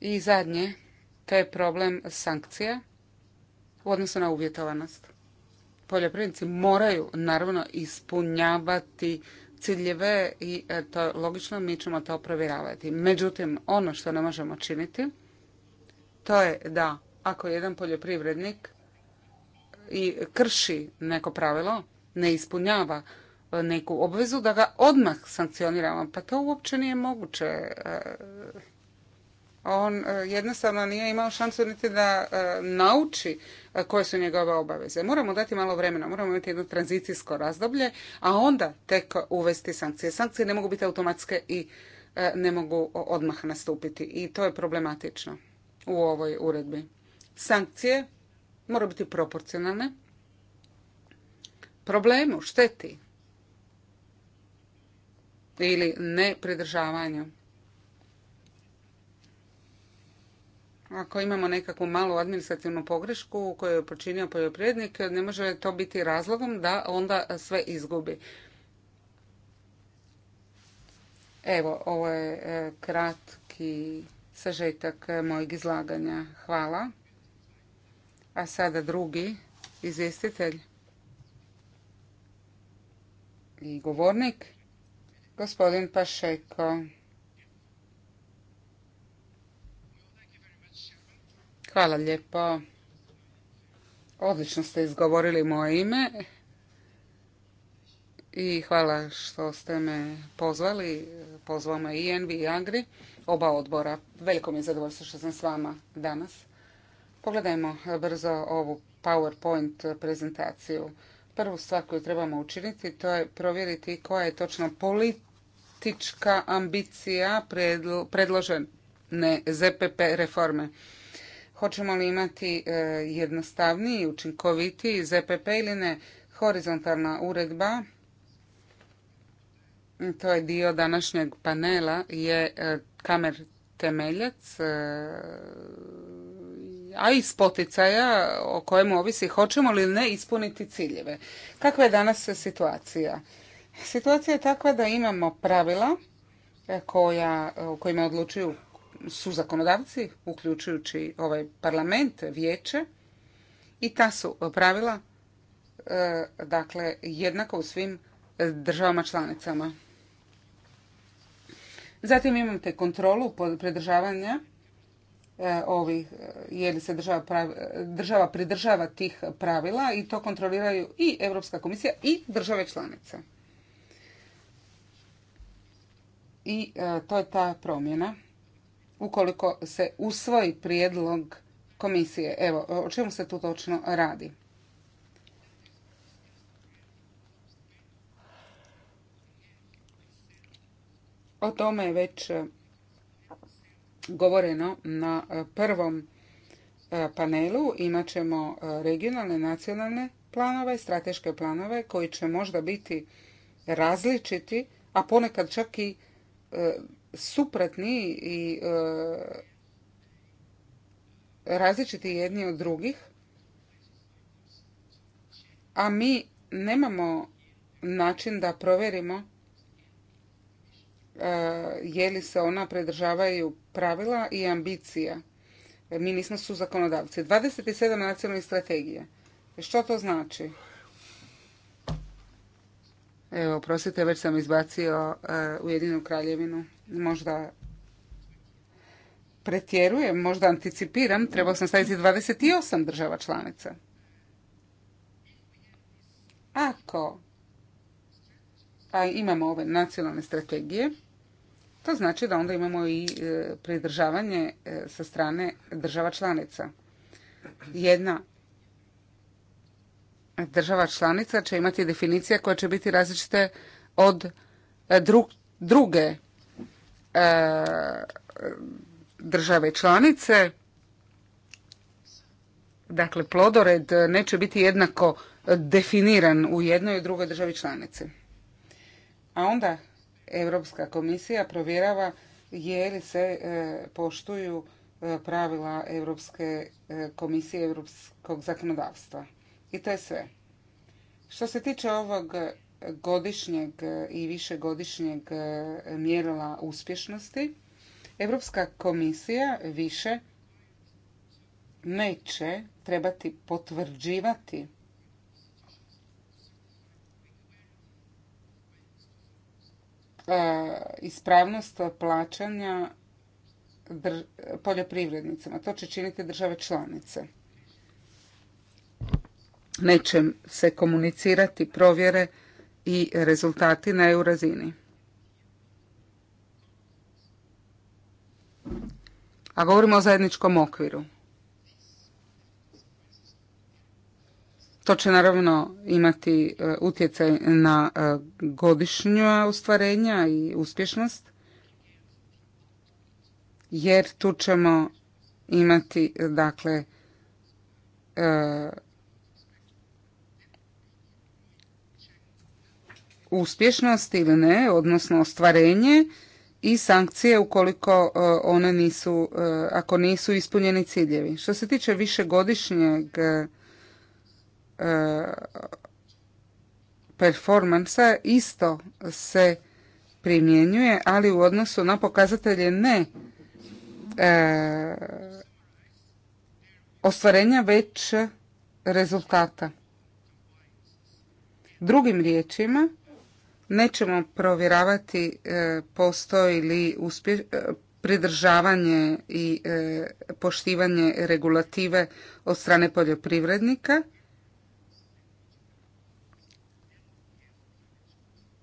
I zadnje, to je problem sankcija u odnosu na uvjetovanost. Poljoprivrednici moraju naravno ispunjavati ciljeve i e, to je logično, mi ćemo to provjeravati. Međutim, ono što ne možemo činiti, to je da ako jedan poljoprivrednik i krši neko pravilo, ne ispunjava e, neku obvezu, da ga odmah sankcioniramo. Pa to uopće nije moguće. E, on e, jednostavno nije imao šansu niti da nauči koje su njegove obaveze. Moramo dati malo vremena, moramo imati jedno tranzicijsko razdoblje, a onda tek uvesti sankcije. Sankcije ne mogu biti automatske i ne mogu odmah nastupiti. I to je problematično u ovoj uredbi. Sankcije moraju biti proporcionalne problemu, šteti ili nepridržavanju. Ako imamo nekakvu malu administrativnu pogrešku koju je počinio poljoprivrednik, ne može to biti razlogom da onda sve izgubi. Evo, ovo je e, kratki sažetak mojeg izlaganja. Hvala. A sada drugi izvjestitelj i govornik, gospodin Pašeko. Hvala lijepo. Odlično ste izgovorili moje ime i hvala što ste me pozvali. Pozvao me i Envi i ANGRI, oba odbora. Veliko mi je zadovoljstvo što sam s vama danas. Pogledajmo brzo ovu PowerPoint prezentaciju. Prvu stvar koju trebamo učiniti to je provjeriti koja je točno politička ambicija predložene ZPP reforme. Hoćemo li imati e, jednostavniji, učinkovitiji ZPP ili ne? Horizontalna uredba, to je dio današnjeg panela, je e, kamer temeljac e, a iz poticaja o kojemu ovisi hoćemo li ne ispuniti ciljeve. Kakva je danas situacija? Situacija je takva da imamo pravila e, koja, o kojima odlučuju su zakonodavci, uključujući ovaj parlament, vijeće, i ta su pravila e, dakle jednako u svim državama članicama. Zatim imate kontrolu pridržavanja E, ovih, e, je li se država, država pridržava tih pravila i to kontroliraju i Europska komisija i države članice. I e, to je ta promjena. Ukoliko se usvoji prijedlog komisije, evo, o čemu se tu točno radi? O tome je već govoreno na e, prvom e, panelu imat ćemo e, regionalne nacionalne planove, strateške planove koji će možda biti različiti, a ponekad čak i suprotni i različiti jedni od drugih. A mi nemamo način da proverimo je li se ona predržavaju pravila i ambicija. E, mi nismo su zakonodavci. 27 nacionalnih strategija. E, što to znači? Evo, prosite, već sam izbacio e, Ujedinu kraljevinu. Možda pretjerujem, možda anticipiram. Trebao sam staviti 28 država članica. Ako imamo ove nacionalne strategije, to znači da onda imamo i e, pridržavanje e, sa strane država članica. Jedna država članica će imati definicija koja će biti različite od e, druge države članice. Dakle, plodored neće biti jednako definiran u jednoj i drugoj državi članici. A onda Europska komisija provjerava je li se e, poštuju e, pravila Europske e, komisije europskog zakonodavstva. I to je sve. Što se tiče ovog godišnjeg i višegodišnjeg mjerila uspješnosti, Europska komisija više neće trebati potvrđivati E, ispravnost plaćanja poljoprivrednicima. To će činiti države članice. Neće se komunicirati provjere i rezultati na EU razini. A govorimo o zajedničkom okviru. To će naravno imati e, utjecaj na e, godišnja ostvarenja i uspješnost, jer tu ćemo imati, dakle, e, uspješnost ili ne, odnosno ostvarenje i sankcije ukoliko one nisu, ako nisu ispunjeni ciljevi. Što se tiče višegodišnjeg performansa isto se primjenjuje, ali u odnosu na pokazatelje ne e, ostvarenja već rezultata. Drugim riječima, nećemo provjeravati e, postoji li e, pridržavanje i poštivanje regulative od strane poljoprivrednika –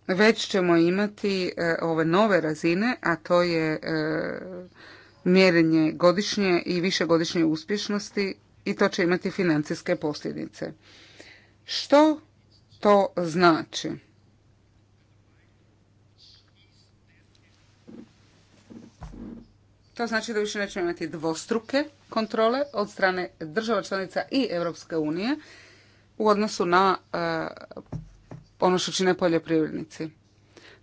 već ćemo imati e, ove nove razine, a to je e, mjerenje godišnje i višegodišnje uspješnosti i to će imati financijske posljedice. Što to znači? To znači da više nećemo imati dvostruke kontrole od strane država članica i Europske unije u odnosu na e, ono što čine poljoprivrednici.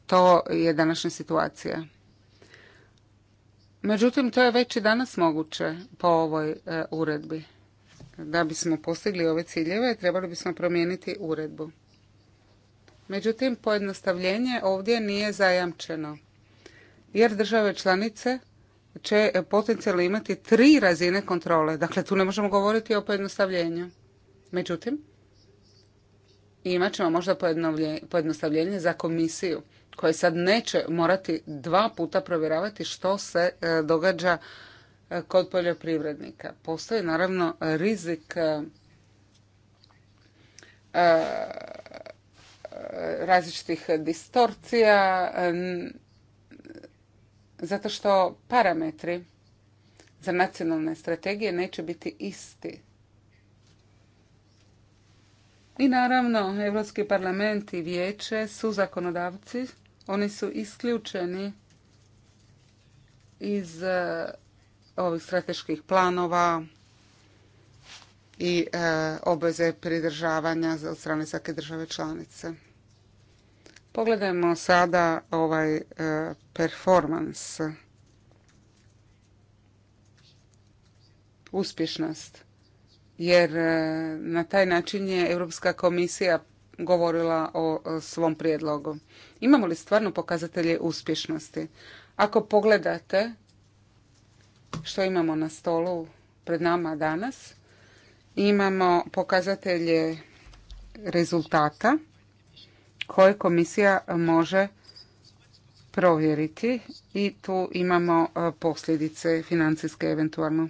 To je današnja situacija. Međutim, to je već i danas moguće po ovoj e, uredbi. Da bismo postigli ove ciljeve, trebali bismo promijeniti uredbu. Međutim, pojednostavljenje ovdje nije zajamčeno, jer države članice će potencijalno imati tri razine kontrole. Dakle, tu ne možemo govoriti o pojednostavljenju. Međutim, i imat ćemo možda pojednostavljenje za komisiju koje sad neće morati dva puta provjeravati što se e, događa e, kod poljoprivrednika. Postoji naravno rizik e, različitih distorcija zato što parametri za nacionalne strategije neće biti isti i naravno, Europski parlament i vijeće su zakonodavci. Oni su isključeni iz e, ovih strateških planova i e, obveze pridržavanja od strane svake države članice. Pogledajmo sada ovaj e, performans. Uspješnost jer e, na taj način je Europska komisija govorila o svom prijedlogu. Imamo li stvarno pokazatelje uspješnosti? Ako pogledate što imamo na stolu pred nama danas, imamo pokazatelje rezultata koje komisija može provjeriti i tu imamo e, posljedice financijske eventualno.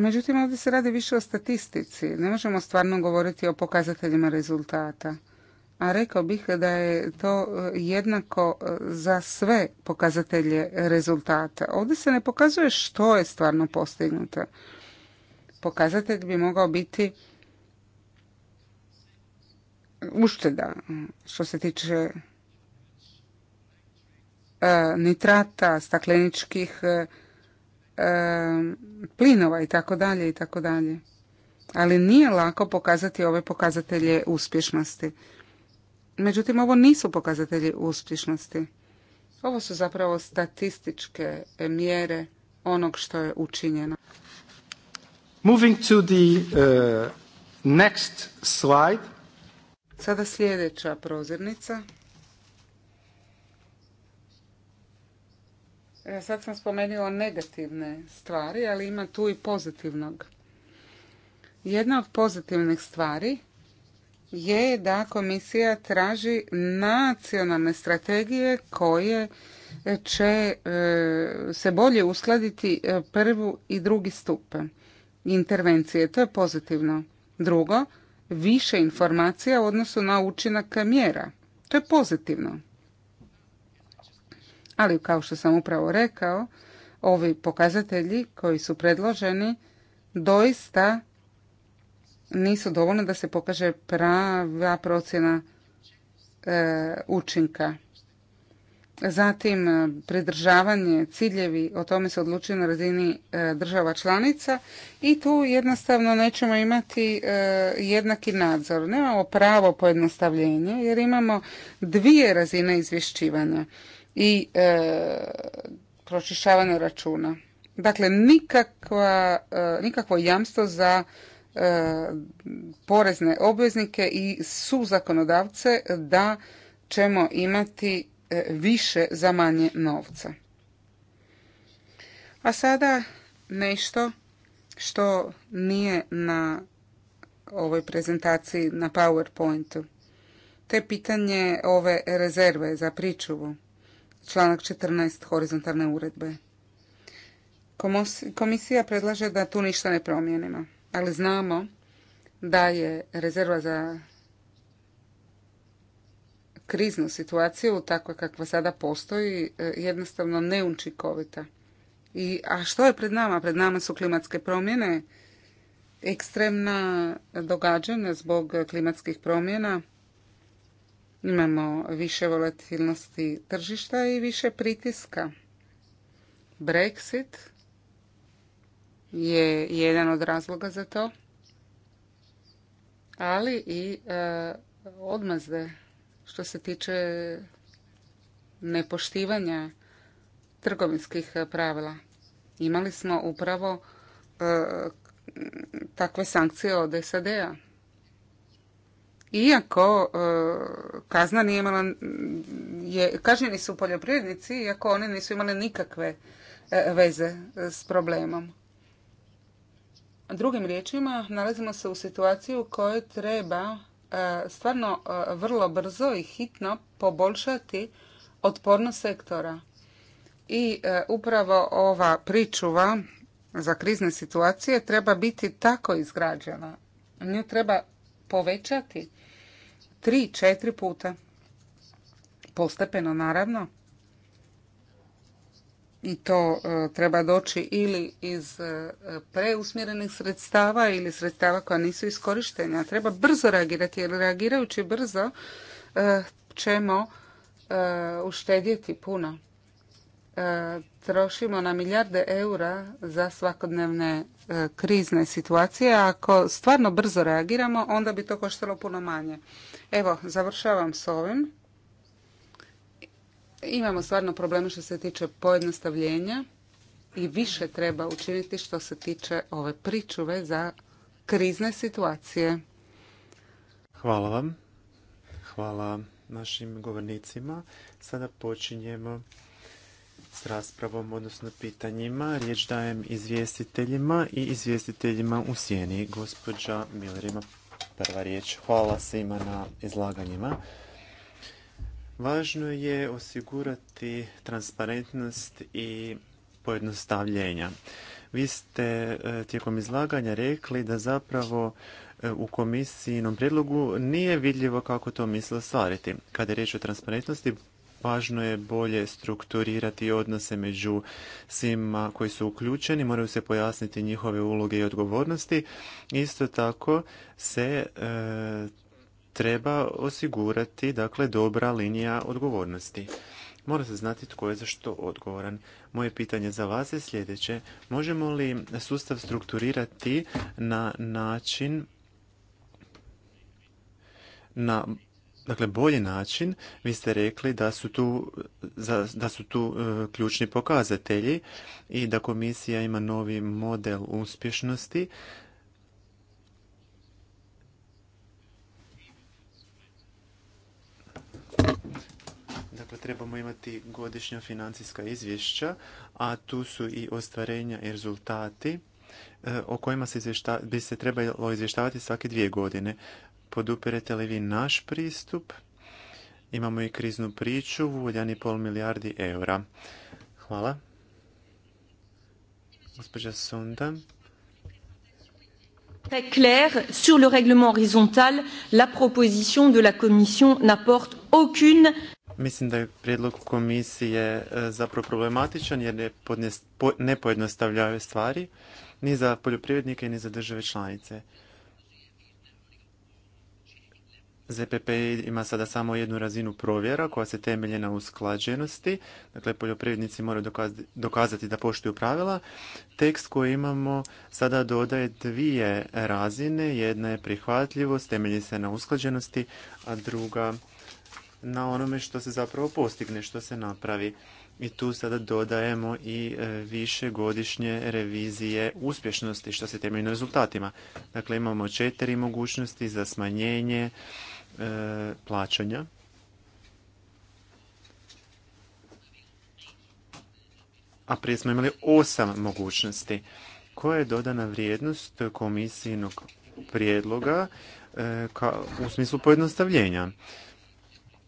Međutim, ovdje se radi više o statistici. Ne možemo stvarno govoriti o pokazateljima rezultata. A rekao bih da je to e, jednako e, za sve pokazatelje rezultata. Ovdje se ne pokazuje što je stvarno postignuto. Pokazatelj bi mogao biti ušteda što se tiče e, nitrata, stakleničkih plinova i tako dalje i tako dalje. Ali nije lako pokazati ove pokazatelje uspješnosti. Međutim, ovo nisu pokazatelji uspješnosti. Ovo su zapravo statističke mjere onog što je učinjeno. Moving to the eh, next slide. Sada sljedeća prozirnica. E, sad sam spomenula negativne stvari, ali ima tu i pozitivnog. Jedna od pozitivnih stvari je da komisija traži nacionalne strategije koje će e, se bolje uskladiti e, prvu i drugi stup intervencije. To je pozitivno. Drugo, više informacija u odnosu na učinak mjera. To je pozitivno. Ali kao što sam upravo rekao, ovi pokazatelji koji su predloženi doista nisu dovoljni da se pokaže prava procjena e, učinka. Zatim e, pridržavanje, ciljevi, o tome se odlučuje na razini e, država članica i tu jednostavno nećemo imati jednaki nadzor. Nemamo pravo pojednostavljenje jer imamo dvije razine izvješćivanja i e, računa. Dakle, nikakva, e, nikakvo jamstvo za e, porezne obveznike i su zakonodavce da ćemo imati e, više za manje novca. A sada nešto što nije na ovoj prezentaciji na PowerPointu. To je pitanje ove rezerve za pričuvu članak 14 horizontalne uredbe. Komisija predlaže da tu ništa ne promijenimo, ali znamo da je rezerva za kriznu situaciju, takva kakva sada postoji, e, jednostavno neučinkovita. I, a što je pred nama? Pred nama su klimatske promjene, ekstremna događanja zbog klimatskih promjena, Imamo više volatilnosti tržišta i više pritiska. Brexit je jedan od razloga za to, ali i e, odmazde što se tiče nepoštivanja trgovinskih pravila. Imali smo upravo e, takve sankcije od SAD-a iako e, kazna nije imala, je, kažnjeni su poljoprivrednici, iako oni nisu imali nikakve e, veze s problemom. Drugim riječima, nalazimo se u situaciju u kojoj treba e, stvarno vrlo brzo i hitno poboljšati otpornost sektora. I upravo ova pričuva za krizne situacije treba biti tako izgrađena. Nju treba povećati tri, četiri puta. Postepeno, naravno. I to e, treba doći ili iz e, preusmjerenih sredstava ili sredstava koja nisu iskorištena. Treba brzo reagirati jer reagirajući brzo e, ćemo uštedjeti puno. Trošimo na milijarde eura za svakodnevne krizne situacije. Ako stvarno brzo reagiramo, onda bi to koštalo puno manje. Evo, završavam s ovim. Imamo stvarno probleme što se tiče pojednostavljenja i više treba učiniti što se tiče ove pričuve za krizne situacije. Hvala vam. Hvala našim govornicima. Sada počinjemo s raspravom, odnosno pitanjima. Riječ dajem izvjestiteljima i izvjestiteljima u sjeni. Gospođa Milerima prva riječ. Hvala svima na izlaganjima. Važno je osigurati transparentnost i pojednostavljenja. Vi ste e, tijekom izlaganja rekli da zapravo e, u komisijinom prijedlogu nije vidljivo kako to misle ostvariti. Kada je riječ o transparentnosti, važno je bolje strukturirati odnose među svima koji su uključeni, moraju se pojasniti njihove uloge i odgovornosti. Isto tako se e, treba osigurati dakle dobra linija odgovornosti. Mora se znati tko je za što odgovoran. Moje pitanje za vas je sljedeće. Možemo li sustav strukturirati na način na dakle bolji način, vi ste rekli da su tu, da su tu e, ključni pokazatelji i da komisija ima novi model uspješnosti. Dakle, trebamo imati godišnja financijska izvješća, a tu su i ostvarenja i rezultati e, o kojima se bi se trebalo izvještavati svake dvije godine podupirete li vi naš pristup? Imamo i kriznu priču u pol milijardi eura. Hvala. Gospođa Sunda. Très sur le règlement horizontal, la proposition de la Commission n'apporte aucune Mislim da je prijedlog komisije e, zapravo problematičan jer ne, ne pojednostavljaju stvari ni za poljoprivrednike ni za države članice. ZPP ima sada samo jednu razinu provjera koja se temelje na usklađenosti. Dakle, poljoprivrednici moraju dokazati da poštuju pravila. Tekst koji imamo sada dodaje dvije razine. Jedna je prihvatljivost, temelji se na usklađenosti, a druga na onome što se zapravo postigne, što se napravi. I tu sada dodajemo i e, više godišnje revizije uspješnosti što se temelji na rezultatima. Dakle, imamo četiri mogućnosti za smanjenje, E, plaćanja. A prije smo imali osam mogućnosti. Koja je dodana vrijednost komisijnog prijedloga e, u smislu pojednostavljenja?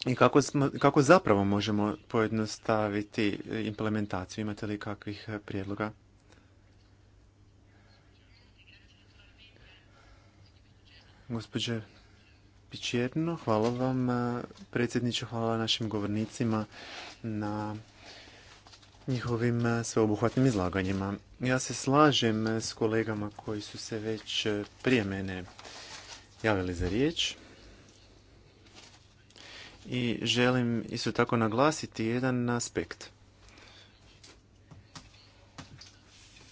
I kako, smo, kako zapravo možemo pojednostaviti implementaciju? Imate li kakvih prijedloga? Gospođe Pičerno. Hvala vam e, predsjedniče, hvala našim govornicima na njihovim e, sveobuhvatnim izlaganjima. Ja se slažem e, s kolegama koji su se već prije mene javili za riječ. I želim isto tako naglasiti jedan aspekt.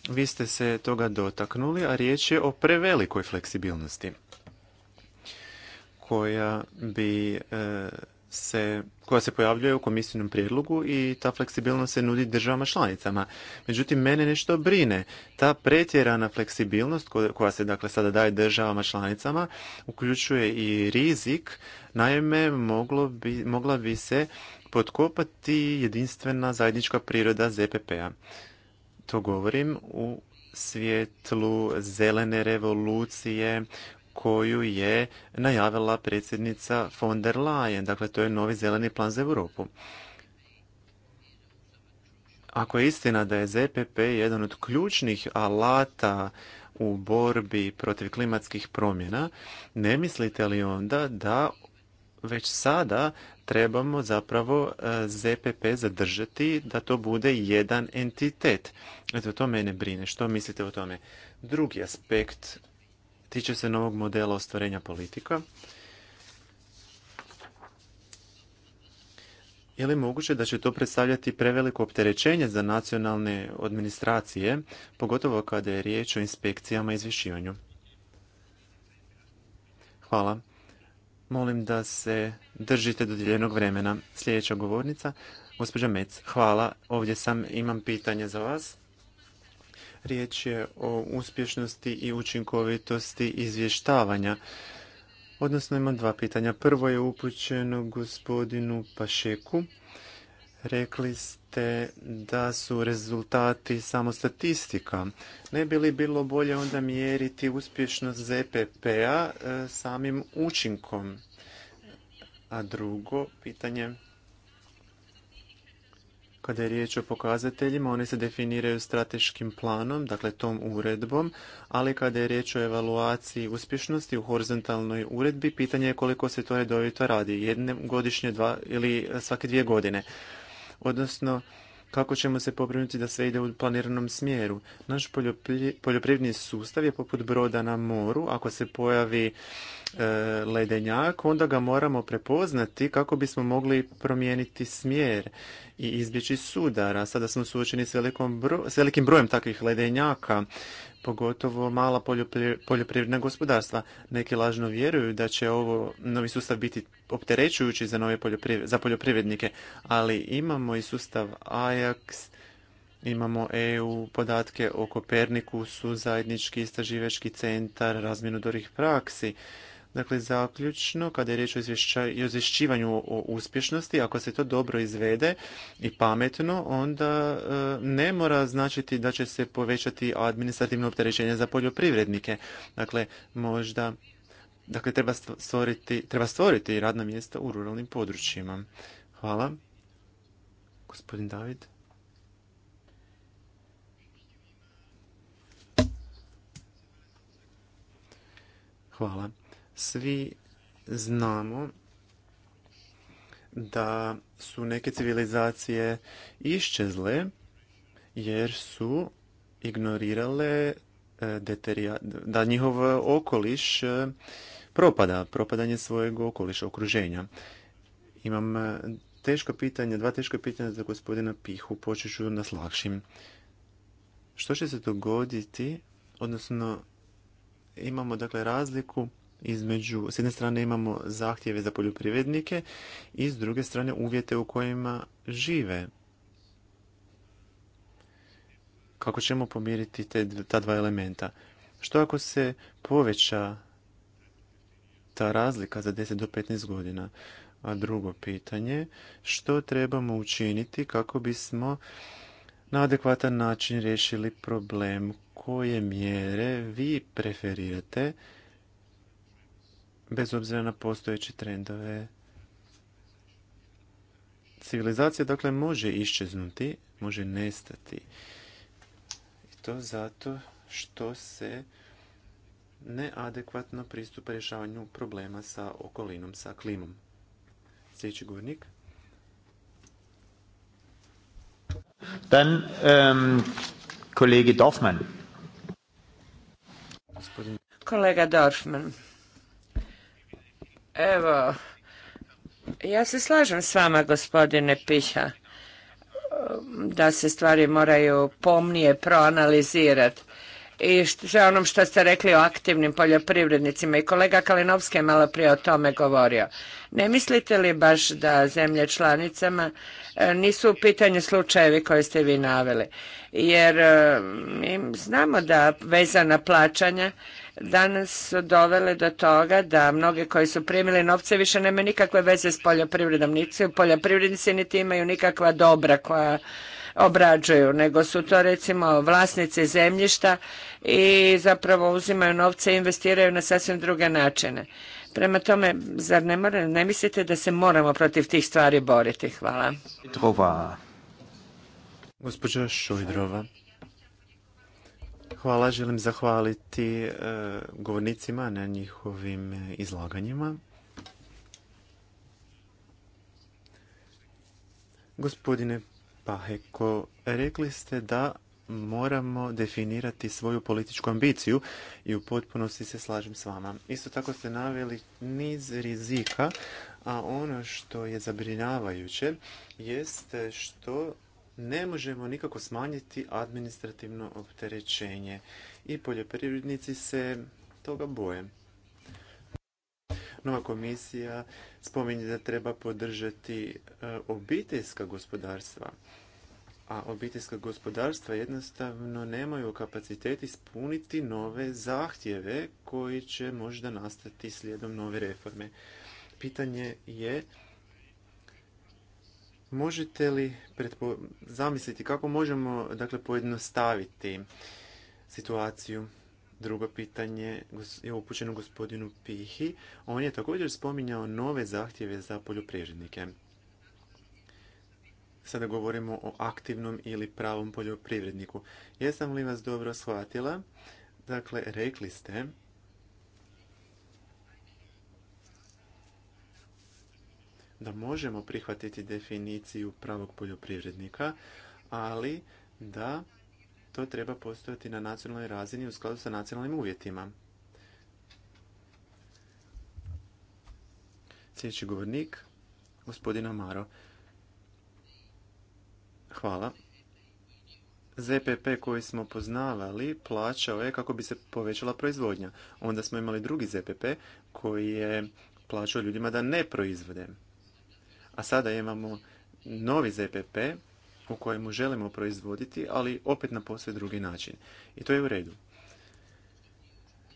Vi ste se toga dotaknuli, a riječ je o prevelikoj fleksibilnosti koja bi e, se, koja se pojavljuje u komisijnom prijedlogu i ta fleksibilnost se nudi državama članicama. Međutim, mene nešto brine. Ta pretjerana fleksibilnost koja se dakle sada daje državama članicama uključuje i rizik. Naime, moglo bi, mogla bi se potkopati jedinstvena zajednička priroda ZPP-a. To govorim u svjetlu zelene revolucije koju je najavila predsjednica von der Leyen. Dakle, to je novi zeleni plan za Europu. Ako je istina da je ZPP jedan od ključnih alata u borbi protiv klimatskih promjena, ne mislite li onda da već sada trebamo zapravo e, ZPP zadržati da to bude jedan entitet. Eto, to mene brine. Što mislite o tome? Drugi aspekt tiče se novog modela ostvarenja politika. Je li moguće da će to predstavljati preveliko opterećenje za nacionalne administracije, pogotovo kada je riječ o inspekcijama i izvješćivanju? Hvala. Molim da se držite dodijeljenog vremena. Sljedeća govornica, gospođa Mec. Hvala, ovdje sam, imam pitanje za vas. Riječ je o uspješnosti i učinkovitosti izvještavanja. Odnosno imam dva pitanja. Prvo je upućeno gospodinu Pašeku. Rekli ste da su rezultati samo statistika. Ne bi li bilo bolje onda mjeriti uspješnost ZPP-a e, samim učinkom? A drugo pitanje kada je riječ o pokazateljima, oni se definiraju strateškim planom, dakle tom uredbom, ali kada je riječ o evaluaciji uspješnosti u horizontalnoj uredbi, pitanje je koliko se to redovito radi, jedne godišnje dva, ili svake dvije godine. Odnosno, kako ćemo se pobrinuti da sve ide u planiranom smjeru. Naš poljoprivredni sustav je poput broda na moru. Ako se pojavi e, ledenjak, onda ga moramo prepoznati kako bismo mogli promijeniti smjer i izbjeći sudara. Sada smo suočeni s, s velikim brojem takvih ledenjaka pogotovo mala poljoprivredna gospodarstva. Neki lažno vjeruju da će ovo novi sustav biti opterećujući za, nove za poljoprivrednike, ali imamo i sustav Ajax, imamo EU podatke o Koperniku, su zajednički istraživački centar, razmjenu dobrih praksi. Dakle, zaključno, kada je riječ o izvješćivanju o uspješnosti, ako se to dobro izvede i pametno, onda e, ne mora značiti da će se povećati administrativno opterećenje za poljoprivrednike. Dakle, možda Dakle, treba stvoriti, treba stvoriti radna mjesta u ruralnim područjima. Hvala. Gospodin David. Hvala. Svi znamo da su neke civilizacije iščezle jer su ignorirale e, da njihov okoliš e, propada, propadanje svojeg okoliša, okruženja. Imam e, teško pitanje, dva teška pitanja za gospodina Pihu, počet ću nas lakšim. Što će se dogoditi, odnosno imamo dakle razliku između, s jedne strane imamo zahtjeve za poljoprivrednike i s druge strane uvjete u kojima žive. Kako ćemo pomiriti te, ta dva elementa? Što ako se poveća ta razlika za 10 do 15 godina? A drugo pitanje, što trebamo učiniti kako bismo na adekvatan način riješili problem koje mjere vi preferirate bez obzira na postojeće trendove. Civilizacija dakle može iščeznuti, može nestati. I to zato što se neadekvatno pristupa rješavanju problema sa okolinom, sa klimom. Sljedeći govornik. Dan ehm, kolegi Dorfman. Kolega Dorfman. Evo, ja se slažem s vama, gospodine Piha, da se stvari moraju pomnije proanalizirati. I sve onom što ste rekli o aktivnim poljoprivrednicima i kolega Kalinovski je malo prije o tome govorio. Ne mislite li baš da zemlje članicama e, nisu u pitanju slučajevi koje ste vi naveli? Jer e, mi znamo da vezana plaćanja danas su dovele do toga da mnogi koji su primili novce više nemaju nikakve veze s poljoprivredom, niti poljoprivrednici niti imaju nikakva dobra koja obrađuju, nego su to recimo vlasnici zemljišta i zapravo uzimaju novce i investiraju na sasvim druge načine. Prema tome, zar ne, mora, ne mislite da se moramo protiv tih stvari boriti? Hvala. Gospođa Šojdrova. Hvala, želim zahvaliti e, govornicima na njihovim izlaganjima. Gospodine Paheko, rekli ste da moramo definirati svoju političku ambiciju i u potpunosti se slažem s vama. Isto tako ste naveli niz rizika, a ono što je zabrinjavajuće jeste što ne možemo nikako smanjiti administrativno opterećenje i poljoprivrednici se toga boje. Nova komisija spominje da treba podržati e, obiteljska gospodarstva, a obiteljska gospodarstva jednostavno nemaju kapacitet ispuniti nove zahtjeve koji će možda nastati slijedom nove reforme. Pitanje je Možete li zamisliti kako možemo dakle, pojednostaviti situaciju? Drugo pitanje je upućeno gospodinu Pihi. On je također spominjao nove zahtjeve za poljoprivrednike. Sada govorimo o aktivnom ili pravom poljoprivredniku. Jesam li vas dobro shvatila? Dakle, rekli ste da možemo prihvatiti definiciju pravog poljoprivrednika, ali da to treba postojati na nacionalnoj razini u skladu sa nacionalnim uvjetima. Sljedeći govornik, gospodin Maro. Hvala. ZPP koji smo poznavali plaćao je kako bi se povećala proizvodnja. Onda smo imali drugi ZPP koji je plaćao ljudima da ne proizvode. A sada imamo novi ZPP u kojemu želimo proizvoditi, ali opet na posve drugi način. I to je u redu.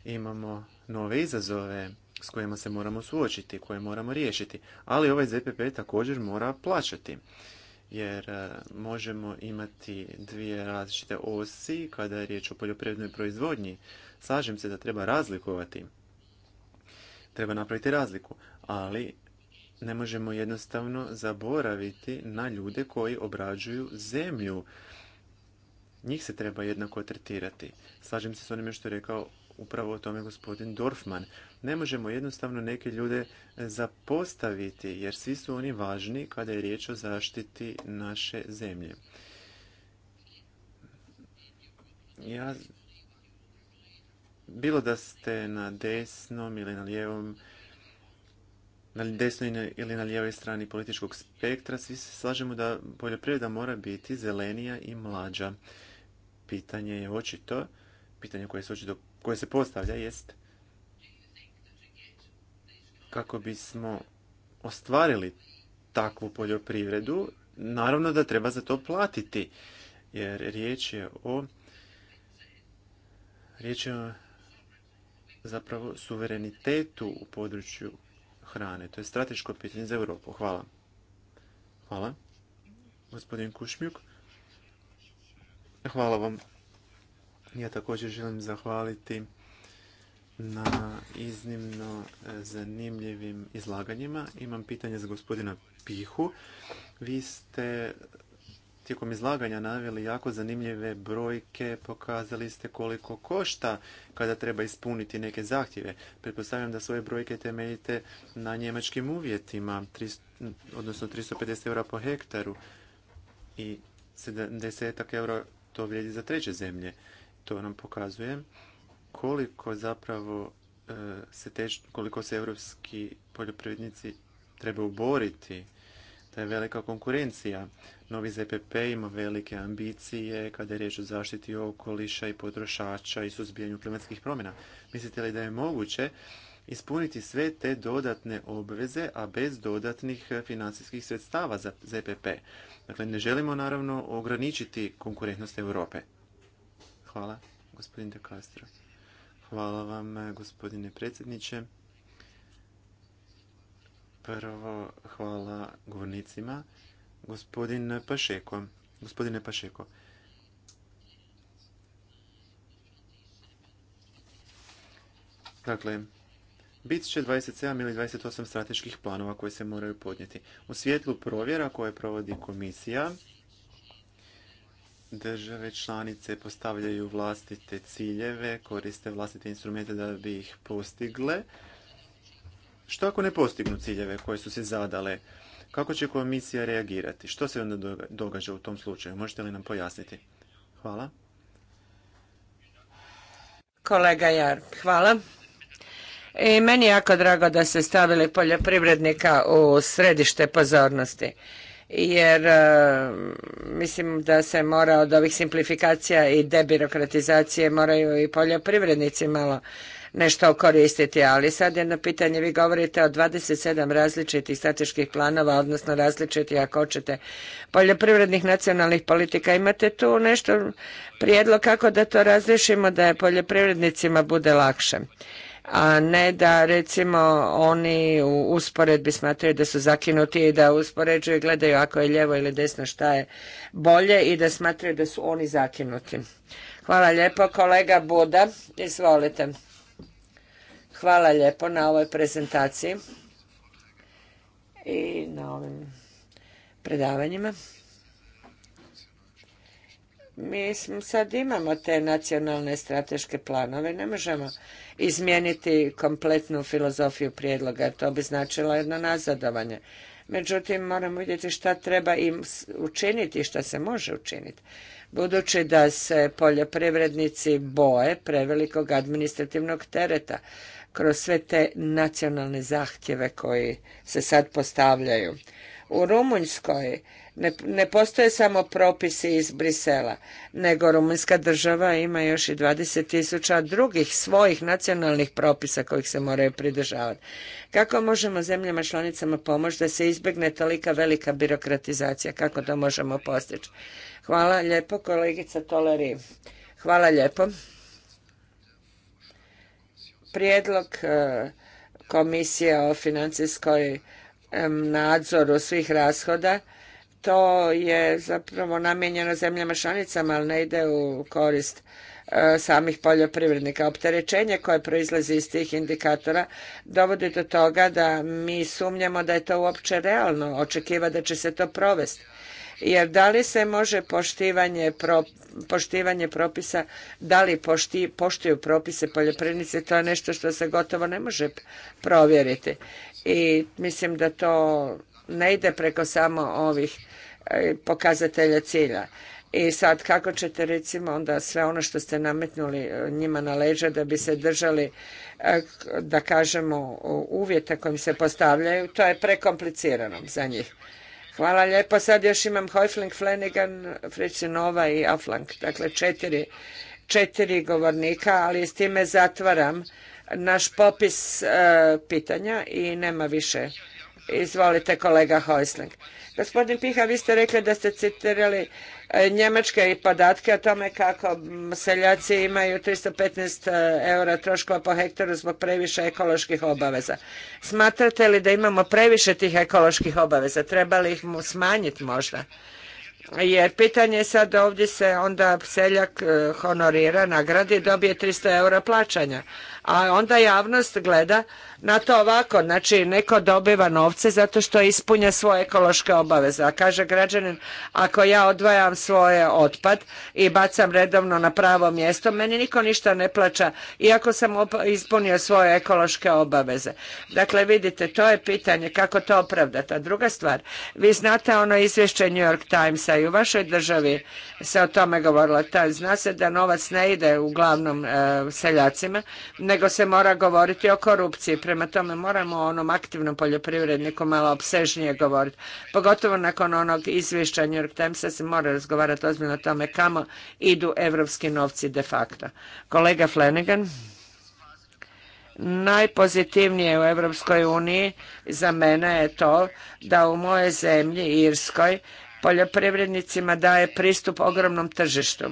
Imamo nove izazove s kojima se moramo suočiti, koje moramo riješiti, ali ovaj ZPP također mora plaćati. Jer e, možemo imati dvije različite osi kada je riječ o poljoprivrednoj proizvodnji. Slažem se da treba razlikovati. Treba napraviti razliku, ali ne možemo jednostavno zaboraviti na ljude koji obrađuju zemlju. Njih se treba jednako tretirati. Slažem se s onim što je rekao upravo o tome gospodin Dorfman. Ne možemo jednostavno neke ljude e, zapostaviti jer svi su oni važni kada je riječ o zaštiti naše zemlje. Ja, bilo da ste na desnom ili na lijevom na desnoj ili na lijevoj strani političkog spektra, svi se slažemo da poljoprivreda mora biti zelenija i mlađa. Pitanje je očito, pitanje koje se, koje se postavlja jest kako bismo ostvarili takvu poljoprivredu, naravno da treba za to platiti, jer riječ je o riječ je o zapravo suverenitetu u području hrane. To je strateško pitanje za Europu. Hvala. Hvala. Gospodin Kušmjuk. Hvala vam. Ja također želim zahvaliti na iznimno e, zanimljivim izlaganjima. Imam pitanje za gospodina Pihu. Vi ste tijekom izlaganja naveli jako zanimljive brojke, pokazali ste koliko košta kada treba ispuniti neke zahtjeve. Pretpostavljam da svoje brojke temeljite na njemačkim uvjetima, 300, odnosno 350 eura po hektaru i 70 eura to vrijedi za treće zemlje. To nam pokazuje koliko zapravo e, se koliko se europski poljoprivrednici treba uboriti. da je velika konkurencija. Novi ZPP ima velike ambicije kada je riječ o zaštiti okoliša i potrošača i suzbijanju klimatskih promjena. Mislite li da je moguće ispuniti sve te dodatne obveze, a bez dodatnih financijskih sredstava za ZPP? Dakle, ne želimo naravno ograničiti konkurentnost Europe. Hvala, gospodin De Castro. Hvala vam, gospodine predsjedniče. Prvo, hvala govornicima Gospodin Pašeko. Gospodine Pašeko. Dakle, bit će 27 ili 28 strateških planova koje se moraju podnijeti. U svjetlu provjera koje provodi komisija, države članice postavljaju vlastite ciljeve, koriste vlastite instrumente da bi ih postigle. Što ako ne postignu ciljeve koje su se zadale? Kako će komisija reagirati? Što se onda događa u tom slučaju? Možete li nam pojasniti? Hvala. Kolega Jar, hvala. I meni je jako drago da ste stavili poljoprivrednika u središte pozornosti jer e, mislim da se mora od ovih simplifikacija i debirokratizacije moraju i poljoprivrednici malo nešto koristiti. Ali sad jedno pitanje, vi govorite o 27 različitih strateških planova, odnosno različitih, ako hoćete, poljoprivrednih nacionalnih politika. Imate tu nešto prijedlog kako da to razrišimo da je poljoprivrednicima bude lakše? a ne da recimo oni u usporedbi smatraju da su zakinuti i da uspoređuju i gledaju ako je lijevo ili desno šta je bolje i da smatraju da su oni zakinuti. Hvala lijepo kolega Buda, izvolite. Hvala lijepo na ovoj prezentaciji i na ovim predavanjima. Mi sad imamo te nacionalne strateške planove, ne možemo izmijeniti kompletnu filozofiju prijedloga, to bi značilo jedno nazadovanje. Međutim, moramo vidjeti šta treba im učiniti i šta se može učiniti. Budući da se poljoprivrednici boje prevelikog administrativnog tereta, kroz sve te nacionalne zahtjeve koji se sad postavljaju. U Rumunjskoj ne, ne postoje samo propisi iz Brisela, nego Rumunjska država ima još i 20 tisuća drugih svojih nacionalnih propisa kojih se moraju pridržavati. Kako možemo zemljama članicama pomoći da se izbjegne tolika velika birokratizacija? Kako to možemo postići? Hvala lijepo kolegica Toleri. Hvala lijepo prijedlog e, komisije o financijskoj e, nadzoru svih rashoda, to je zapravo namijenjeno zemljama članicama, ali ne ide u korist e, samih poljoprivrednika. Opterećenje koje proizlazi iz tih indikatora dovodi do toga da mi sumnjamo da je to uopće realno, očekiva da će se to provesti jer da li se može poštivanje, poštivanje propisa, da li poštuju propise poljoprivrednici, to je nešto što se gotovo ne može provjeriti. I mislim da to ne ide preko samo ovih e, pokazatelja cilja. I sad kako ćete recimo onda sve ono što ste nametnuli e, njima na leđa da bi se držali e, da kažemo uvjeta kojim se postavljaju, to je prekomplicirano za njih. Hvala lijepo. Sad još imam Hojfling, Flenigan, nova i Aflank. Dakle, četiri, četiri govornika, ali s time zatvaram naš popis e, pitanja i nema više. Izvolite kolega Hojsling. Gospodin Piha, vi ste rekli da ste citirali E, Njemačke i podatke o tome kako seljaci imaju 315 e, eura troškova po hektaru zbog previše ekoloških obaveza. Smatrate li da imamo previše tih ekoloških obaveza? Treba li ih smanjiti možda? Jer pitanje je sad ovdje se onda seljak e, honorira, nagradi i dobije 300 eura plaćanja a onda javnost gleda na to ovako, znači neko dobiva novce zato što ispunja svoje ekološke obaveze, a kaže građanin ako ja odvajam svoje otpad i bacam redovno na pravo mjesto, meni niko ništa ne plaća iako sam ispunio svoje ekološke obaveze. Dakle, vidite, to je pitanje kako to opravdati. A druga stvar, vi znate ono izvješće New York Timesa i u vašoj državi se o tome govorilo. zna se da novac ne ide uglavnom e, seljacima, ne nego se mora govoriti o korupciji. Prema tome moramo o onom aktivnom poljoprivredniku malo obsežnije govoriti. Pogotovo nakon onog izvješća New York Timesa se mora razgovarati ozbiljno o tome kamo idu evropski novci de facto. Kolega Flanagan najpozitivnije u Europskoj uniji za mene je to da u moje zemlji Irskoj poljoprivrednicima daje pristup ogromnom tržištu.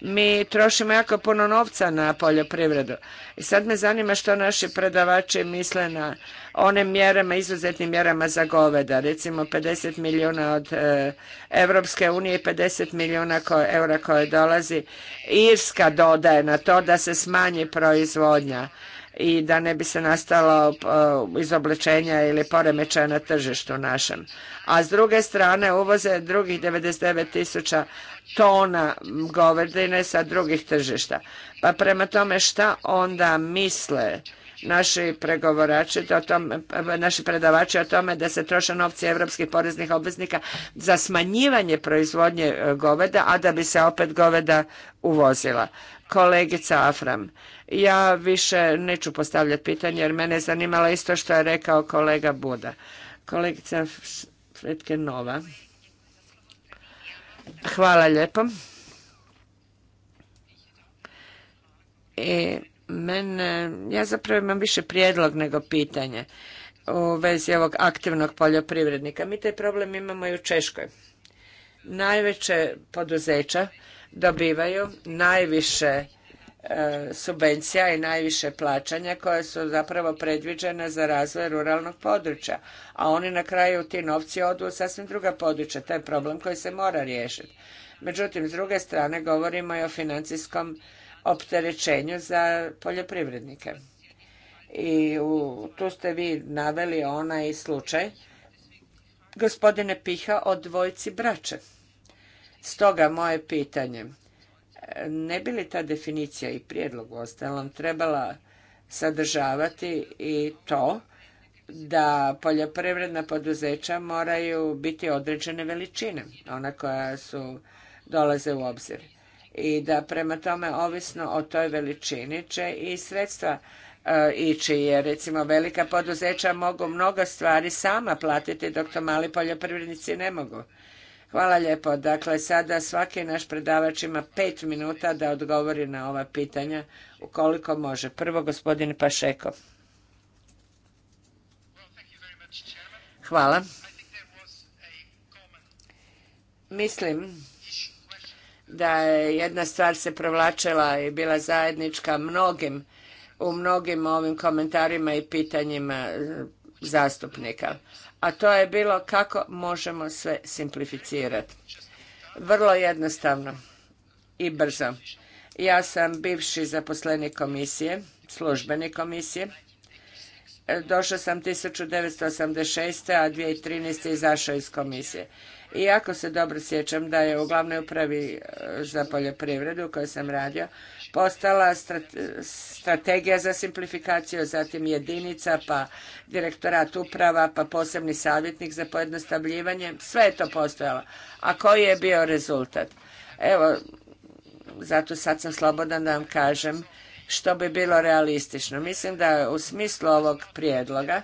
Mi trošimo jako puno novca na poljoprivredu. I sad me zanima što naši predavači misle na onim mjerama, izuzetnim mjerama za goveda. Recimo 50 milijuna od e, Evropske unije i 50 milijuna eura koje dolazi. Irska dodaje na to da se smanji proizvodnja i da ne bi se nastalo uh, izoblečenja ili poremećaja na tržištu našem. A s druge strane uvoze drugih 99 tisuća tona govedine sa drugih tržišta. Pa prema tome šta onda misle naši pregovorači o tome, naši predavači o tome da se troše novci europskih poreznih obveznika za smanjivanje proizvodnje uh, goveda, a da bi se opet goveda uvozila. Kolegica Afram, ja više neću postavljati pitanje jer mene je zanimalo isto što je rekao kolega Buda. Kolegica Fretke Nova. Hvala lijepo. I mene, ja zapravo imam više prijedlog nego pitanje u vezi ovog aktivnog poljoprivrednika. Mi taj problem imamo i u Češkoj. Najveće poduzeća dobivaju najviše E, subvencija i najviše plaćanja koje su zapravo predviđena za razvoj ruralnog područja. A oni na kraju ti novci odu u sasvim druga područja. To je problem koji se mora riješiti. Međutim, s druge strane govorimo i o financijskom opterećenju za poljoprivrednike. I tu ste vi naveli onaj slučaj gospodine Piha o dvojci braće. Stoga moje pitanje ne bi li ta definicija i prijedlog ostalom trebala sadržavati i to da poljoprivredna poduzeća moraju biti određene veličine, ona koja su dolaze u obzir. I da prema tome, ovisno o toj veličini će i sredstva e, ići, jer recimo velika poduzeća mogu mnogo stvari sama platiti, dok to mali poljoprivrednici ne mogu. Hvala lijepo. Dakle, sada svaki naš predavač ima pet minuta da odgovori na ova pitanja, ukoliko može. Prvo, gospodin Pašeko. Hvala. Mislim da je jedna stvar se provlačila i bila zajednička mnogim, u mnogim ovim komentarima i pitanjima zastupnika a to je bilo kako možemo sve simplificirati. Vrlo jednostavno i brzo. Ja sam bivši zaposlenik komisije, službenik komisije. Došao sam 1986. a 2013. izašao iz komisije. I jako se dobro sjećam da je u glavnoj upravi e, za poljoprivredu u kojoj sam radio postala strategija za simplifikaciju, zatim jedinica, pa direktorat uprava, pa posebni savjetnik za pojednostavljivanje. Sve je to postojalo. A koji je bio rezultat? Evo, zato sad sam slobodan da vam kažem što bi bilo realistično. Mislim da u smislu ovog prijedloga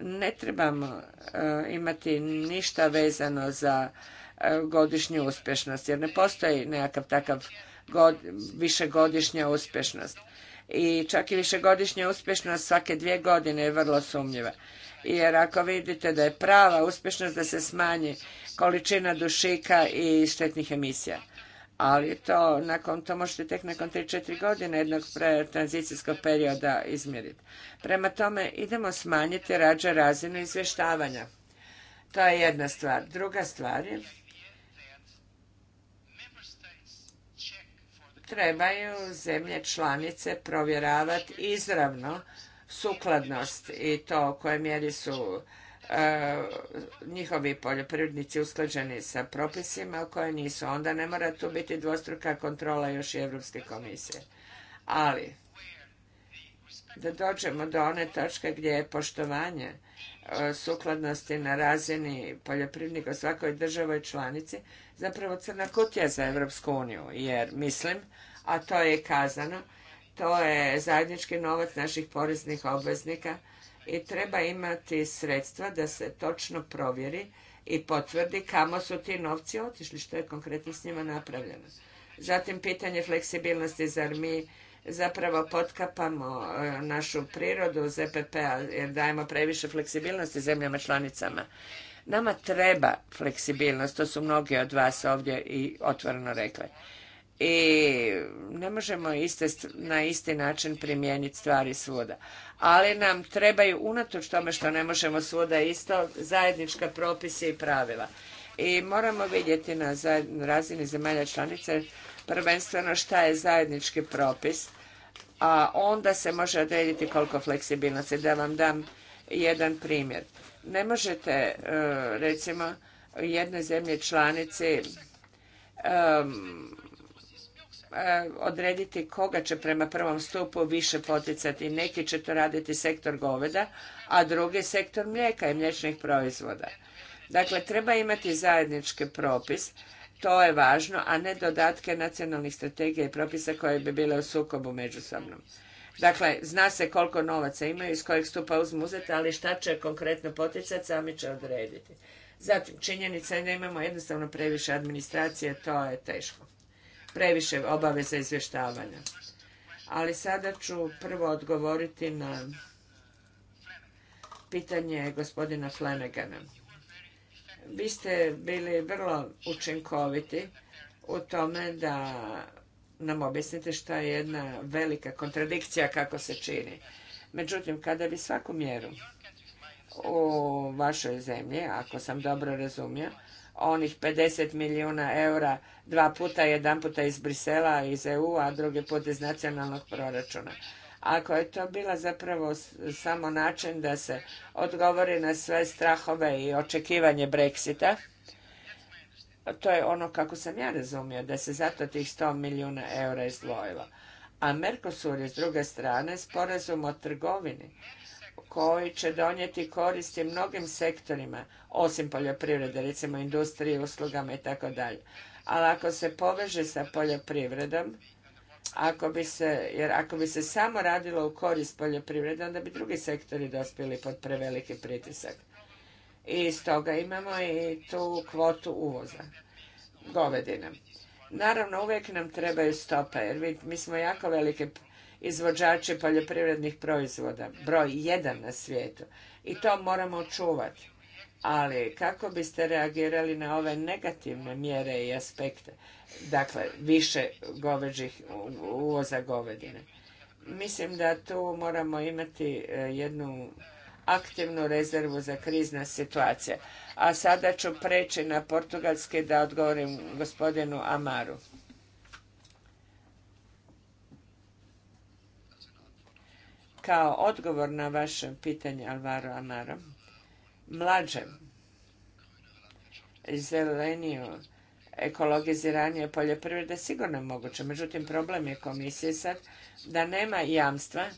ne trebamo e, imati ništa vezano za e, godišnju uspješnost jer ne postoji nekakav takav višegodišnja uspješnost. I čak i višegodišnja uspješnost svake dvije godine je vrlo sumnjiva. Jer ako vidite da je prava uspješnost da se smanji količina dušika i štetnih emisija ali to, nakon, to možete tek nakon 3-4 godine jednog tranzicijskog perioda izmjeriti. Prema tome, idemo smanjiti rađa razinu izvještavanja. To je jedna stvar. Druga stvar je, trebaju zemlje članice provjeravati izravno sukladnost i to koje kojoj mjeri su E, njihovi poljoprivrednici usklađeni sa propisima koje nisu. Onda ne mora tu biti dvostruka kontrola još i Evropske komisije. Ali, da dođemo do one točke gdje je poštovanje e, sukladnosti na razini poljoprivrednika u svakoj državoj članici zapravo crna kutija za Evropsku uniju, jer mislim, a to je kazano, to je zajednički novac naših poreznih obveznika i treba imati sredstva da se točno provjeri i potvrdi kamo su ti novci otišli, što je konkretno s njima napravljeno. Zatim pitanje fleksibilnosti, zar mi zapravo potkapamo e, našu prirodu ZPP-a jer dajemo previše fleksibilnosti zemljama članicama. Nama treba fleksibilnost, to su mnogi od vas ovdje i otvoreno rekle i ne možemo iste, na isti način primijeniti stvari svuda. Ali nam trebaju, unatoč tome što ne možemo svuda isto, zajednička propise i pravila. I moramo vidjeti na razini zemalja članice prvenstveno šta je zajednički propis, a onda se može odrediti koliko fleksibilnosti. Da vam dam jedan primjer. Ne možete, e, recimo, jednoj zemlji članici E, odrediti koga će prema prvom stupu više poticati. Neki će to raditi sektor goveda, a drugi sektor mlijeka i mliječnih proizvoda. Dakle, treba imati zajednički propis, to je važno, a ne dodatke nacionalnih strategija i propisa koje bi bile u sukobu međusobnom. Dakle, zna se koliko novaca imaju, iz kojeg stupa uzmu uzeti, ali šta će konkretno poticati, sami će odrediti. Zatim, činjenica je da imamo jednostavno previše administracije, to je teško previše obaveza izvještavanja. Ali sada ću prvo odgovoriti na pitanje gospodina Flanagana. Vi ste bili vrlo učinkoviti u tome da nam objasnite šta je jedna velika kontradikcija kako se čini. Međutim, kada bi svaku mjeru u vašoj zemlji, ako sam dobro razumio, onih 50 milijuna eura dva puta, jedan puta iz Brisela, iz EU, a drugi put iz nacionalnog proračuna. Ako je to bila zapravo samo način da se odgovori na sve strahove i očekivanje Brexita, to je ono kako sam ja razumio, da se zato tih 100 milijuna eura izdvojilo. A Mercosur je s druge strane sporazum o trgovini koji će donijeti koristi mnogim sektorima, osim poljoprivrede, recimo industrije, uslugama i tako dalje. Ali ako se poveže sa poljoprivredom, ako bi se, jer ako bi se samo radilo u korist poljoprivrede, onda bi drugi sektori dospjeli pod preveliki pritisak. I stoga imamo i tu kvotu uvoza govedina. Naravno, uvijek nam trebaju stope, jer mi smo jako velike izvođači poljoprivrednih proizvoda, broj jedan na svijetu i to moramo čuvati. Ali kako biste reagirali na ove negativne mjere i aspekte, dakle više goveđih uvoza govedine? Mislim da tu moramo imati e, jednu aktivnu rezervu za krizna situacija. A sada ću preći na portugalski da odgovorim gospodinu Amaru. kao odgovor na vaše pitanje Alvaro Amaro, mlađe, zeleniju, ekologiziranje poljoprivrede sigurno je moguće. Međutim, problem je komisije sad da nema jamstva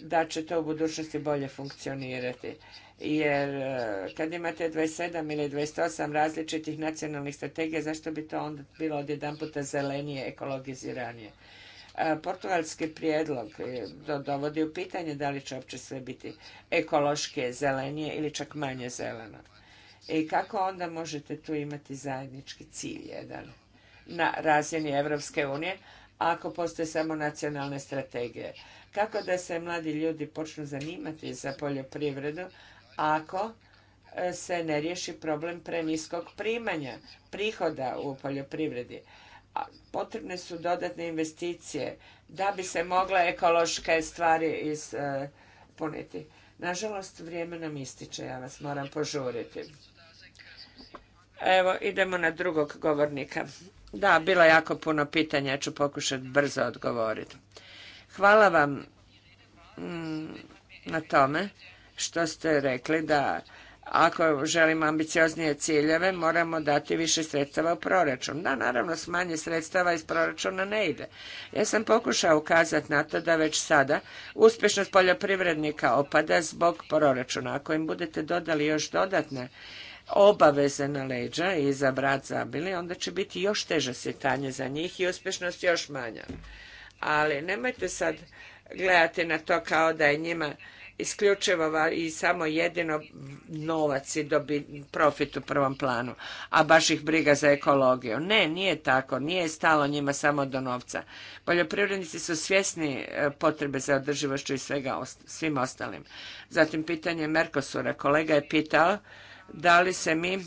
da će to u budućnosti bolje funkcionirati. Jer e, kad imate 27 ili 28 različitih nacionalnih strategija, zašto bi to onda bilo od puta zelenije, ekologiziranije? E, portugalski prijedlog e, dovodi u pitanje da li će uopće sve biti ekološki zelenije ili čak manje zeleno. I kako onda možete tu imati zajednički cilj jedan na razini Evropske unije, ako postoje samo nacionalne strategije? Kako da se mladi ljudi počnu zanimati za poljoprivredu ako e, se ne riješi problem preniskog primanja, prihoda u poljoprivredi? potrebne su dodatne investicije da bi se mogle ekološke stvari ispuniti. E, Nažalost, vrijeme nam ističe, ja vas moram požuriti. Evo, idemo na drugog govornika. Da, bilo jako puno pitanja, ću pokušati brzo odgovoriti. Hvala vam mm, na tome što ste rekli da ako želimo ambicioznije ciljeve, moramo dati više sredstava u proračun. Da, naravno, s manje sredstava iz proračuna ne ide. Ja sam pokušao ukazati na to da već sada uspješnost poljoprivrednika opada zbog proračuna. Ako im budete dodali još dodatne obaveze na leđa i za brat zabili, onda će biti još teže sitanje za njih i uspješnost još manja. Ali nemojte sad gledati na to kao da je njima isključivo i samo jedino novac i dobi, profit u prvom planu, a baš ih briga za ekologiju. Ne, nije tako, nije stalo njima samo do novca. Poljoprivrednici su svjesni e, potrebe za održivošću i svega svim ostalim. Zatim pitanje Merkosura. Kolega je pitao da li se mi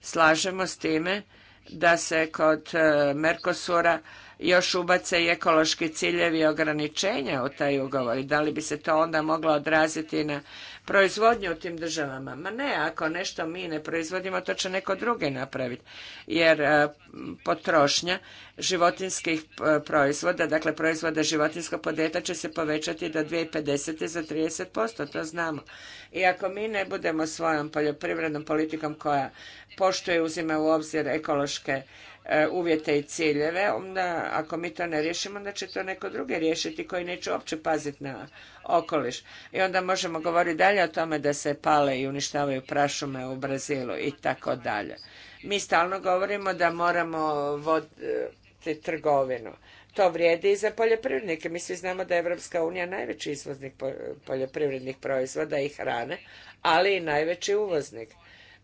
slažemo s time da se kod e, Merkosura još ubace i ekološki ciljevi ograničenja u taj ugovor i da li bi se to onda moglo odraziti na proizvodnju u tim državama. Ma ne, ako nešto mi ne proizvodimo, to će neko drugi napraviti. Jer e, potrošnja životinskih e, proizvoda, dakle proizvoda životinskog podjeta, će se povećati do 2050. za 30%, to znamo. I ako mi ne budemo svojom poljoprivrednom politikom koja poštuje uzima u obzir ekološke E, uvjete i ciljeve, onda ako mi to ne riješimo, onda će to neko drugi riješiti koji neće uopće paziti na okoliš. I onda možemo govoriti dalje o tome da se pale i uništavaju prašume u Brazilu i tako dalje. Mi stalno govorimo da moramo voditi trgovinu. To vrijedi i za poljoprivrednike. Mi svi znamo da je Evropska unija najveći izvoznik poljoprivrednih proizvoda i hrane, ali i najveći uvoznik.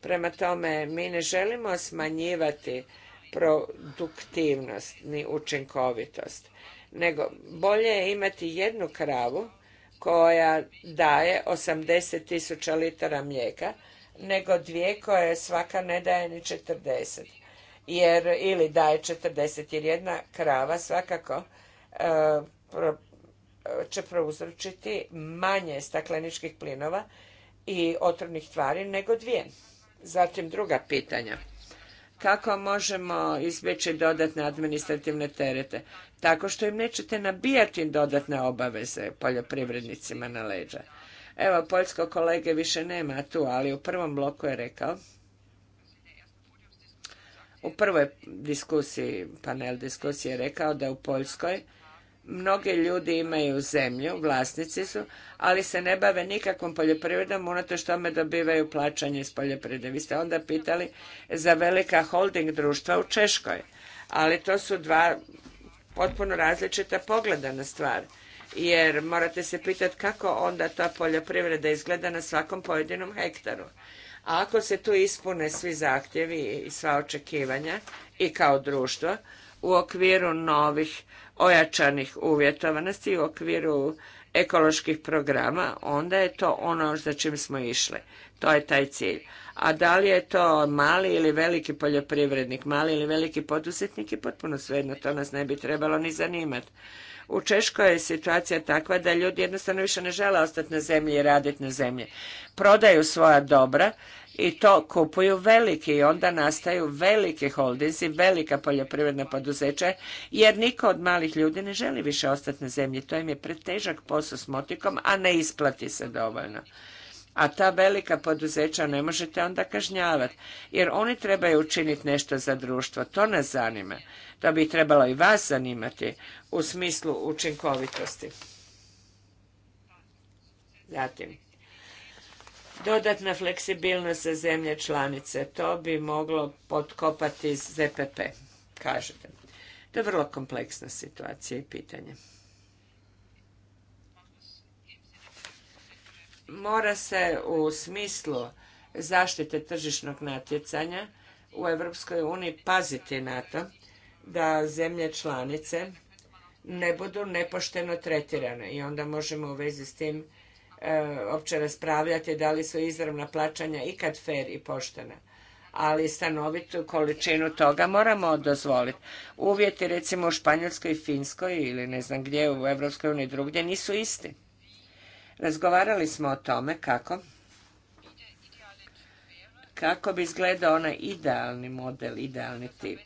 Prema tome, mi ne želimo smanjivati produktivnost ni učinkovitost. Nego bolje je imati jednu kravu koja daje 80 tisuća litara mlijeka nego dvije koje svaka ne daje ni 40. Jer, ili daje 40 jer jedna krava svakako e, će prouzročiti manje stakleničkih plinova i otrovnih tvari nego dvije. Zatim druga pitanja kako možemo izbjeći dodatne administrativne terete? Tako što im nećete nabijati dodatne obaveze poljoprivrednicima na leđa. Evo, poljsko kolege više nema tu, ali u prvom bloku je rekao, u prvoj diskusiji, panel diskusije je rekao da u Poljskoj Mnogi ljudi imaju zemlju, vlasnici su, ali se ne bave nikakvom poljoprivredom, unatoč tome dobivaju plaćanje iz poljoprivrede. Vi ste onda pitali za velika holding društva u Češkoj, ali to su dva potpuno različita pogleda na stvar jer morate se pitati kako onda ta poljoprivreda izgleda na svakom pojedinom hektaru. A ako se tu ispune svi zahtjevi i sva očekivanja i kao društvo u okviru novih ojačanih uvjetovanosti u okviru ekoloških programa, onda je to ono za čim smo išli. To je taj cilj. A da li je to mali ili veliki poljoprivrednik, mali ili veliki poduzetnik je potpuno svejedno, to nas ne bi trebalo ni zanimati. U Češkoj je situacija takva da ljudi jednostavno više ne žele ostati na zemlji i raditi na zemlji. Prodaju svoja dobra i to kupuju veliki i onda nastaju veliki holdinzi, velika poljoprivredna poduzeća jer niko od malih ljudi ne želi više ostati na zemlji. To im je pretežak posao s motikom, a ne isplati se dovoljno. A ta velika poduzeća ne možete onda kažnjavati, jer oni trebaju učiniti nešto za društvo. To nas zanima. To bi trebalo i vas zanimati u smislu učinkovitosti. Zatim, dodatna fleksibilnost za zemlje članice. To bi moglo potkopati ZPP, kažete. To je vrlo kompleksna situacija i pitanje. mora se u smislu zaštite tržišnog natjecanja u Europskoj uniji paziti na to da zemlje članice ne budu nepošteno tretirane i onda možemo u vezi s tim e, opće raspravljati da li su izravna plaćanja ikad fer i poštena ali stanovitu količinu toga moramo dozvoliti. Uvjeti recimo u Španjolskoj i Finskoj ili ne znam gdje u Europskoj uniji drugdje nisu isti. Razgovarali smo o tome kako kako bi izgledao onaj idealni model, idealni tip.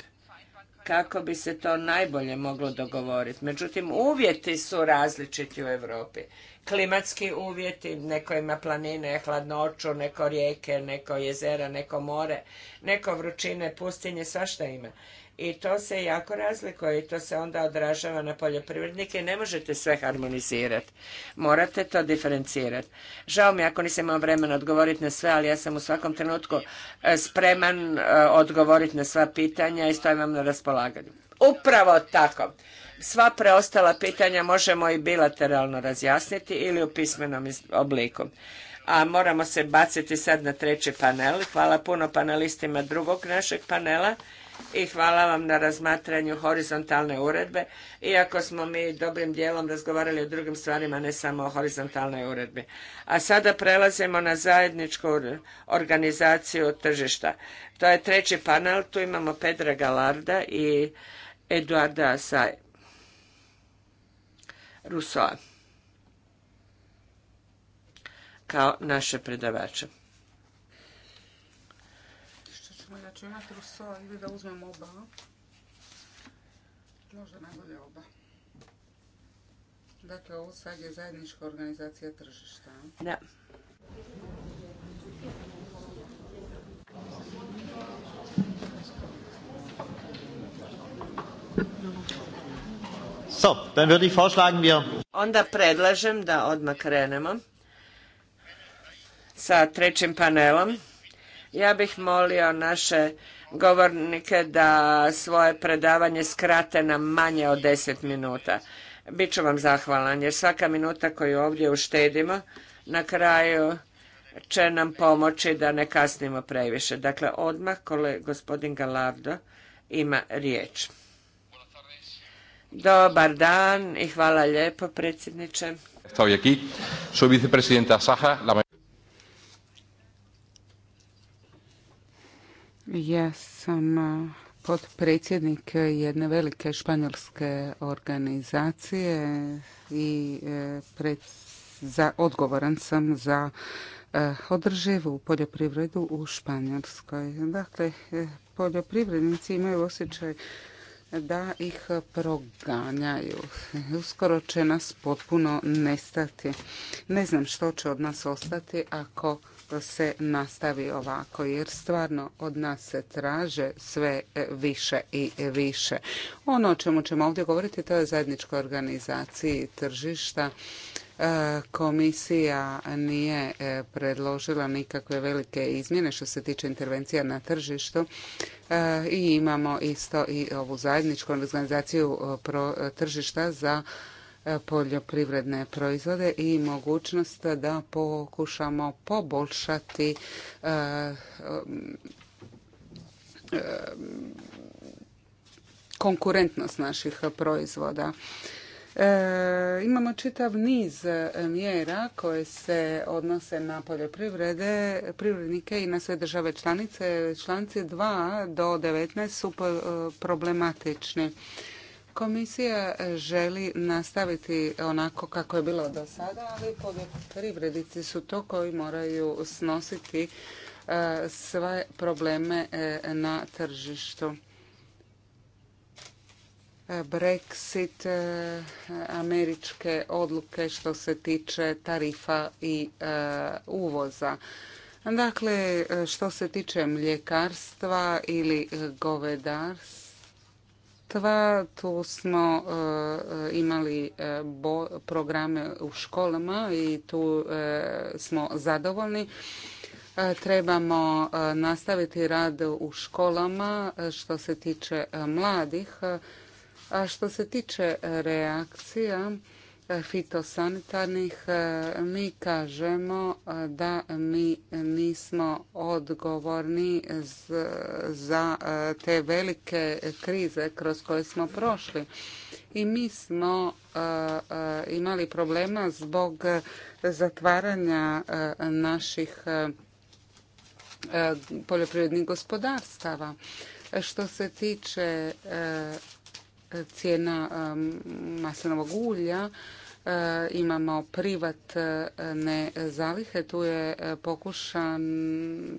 Kako bi se to najbolje moglo dogovoriti. Međutim, uvjeti su različiti u Europi. Klimatski uvjeti, neko ima planine, hladnoću, neko rijeke, neko jezera, neko more, neko vrućine, pustinje, svašta ima i to se jako razlikuje i to se onda odražava na poljoprivrednike i ne možete sve harmonizirati. Morate to diferencirati. Žao mi ako nisam imao vremena odgovoriti na sve, ali ja sam u svakom trenutku e, spreman e, odgovoriti na sva pitanja i stojim vam na raspolaganju. Upravo tako. Sva preostala pitanja možemo i bilateralno razjasniti ili u pismenom obliku a moramo se baciti sad na treći panel. Hvala puno panelistima drugog našeg panela i hvala vam na razmatranju horizontalne uredbe, iako smo mi dobrim dijelom razgovarali o drugim stvarima, ne samo o horizontalnoj uredbi. A sada prelazimo na zajedničku organizaciju tržišta. To je treći panel, tu imamo Pedra Galarda i Eduarda Asaj. rusoa kao naše predavače. ima trusa ili da uzmem oba. Možda najbolje oba. Dakle, ovo sad je zajednička organizacija tržišta. Da. So, dann würde ich vorschlagen, wir... Onda predlažem da odmah krenemo sa trećim panelom. Ja bih molio naše govornike da svoje predavanje skrate na manje od deset minuta. Biću vam zahvalan jer svaka minuta koju ovdje uštedimo na kraju će nam pomoći da ne kasnimo previše. Dakle, odmah kole, gospodin Galavdo ima riječ. Dobar dan i hvala lijepo predsjedniče. Ja sam e, potpredsjednik jedne velike španjolske organizacije i e, pred, za, odgovoran sam za e, održivu poljoprivredu u Španjolskoj. Dakle, poljoprivrednici imaju osjećaj da ih proganjaju. Uskoro će nas potpuno nestati. Ne znam što će od nas ostati ako se nastavi ovako jer stvarno od nas se traže sve više i više. Ono o čemu ćemo ovdje govoriti to je zajedničkoj organizaciji tržišta. E, komisija nije e, predložila nikakve velike izmjene što se tiče intervencija na tržištu e, i imamo isto i ovu zajedničku organizaciju tržišta za poljoprivredne proizvode i mogućnost da pokušamo poboljšati e, e, konkurentnost naših proizvoda. E, imamo čitav niz mjera koje se odnose na poljoprivrede, privrednike i na sve države članice. Članci 2 do 19 su problematični. Komisija želi nastaviti onako kako je bilo do sada, ali poljoprivrednici su to koji moraju snositi e, sve probleme e, na tržištu. E, Brexit, američke odluke što se tiče tarifa i uvoza. Dakle, što se tiče mljekarstva ili govedarstva, tu smo e, e, imali e, programe u školama i tu smo zadovoljni. Trebamo nastaviti rad u školama što se tiče mladih. A što se tiče reakcija, fitosanitarnih, e, mi kažemo e, da mi nismo odgovorni za e, te velike krize kroz koje smo prošli. I mi smo imali problema zbog zatvaranja naših poljoprivrednih gospodarstava. Što se tiče cijena maslinovog ulja, imamo privatne zalihe, tu je e, pokušan,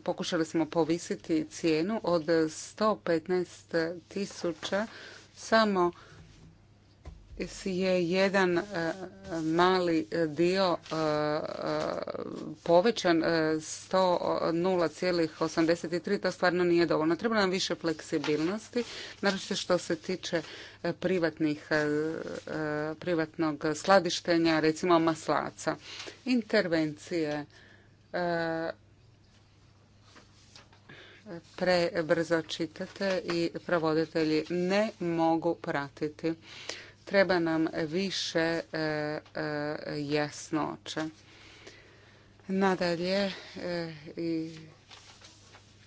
pokušali smo povisiti cijenu od 115 tisuća samo je jedan e, mali dio e, e, povećan 0,83. To stvarno nije dovoljno. Treba nam više fleksibilnosti, naročito što se tiče privatnih, privatnog skladištenja, recimo maslaca. Intervencije prebrzo čitate i provoditelji ne mogu pratiti Treba nam više e, e, jasnoće. Nadalje, e, i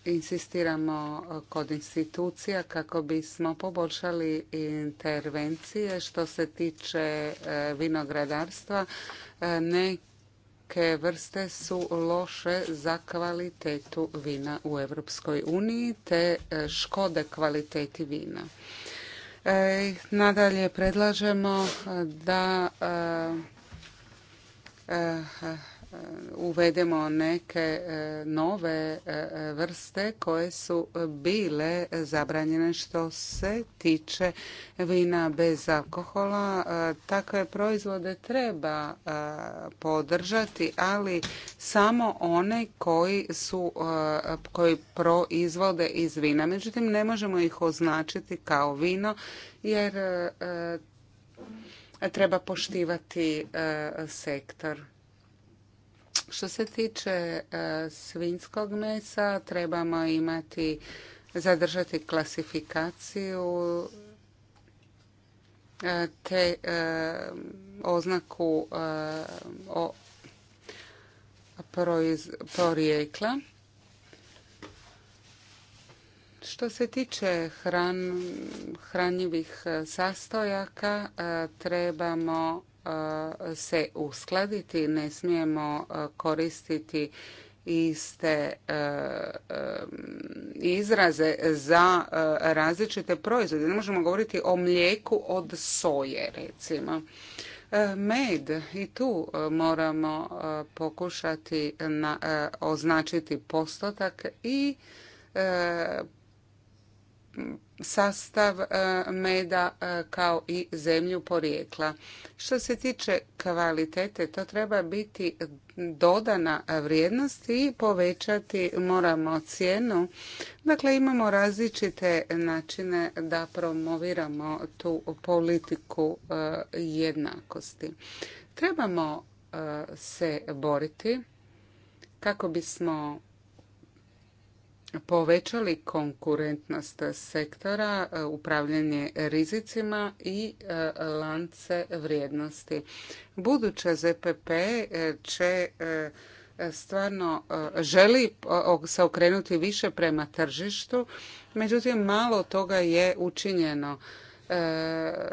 insistiramo kod institucija kako bismo poboljšali intervencije što se tiče vinogradarstva. Neke vrste su loše za kvalitetu vina u Europskoj uniji te škode kvaliteti vina. E, nadalje predlažemo da e, e, uvedemo neke e, nove e, vrste koje su bile zabranjene što se tiče vina bez alkohola. E, takve proizvode treba podržati, ali samo one koji su koji proizvode iz vina. Međutim, ne možemo ih označiti kao vino jer treba poštivati sektor što se tiče e, svinjskog mesa, trebamo imati, zadržati klasifikaciju e, te e, oznaku o porijekla. Što se tiče hran, hranjivih sastojaka, trebamo se uskladiti, ne smijemo e, koristiti iste e, e, izraze za različite proizvode. Ne možemo govoriti o mlijeku od soje, recimo. Med i tu moramo pokušati označiti postotak i sastav e, meda e, kao i zemlju porijekla. Što se tiče kvalitete, to treba biti dodana vrijednost i povećati moramo cijenu. Dakle, imamo različite načine da promoviramo tu politiku e, jednakosti. Trebamo se boriti kako bismo povećali konkurentnost sektora, e, upravljanje rizicima i e, lance vrijednosti. Buduća ZPP e, će stvarno želi se okrenuti više prema tržištu, međutim malo toga je učinjeno.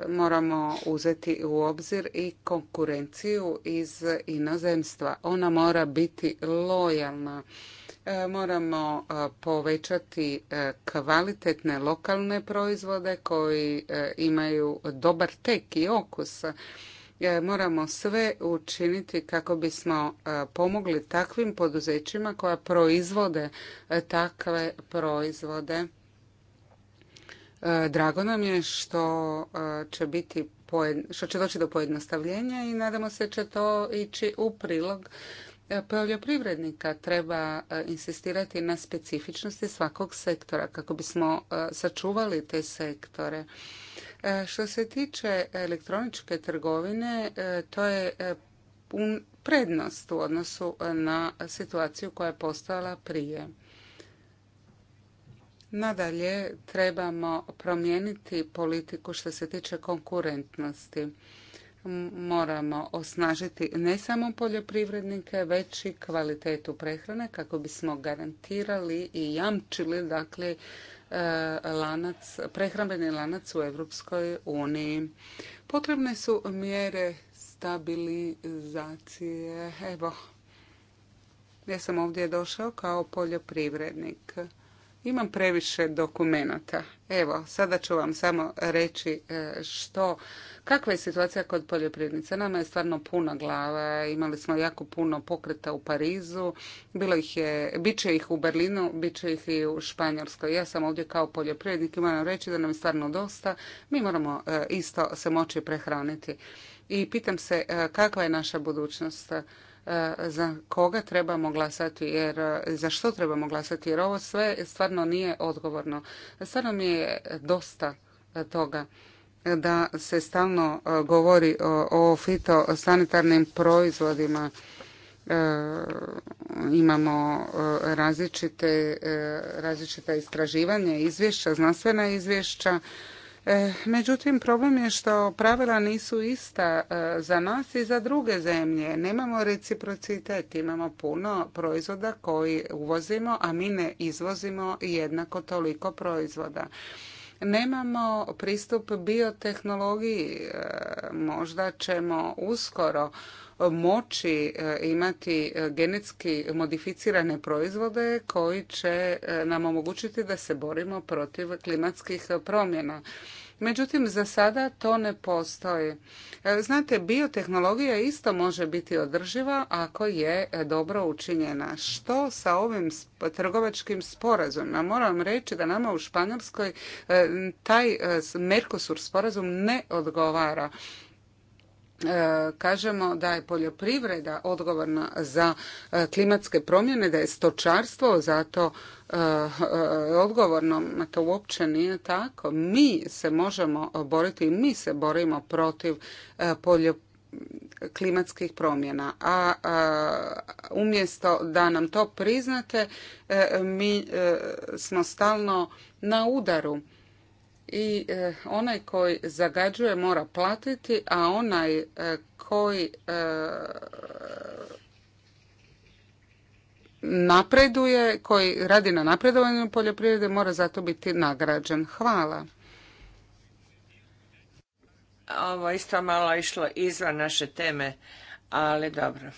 Moramo uzeti u obzir i konkurenciju iz inozemstva. Ona mora biti lojalna E, moramo e, povećati e, kvalitetne lokalne proizvode koji imaju dobar tek i okus. Moramo sve učiniti kako bismo pomogli takvim poduzećima koja proizvode takve proizvode. Drago nam je što će biti što će doći do pojednostavljenja i nadamo se će to ići u prilog poljoprivrednika treba e, insistirati na specifičnosti svakog sektora kako bismo e, sačuvali te sektore. E, što se tiče elektroničke trgovine, to je prednost u odnosu na situaciju koja je postojala prije. Nadalje, trebamo promijeniti politiku što se tiče konkurentnosti moramo osnažiti ne samo poljoprivrednike, već i kvalitetu prehrane kako bismo garantirali i jamčili dakle, e, lanac, prehrambeni lanac u Europskoj uniji. Potrebne su mjere stabilizacije. Evo, ja sam ovdje došao kao poljoprivrednik. Imam previše dokumenata. Evo, sada ću vam samo reći e, što, kakva je situacija kod poljoprivrednica. Nama je stvarno puna glava, imali smo jako puno pokreta u Parizu, bilo ih je, bit će ih u Berlinu, bit će ih i u Španjolskoj. Ja sam ovdje kao poljoprivrednik i moram reći da nam je stvarno dosta. Mi moramo e, isto se moći prehraniti. I pitam se e, kakva je naša budućnost E, za koga trebamo glasati jer e, za što trebamo glasati jer ovo sve stvarno nije odgovorno. Stvarno mi je dosta e, toga da se stalno govori o fitosanitarnim proizvodima imamo različite, različita istraživanja, izvješća, znanstvena izvješća E, međutim, problem je što pravila nisu ista e, za nas i za druge zemlje. Nemamo reciprocitet, imamo puno proizvoda koji uvozimo, a mi ne izvozimo jednako toliko proizvoda. Nemamo pristup biotehnologiji, e, možda ćemo uskoro moći eh, imati eh, genetski modificirane proizvode koji će eh, nam omogućiti da se borimo protiv klimatskih promjena. Međutim, za sada to ne postoji. Znate, biotehnologija isto može biti održiva ako je dobro učinjena. Što sa ovim trgovačkim sporazumima? Moram reći da nama u Španjolskoj taj Mercosur sporazum ne odgovara. E, kažemo da je poljoprivreda odgovorna za e, klimatske promjene, da je stočarstvo zato e, odgovorno, to uopće nije tako. Mi se možemo boriti i mi se borimo protiv klimatskih promjena. A, umjesto da nam to priznate, mi smo stalno na udaru i e, onaj koji zagađuje mora platiti, a onaj e, koji e, napreduje, koji radi na napredovanju poljoprivrede mora zato biti nagrađen. Hvala. Ovo isto malo išlo izvan naše teme, ali dobro.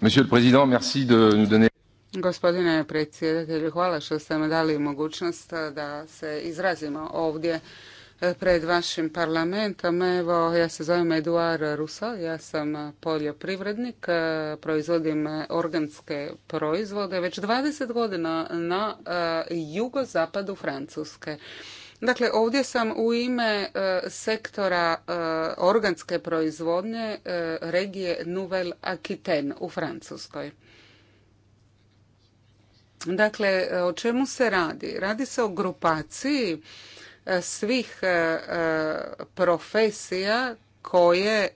Monsieur le Président, merci de nous donner... Gospodine predsjedatelju, hvala što ste me dali mogućnost da se izrazimo ovdje e, pred vašim parlamentom. Evo, ja se zovem Eduard Rusa, ja sam poljoprivrednik, e, proizvodim organske proizvode već 20 godina na e, jugozapadu Francuske. Dakle, ovdje sam u ime sektora organske proizvodnje regije Nouvelle Aquitaine u Francuskoj. Dakle, o čemu se radi? Radi se o grupaciji e, svih e, e, profesija koje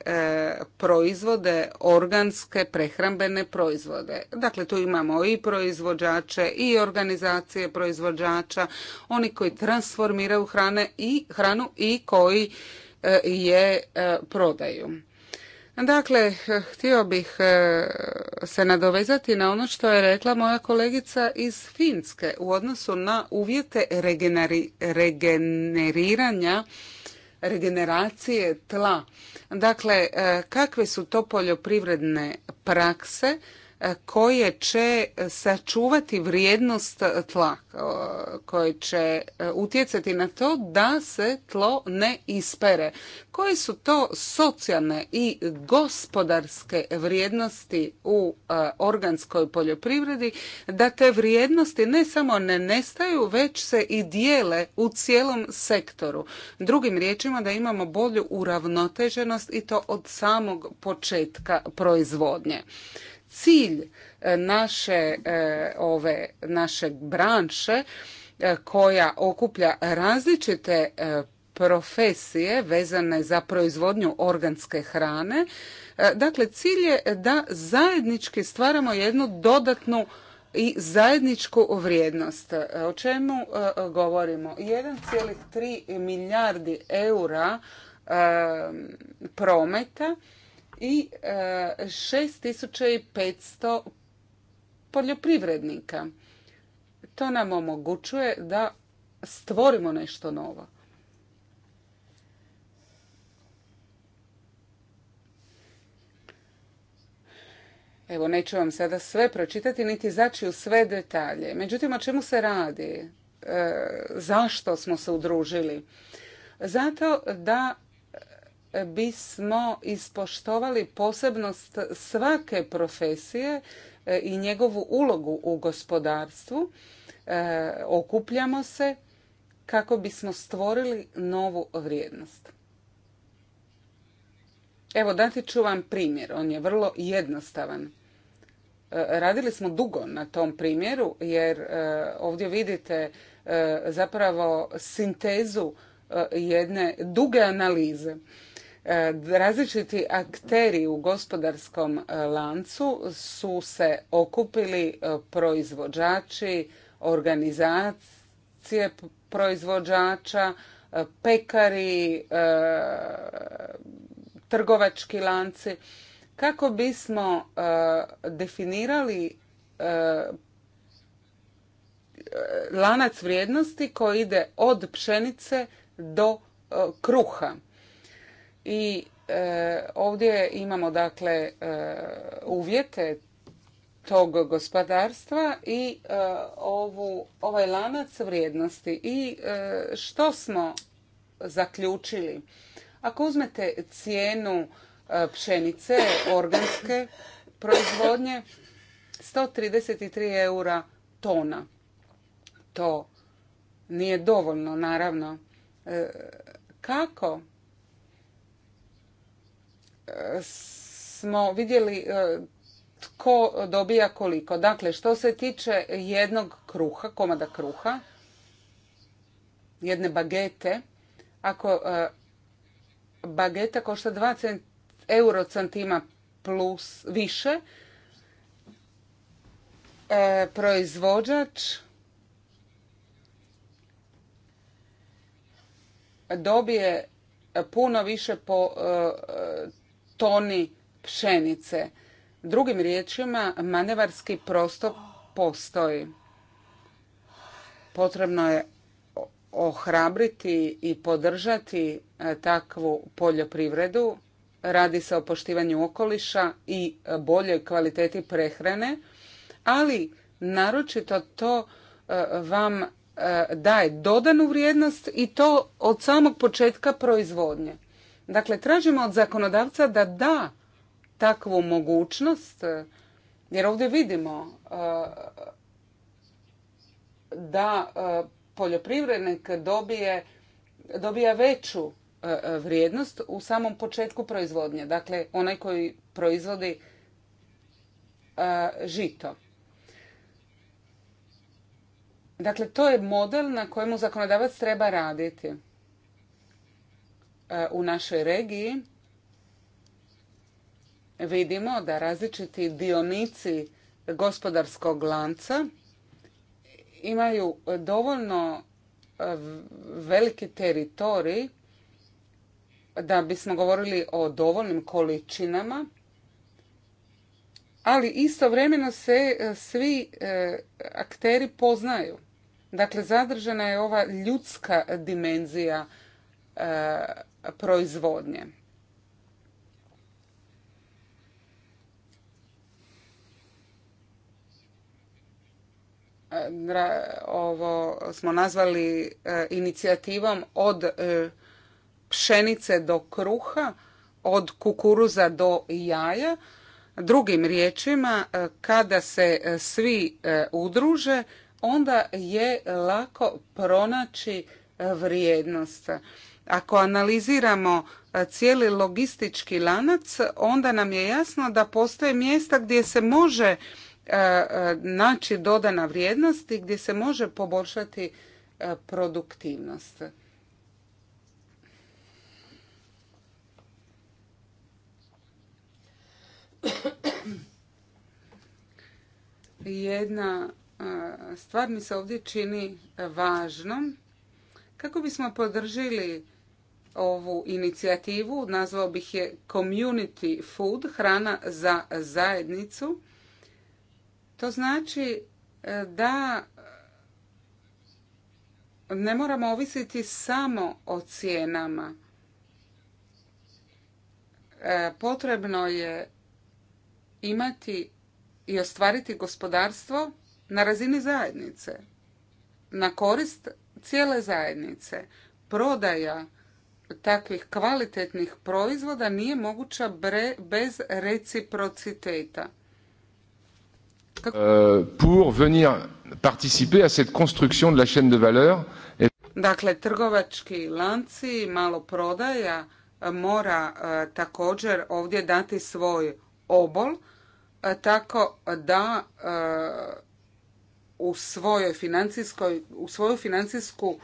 proizvode organske prehrambene proizvode. Dakle, tu imamo i proizvođače i organizacije proizvođača, oni koji transformiraju hrane i hranu i koji je prodaju. Dakle, htio bih e, se nadovezati na ono što je rekla moja kolegica iz Finske u odnosu na uvjete regeneriranja regeneracije tla. Dakle, e, kakve su to poljoprivredne prakse koje će sačuvati vrijednost tla, koje će e, utjecati na to da se tlo ne ispere. Koje su to socijalne i gospodarske vrijednosti u e, organskoj poljoprivredi, da te vrijednosti ne samo ne nestaju, već se i dijele u cijelom sektoru. Drugim riječima da imamo bolju uravnoteženost i to od samog početka proizvodnje cilj e, naše e, ove naše branše e, koja okuplja različite profesije vezane za proizvodnju organske hrane. Dakle, cilj je da zajednički stvaramo jednu dodatnu i zajedničku vrijednost. O čemu govorimo? 1,3 milijardi eura prometa i 6500 e, poljoprivrednika. To nam omogućuje da stvorimo nešto novo. Evo, neću vam sada sve pročitati, niti zaći u sve detalje. Međutim, o čemu se radi? E, zašto smo se udružili? Zato da bismo ispoštovali posebnost svake profesije e, i njegovu ulogu u gospodarstvu. E, okupljamo se kako bismo stvorili novu vrijednost. Evo, dati ću vam primjer. On je vrlo jednostavan. E, radili smo dugo na tom primjeru, jer ovdje vidite zapravo sintezu jedne duge analize. E, različiti akteri u gospodarskom e, lancu su se okupili e, proizvođači, organizacije proizvođača, pekari, trgovački lanci, kako bismo definirali lanac vrijednosti koji ide od pšenice do kruha i e, ovdje imamo dakle e, uvjete tog gospodarstva i e, ovu, ovaj lanac vrijednosti. I što smo zaključili? Ako uzmete cijenu pšenice organske proizvodnje, 133 eura tona. To nije dovoljno, naravno. Kako smo vidjeli e, tko dobija koliko. Dakle, što se tiče jednog kruha, komada kruha, jedne bagete, ako e, bageta košta 2 euro centima plus više, e, proizvođač dobije puno više po toni pšenice. Drugim riječima, manevarski prostor postoji. Potrebno je ohrabriti i podržati e, takvu poljoprivredu. Radi se o poštivanju okoliša i boljoj kvaliteti prehrane, ali naročito to e, vam e, daje dodanu vrijednost i to od samog početka proizvodnje. Dakle, tražimo od zakonodavca da da takvu mogućnost, e, jer ovdje vidimo e, da e, poljoprivrednik dobije, dobija veću vrijednost u samom početku proizvodnje. Dakle, onaj koji proizvodi žito. Dakle, to je model na kojemu zakonodavac treba raditi. E, u našoj regiji vidimo da različiti dionici gospodarskog lanca imaju dovoljno e, veliki teritorij da bismo govorili o dovoljnim količinama, ali istovremeno se e, svi akteri poznaju. Dakle, zadržana je ova ljudska dimenzija proizvodnje. Ovo smo nazvali e, inicijativom od e, pšenice do kruha, od kukuruza do jaja. Drugim riječima, e, kada se svi udruže, onda je lako pronaći vrijednost. Ako analiziramo e, cijeli logistički lanac, onda nam je jasno da postoje mjesta gdje se može e, e, naći dodana vrijednost i gdje se može poboljšati produktivnost. Jedna stvar mi se ovdje čini važnom. Kako bismo podržili ovu inicijativu, nazvao bih je Community Food, hrana za zajednicu. To znači e, da ne moramo ovisiti samo o cijenama. E, potrebno je imati i ostvariti gospodarstvo na razini zajednice, na korist cijele zajednice. Prodaja takvih kvalitetnih proizvoda nije moguća bre, bez reciprociteta. Kako... Euh, pour venir participer à cette construction de la chaîne de valeur. Dakle, trgovački lanci malo prodaja e, mora e, također ovdje dati svoj obol e, tako da u svojoj financijskoj u svoju financijsku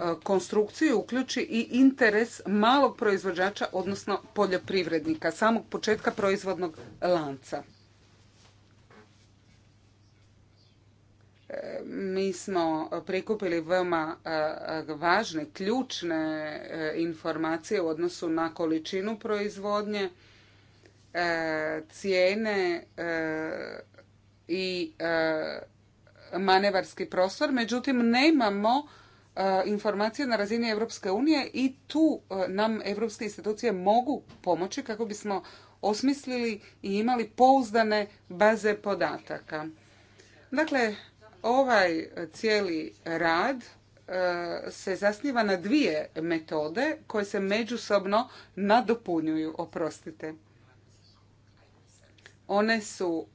E, konstrukciju uključi i interes malog proizvođača, odnosno poljoprivrednika, samog početka proizvodnog lanca. E, mi smo prikupili veoma e, važne, ključne informacije u odnosu na količinu proizvodnje, cijene i manevarski prostor, međutim nemamo E, informacije na razini Europske unije i tu e, nam europske institucije mogu pomoći kako bismo osmislili i imali pouzdane baze podataka. Dakle, ovaj cijeli rad e, se zasniva na dvije metode koje se međusobno nadopunjuju, oprostite. One su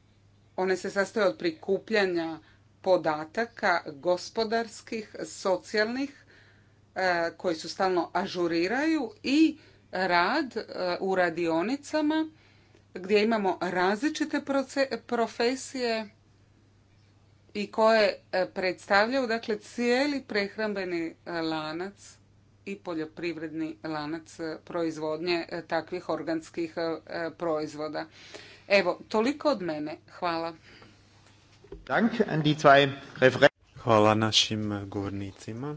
one se sastoje od prikupljanja podataka gospodarskih, socijalnih e, koji su stalno ažuriraju i rad e, u radionicama gdje imamo različite profesije i koje e, predstavljaju dakle cijeli prehrambeni lanac i poljoprivredni lanac proizvodnje takvih organskih proizvoda. Evo, toliko od mene. Hvala. Hvala našim govornicima.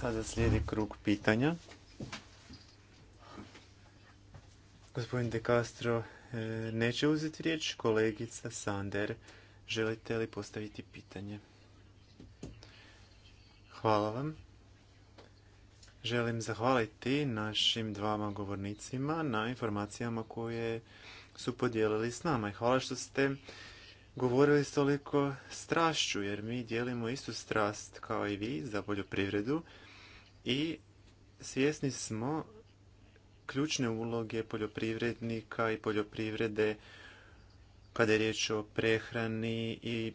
Sada slijedi krug pitanja. Gospodin De Castro eh, neće uzeti riječ. Kolegica Sander, želite li postaviti pitanje? Hvala vam. Želim zahvaliti našim dvama govornicima na informacijama koje su podijelili s nama. I hvala što ste govorili s toliko strašću, jer mi dijelimo istu strast kao i vi za poljoprivredu i svjesni smo ključne uloge poljoprivrednika i poljoprivrede kada je riječ o prehrani i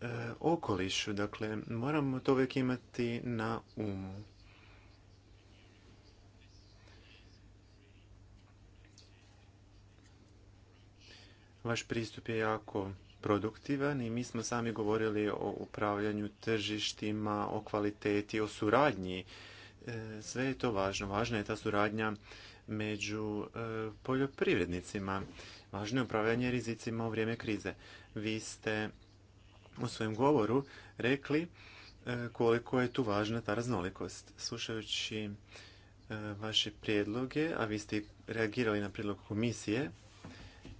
e, okolišu. Dakle, moramo to uvijek imati na umu. Vaš pristup je jako produktivan i mi smo sami govorili o upravljanju tržištima, o kvaliteti, o suradnji. E, sve je to važno. Važna je ta suradnja među e, poljoprivrednicima. Važno je upravljanje rizicima u vrijeme krize. Vi ste u svojem govoru rekli e, koliko je tu važna ta raznolikost. Slušajući vaše prijedloge, a vi ste reagirali na prijedlog komisije,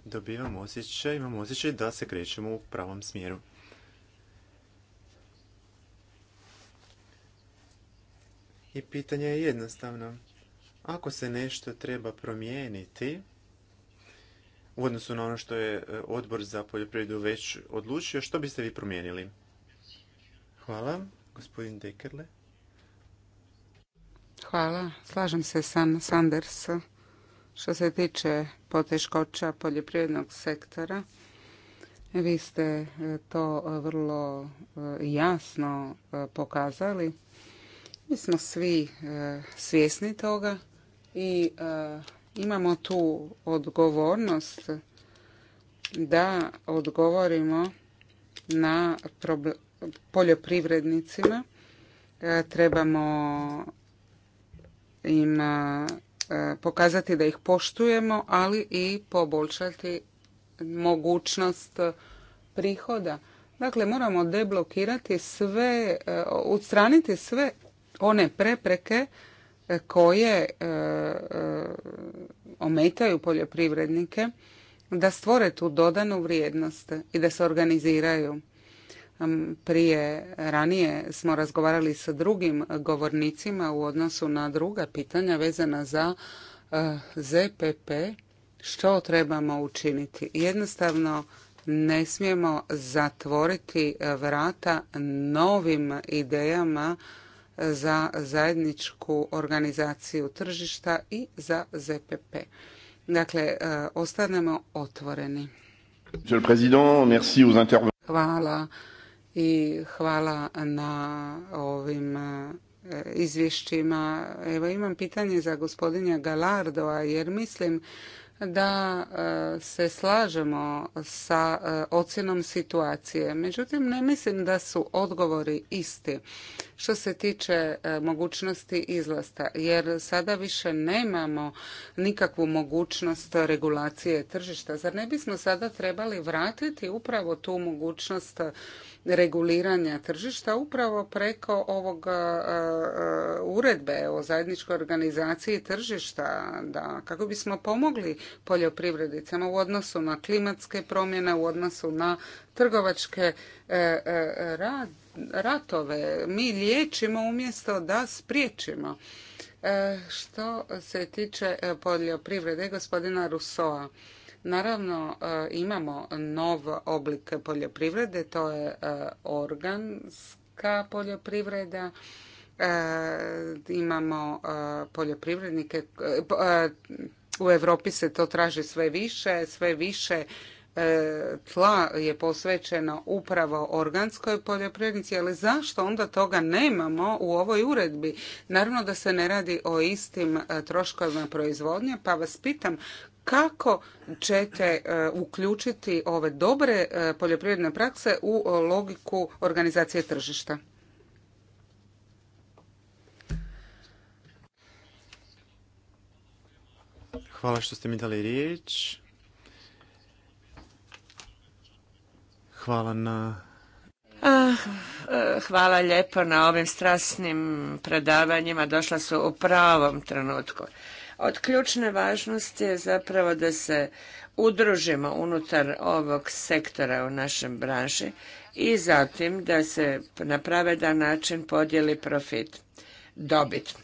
dobivam osjećaj, imam osjećaj da se krećemo u pravom smjeru. I pitanje je jednostavno. Ako se nešto treba promijeniti u odnosu na ono što je e, odbor za poljoprivredu već odlučio, što biste vi promijenili? Hvala, gospodin Dekerle. Hvala, slažem se sa Sanders što se tiče poteškoća poljoprivrednog sektora, vi ste e, to e, vrlo e, jasno pokazali. Mi smo svi svjesni toga i imamo tu odgovornost da odgovorimo na poljoprivrednicima. Trebamo im E, pokazati da ih poštujemo, ali i poboljšati mogućnost prihoda. Dakle, moramo deblokirati sve, e, odstraniti sve one prepreke e, koje ometaju poljoprivrednike da stvore tu dodanu vrijednost i da se organiziraju prije ranije smo razgovarali sa drugim govornicima u odnosu na druga pitanja vezana za eh, ZPP što trebamo učiniti. Jednostavno ne smijemo zatvoriti eh, vrata novim idejama eh, za zajedničku organizaciju tržišta i za ZPP. Dakle, ostanemo otvoreni. Hvala i hvala na ovim e, izvješćima. Evo imam pitanje za gospodinja Galardova jer mislim da e, se slažemo sa e, ocjenom situacije. Međutim, ne mislim da su odgovori isti što se tiče mogućnosti izlasta, jer sada više nemamo nikakvu mogućnost regulacije tržišta. Zar ne bismo sada trebali vratiti upravo tu mogućnost reguliranja tržišta upravo preko ovog e, e, uredbe o zajedničkoj organizaciji tržišta da kako bismo pomogli poljoprivrednicama u odnosu na klimatske promjene, u odnosu na trgovačke e, ratove. Mi liječimo umjesto da spriječimo. Što se tiče poljoprivrede, gospodina Rusoa, Naravno, e, imamo nov oblik poljoprivrede, to je e, organska poljoprivreda. E, imamo poljoprivrednike, u Europi se to traži sve više, sve više tla je posvećeno upravo organskoj poljoprivrednici, ali zašto onda toga nemamo u ovoj uredbi? Naravno da se ne radi o istim troškovima proizvodnje, pa vas pitam kako ćete e, uključiti ove dobre e, poljoprivredne prakse u e, logiku organizacije tržišta? Hvala što ste mi dali riječ. Hvala na... Ah, eh, hvala lijepo na ovim strasnim predavanjima. Došla su u pravom trenutku. Od ključne važnosti je zapravo da se udružimo unutar ovog sektora u našem branši i zatim da se na pravedan način podijeli profit, dobit.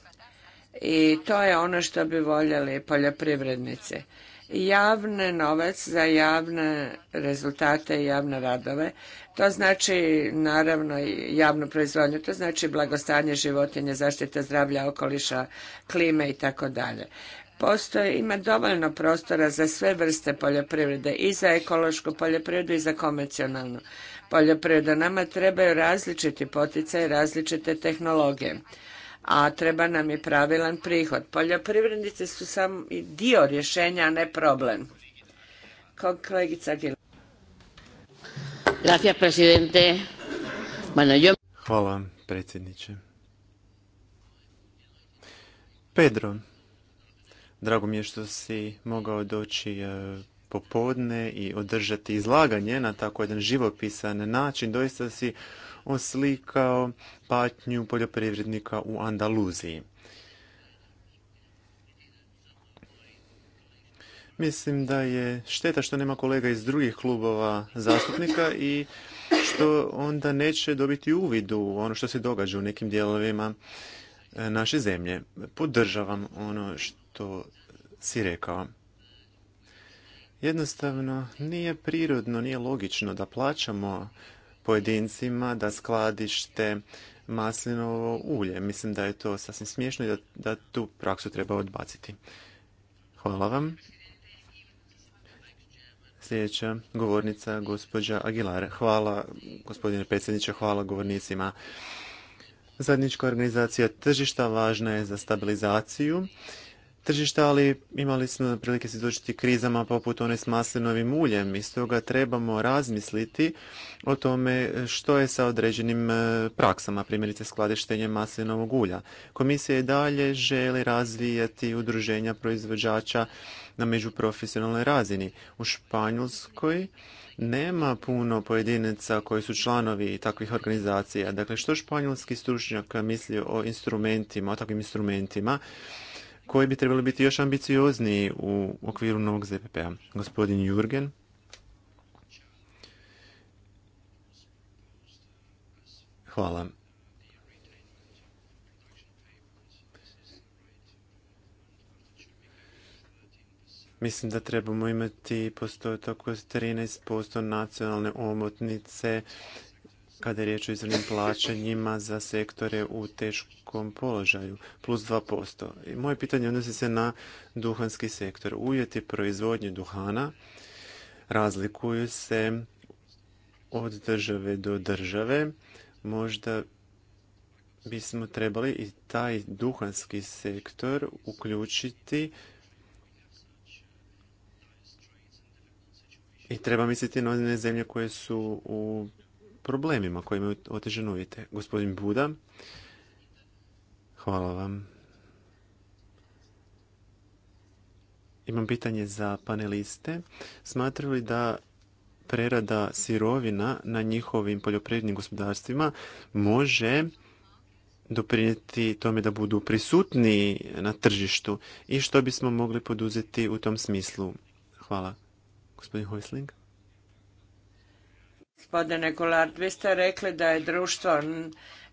I to je ono što bi voljeli poljoprivrednici javne novac za javne rezultate i javne radove. To znači naravno javnu proizvodnju, to znači blagostanje životinje, zaštita zdravlja, okoliša, klime i tako dalje. Postoje, ima dovoljno prostora za sve vrste poljoprivrede, i za ekološku poljoprivredu i za komercijalnu poljoprivredu. Nama trebaju različiti poticaj, različite tehnologije a treba nam je pravilan prihod. Poljoprivrednici su samo dio rješenja, a ne problem. Kolegica Gil. Hvala, predsjedniče. Pedro, drago mi je što si mogao doći e, popodne i održati izlaganje na tako jedan živopisan način. Doista si oslikao patnju poljoprivrednika u Andaluziji. Mislim da je šteta što nema kolega iz drugih klubova zastupnika i što onda neće dobiti uvid u ono što se događa u nekim dijelovima e, naše zemlje. Podržavam ono što si rekao. Jednostavno nije prirodno, nije logično da plaćamo pojedincima da skladište maslinovo ulje. Mislim da je to sasvim smiješno i da, da tu praksu treba odbaciti. Hvala vam. Sljedeća govornica, gospođa Aguilar. Hvala, gospodine predsjedniče, hvala govornicima. Zadnička organizacija tržišta važna je za stabilizaciju tržišta, ali imali smo prilike se krizama poput one s maslinovim uljem i stoga trebamo razmisliti o tome što je sa određenim e, praksama, primjerice skladištenje maslinovog ulja. Komisija i dalje želi razvijati udruženja proizvođača na međuprofesionalnoj razini. U Španjolskoj nema puno pojedinaca koji su članovi takvih organizacija. Dakle, što španjolski stručnjak misli o instrumentima, o takvim instrumentima, koji bi trebali biti još ambiciozniji u okviru novog ZPP-a. Gospodin Jurgen. Hvala. Mislim da trebamo imati postotak od 13% nacionalne omotnice kada je riječ o izravnim plaćanjima za sektore u teškom položaju, plus 2%. I moje pitanje odnosi se na duhanski sektor. Uvjeti proizvodnje duhana razlikuju se od države do države. Možda bismo trebali i taj duhanski sektor uključiti i treba misliti na one zemlje koje su u problemima koji imaju uvjete. Gospodin Buda, hvala vam. Imam pitanje za paneliste. Smatraju li da prerada sirovina na njihovim poljoprivrednim gospodarstvima može doprinijeti tome da budu prisutni na tržištu i što bismo mogli poduzeti u tom smislu? Hvala. Gospodin Hojsling. Gospodine Goulart, vi ste rekli da je društvo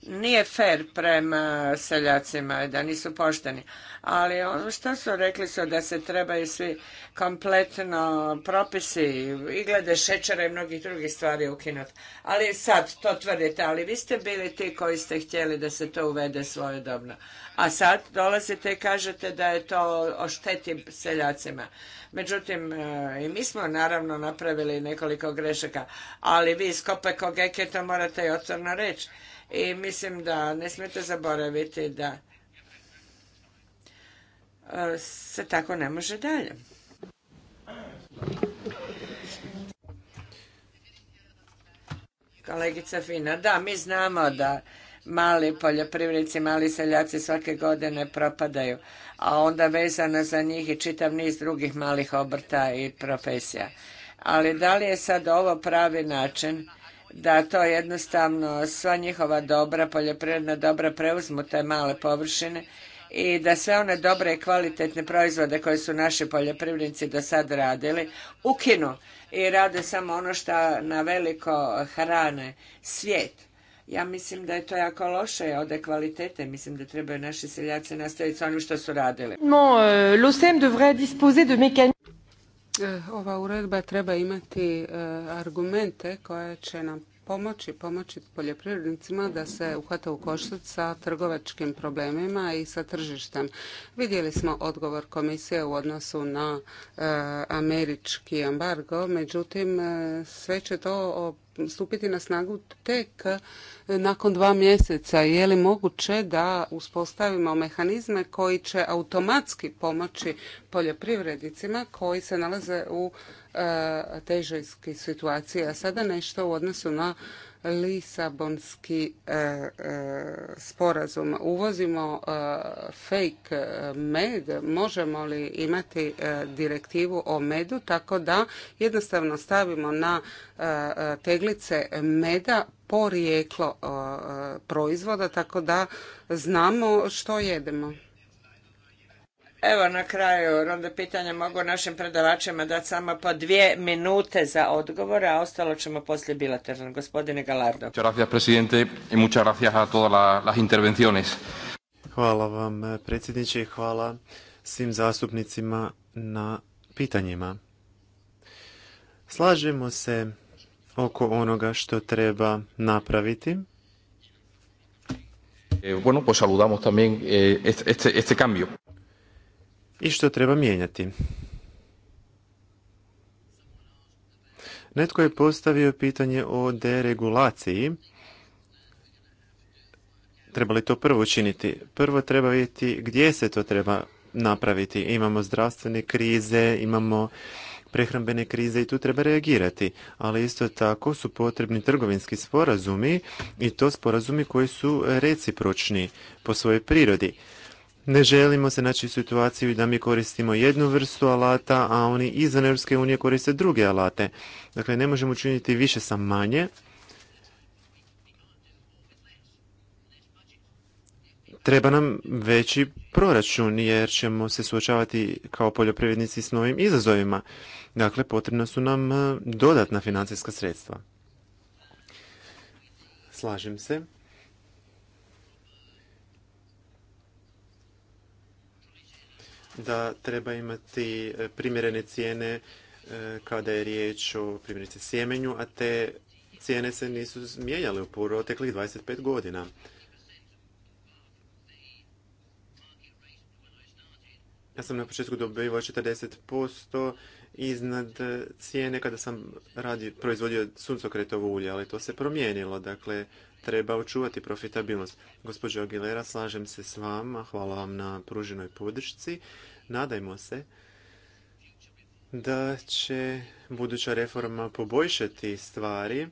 nije fer prema seljacima, da nisu pošteni. Ali ono što su rekli su da se trebaju svi kompletno propisi i glede šećera i mnogih drugih stvari ukinuti. Ali sad to tvrdite, ali vi ste bili ti koji ste htjeli da se to uvede svojedobno. A sad dolazite i kažete da je to ošteti seljacima. Međutim, e, i mi smo naravno napravili nekoliko grešaka, ali vi iz Kopeko to morate i otvorno reći i mislim da ne smete zaboraviti da e, se tako ne može dalje. Kolegica Fina, da, mi znamo da mali poljoprivrednici, mali seljaci svake godine propadaju, a onda vezano za njih i čitav niz drugih malih obrta i profesija. Ali da li je sad ovo pravi način da to jednostavno sva njihova dobra, poljoprivredna dobra preuzmu te male površine i da sve one dobre i kvalitetne proizvode koje su naši poljoprivrednici do sad radili ukinu i rade samo ono što na veliko hrane svijet. Ja mislim da je to jako loše ode kvalitete. Mislim da trebaju naši seljaci nastaviti s onim što su radili. No, euh, e devrait disposer de E, ova uredba treba imati e, argumente koje će nam pomoći, pomoći poljoprivrednicima da se uhvate u koštac sa trgovačkim problemima i sa tržištem. Vidjeli smo odgovor komisije u odnosu na e, američki embargo, međutim e, sve će to stupiti na snagu tek e, nakon dva mjeseca. Je li moguće da uspostavimo mehanizme koji će automatski pomoći poljoprivrednicima koji se nalaze u E, težajski situacije. a sada nešto u odnosu na Lisabonski e, e, sporazum. Uvozimo fake med. Možemo li imati direktivu o medu tako da jednostavno stavimo na teglice meda porijeklo proizvoda tako da znamo što jedemo. Evo na kraju ronde pitanja mogu našim predavačima dati samo po dvije minute za odgovore, a ostalo ćemo poslije bilateralno. Gospodine Galardo. Hvala vam eh, predsjedniče i hvala svim zastupnicima na pitanjima. Slažemo se oko onoga što treba napraviti. Eh, bueno, pues saludamos también eh, este, este cambio i što treba mijenjati. Netko je postavio pitanje o deregulaciji. Treba li to prvo učiniti? Prvo treba vidjeti gdje se to treba napraviti. Imamo zdravstvene krize, imamo prehrambene krize i tu treba reagirati. Ali isto tako su potrebni trgovinski sporazumi i to sporazumi koji su recipročni po svojoj prirodi. Ne želimo se naći u situaciju da mi koristimo jednu vrstu alata, a oni iz Europske unije koriste druge alate. Dakle, ne možemo učiniti više sa manje. Treba nam veći proračun jer ćemo se suočavati kao poljoprivrednici s novim izazovima. Dakle, potrebna su nam e, dodatna financijska sredstva. Slažem se da treba imati e, primjerene cijene e, kada je riječ o primjerice sjemenju, a te cijene se nisu mijenjale u proteklih 25 godina. Ja sam na početku dobivao 40% iznad e, cijene kada sam radi, proizvodio suncokretovo ulje, ali to se promijenilo. Dakle, treba očuvati profitabilnost. Gospođo Aguilera, slažem se s vama, hvala vam na pruženoj podršci. Nadajmo se da će buduća reforma poboljšati stvari,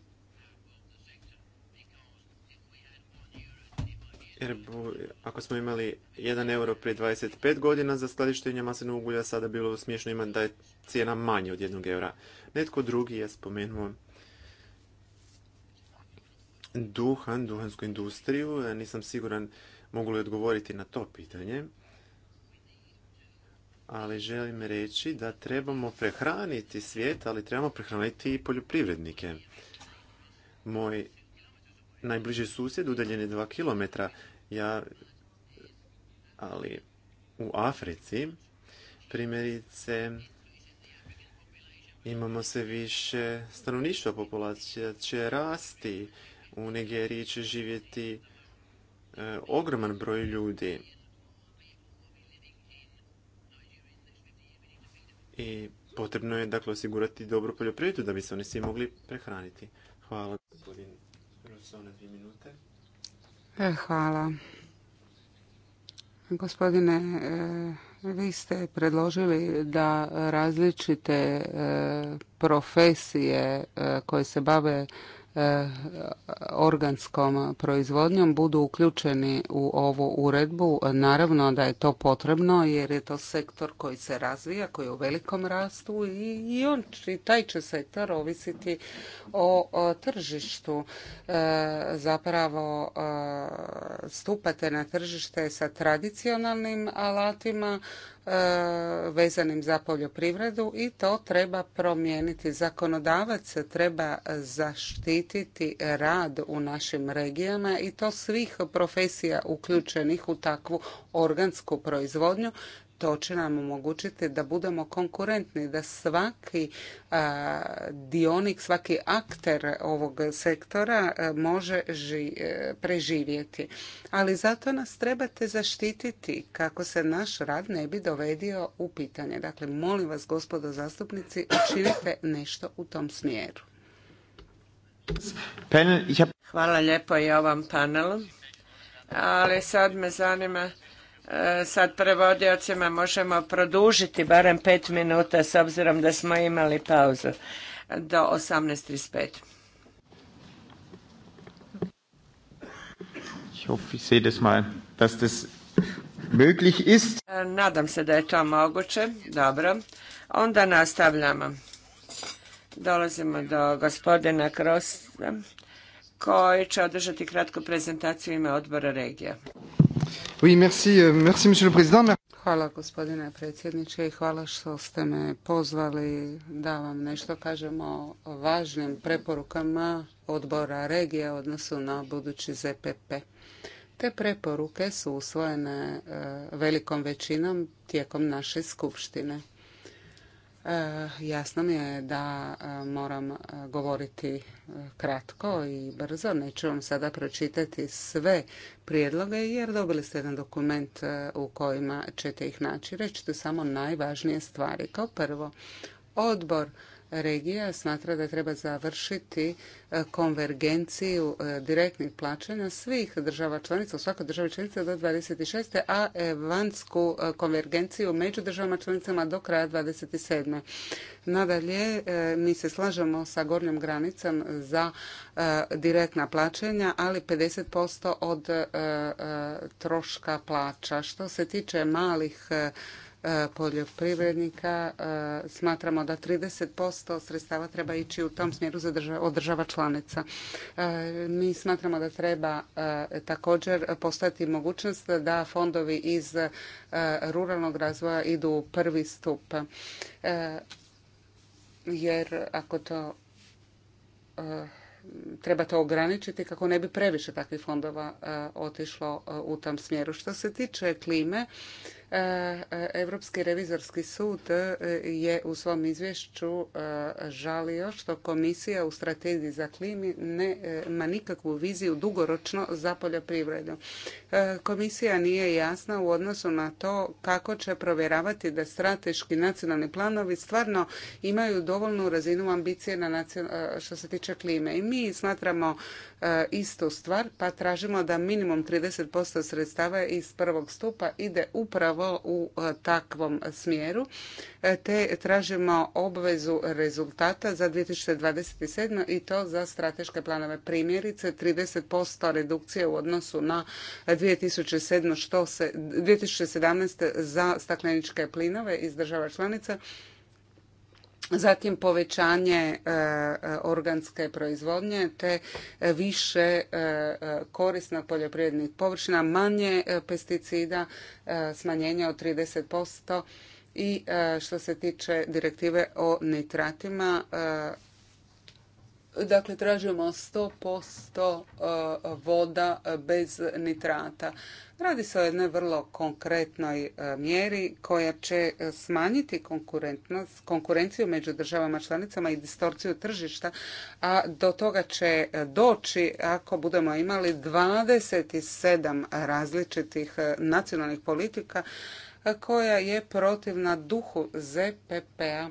jer ako smo imali 1 euro prije 25 godina za skladištenje maslinovog ulja, sada bilo smiješno imati da je cijena manja od 1 eura. Netko drugi je spomenuo duhan, duhansku industriju. Ja nisam siguran mogu li odgovoriti na to pitanje. Ali želim reći da trebamo prehraniti svijet, ali trebamo prehraniti i poljoprivrednike. Moj najbliži susjed udaljen je dva kilometra. Ja, ali u Africi, primjerice, imamo sve više stanovništva, populacija će rasti u Nigeriji će živjeti e, ogroman broj ljudi. I potrebno je dakle osigurati dobru poljoprivredu da bi se oni svi mogli prehraniti. Hvala e, Hvala. Gospodine, e, vi ste predložili da različite profesije koje se bave organskom proizvodnjom budu uključeni u ovu uredbu. Naravno da je to potrebno jer je to sektor koji se razvija, koji je u velikom rastu i on i taj će sektor ovisiti o tržištu. E, zapravo e, stupate na tržište sa tradicionalnim alatima E, vezanim za poljoprivredu i to treba promijeniti. Zakonodavac treba zaštititi rad u našim regijama i to svih profesija uključenih u takvu organsku proizvodnju to će nam omogućiti da budemo konkurentni, da svaki dionik, svaki akter ovog sektora može e, preživjeti. Ali zato nas trebate zaštititi kako se naš rad ne bi dovedio u pitanje. Dakle, molim vas gospodo zastupnici, učinite nešto u tom smjeru. Hvala lijepo i ovom panelu. Ali sad me zanima E, sad prevodiocima možemo produžiti barem pet minuta s obzirom da smo imali pauzu do 18.35. Ich hoffe, e, Nadam se da je to moguće. Dobro. Onda nastavljamo. Dolazimo do gospodina Krosa koji će održati kratku prezentaciju ime odbora regija. Euh, hvala gospodine predsjedniče i hvala što ste me pozvali da vam nešto kažemo o važnim preporukama odbora regije u odnosu na budući ZPP. Te preporuke su usvojene e, velikom većinom tijekom naše skupštine. E, jasno mi je da e, moram e, govoriti kratko i brzo. Neću vam sada pročitati sve prijedloge jer dobili ste jedan dokument u kojima ćete ih naći. Reći to samo najvažnije stvari. Kao prvo, odbor regija smatra da treba završiti e, konvergenciju e, direktnih plaćanja svih država članica, u svakoj državi članica do 26. a vanjsku e, konvergenciju među državama članicama do kraja 27. Nadalje, mi se slažemo sa gornjom granicom za direktna plaćanja, ali 50% od troška plaća. Što se tiče malih E, poljoprivrednika. E, smatramo da 30% sredstava treba ići u tom smjeru od država članica. E, mi smatramo da treba također postojati mogućnost da fondovi iz ruralnog razvoja idu u prvi stup. Jer ako to treba to ograničiti kako ne bi previše takvih fondova otišlo u tom smjeru. Što se tiče klime, Europski e, revizorski sud e, je u svom izvješću e, žalio što komisija u strategiji za klimi nema nikakvu viziju dugoročno za poljoprivredu. Komisija nije jasna u odnosu na to kako će provjeravati da strateški nacionalni planovi stvarno imaju dovoljnu razinu ambicije na što se tiče klime. I mi smatramo istu stvar pa tražimo da minimum 30% sredstava iz prvog stupa ide upravo u e, takvom smjeru, e, te tražimo obvezu rezultata za 2027. i to za strateške planove. Primjerice, 30% redukcije u odnosu na 2007, što se, 2017. za stakleničke plinove iz država članica zatim povećanje e, e, organske proizvodnje te e, više korisna poljoprivrednih površina, manje pesticida, smanjenje od 30% i što se tiče direktive o nitratima Dakle, tražimo 100% e, voda bez nitrata. Radi se o jednoj vrlo konkretnoj e, mjeri koja će e, smanjiti konkurenciju među državama članicama i distorciju tržišta, a do toga će doći ako budemo imali 27 različitih nacionalnih politika koja je protivna duhu ZPP-a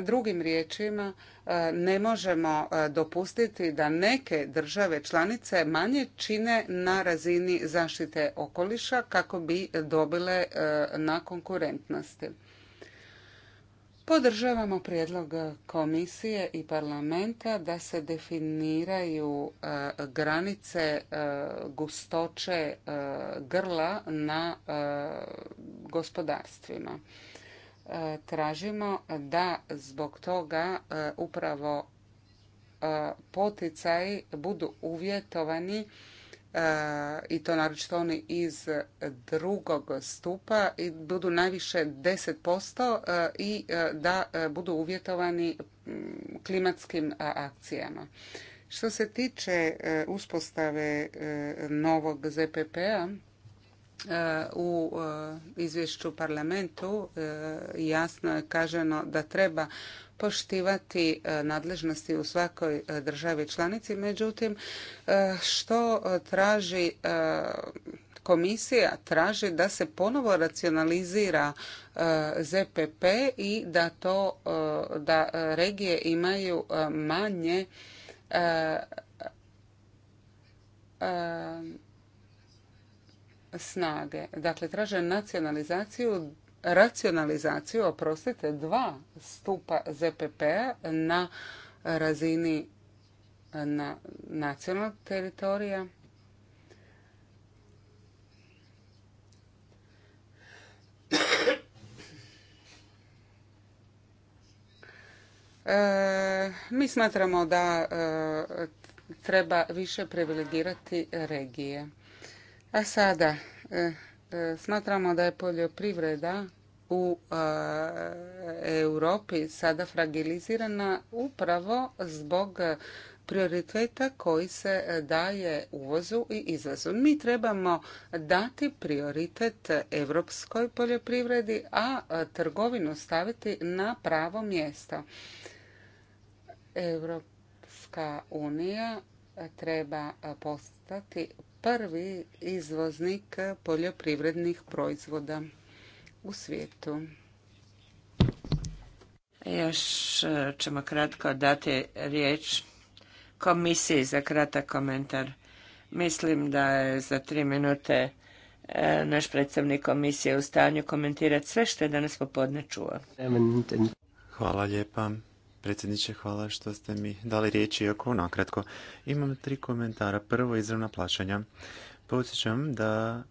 Drugim riječima, e, ne možemo e, dopustiti da neke države članice manje čine na razini zaštite okoliša kako bi dobile e, na konkurentnosti. Podržavamo prijedlog komisije i parlamenta da se definiraju granice gustoće grla na gospodarstvima. E, tražimo da zbog toga e, upravo e, poticaji budu uvjetovani i to naročito oni iz drugog stupa i budu najviše 10% i da budu uvjetovani klimatskim akcijama. Što se tiče uspostave novog ZPP-a, u e, izvješću parlamentu e, jasno je kaženo da treba poštivati e, nadležnosti u svakoj državi članici. Međutim, što traži komisija? Traži da se ponovo racionalizira ZPP i da to da regije imaju manje snage. Dakle, traže nacionalizaciju, racionalizaciju, oprostite, dva stupa ZPP-a na razini na nacionalnog teritorija. E, mi smatramo da e, treba više privilegirati regije. A sada, e, e, smatramo da je poljoprivreda u e, Europi sada fragilizirana upravo zbog prioriteta koji se daje uvozu i izvozu. Mi trebamo dati prioritet europskoj poljoprivredi, a trgovinu staviti na pravo mjesto. Evropska unija treba postati prvi izvoznik poljoprivrednih proizvoda u svijetu. Još e, ćemo kratko dati riječ komisiji za kratak komentar. Mislim da je za tri minute e, naš predstavnik komisije u stanju komentirati sve što je danas popodne čuo. Hvala lijepa. Predsjedniče, hvala što ste mi dali riječ, oko nakratko. Imam tri komentara. Prvo, izravna plaćanja. Podsjećam da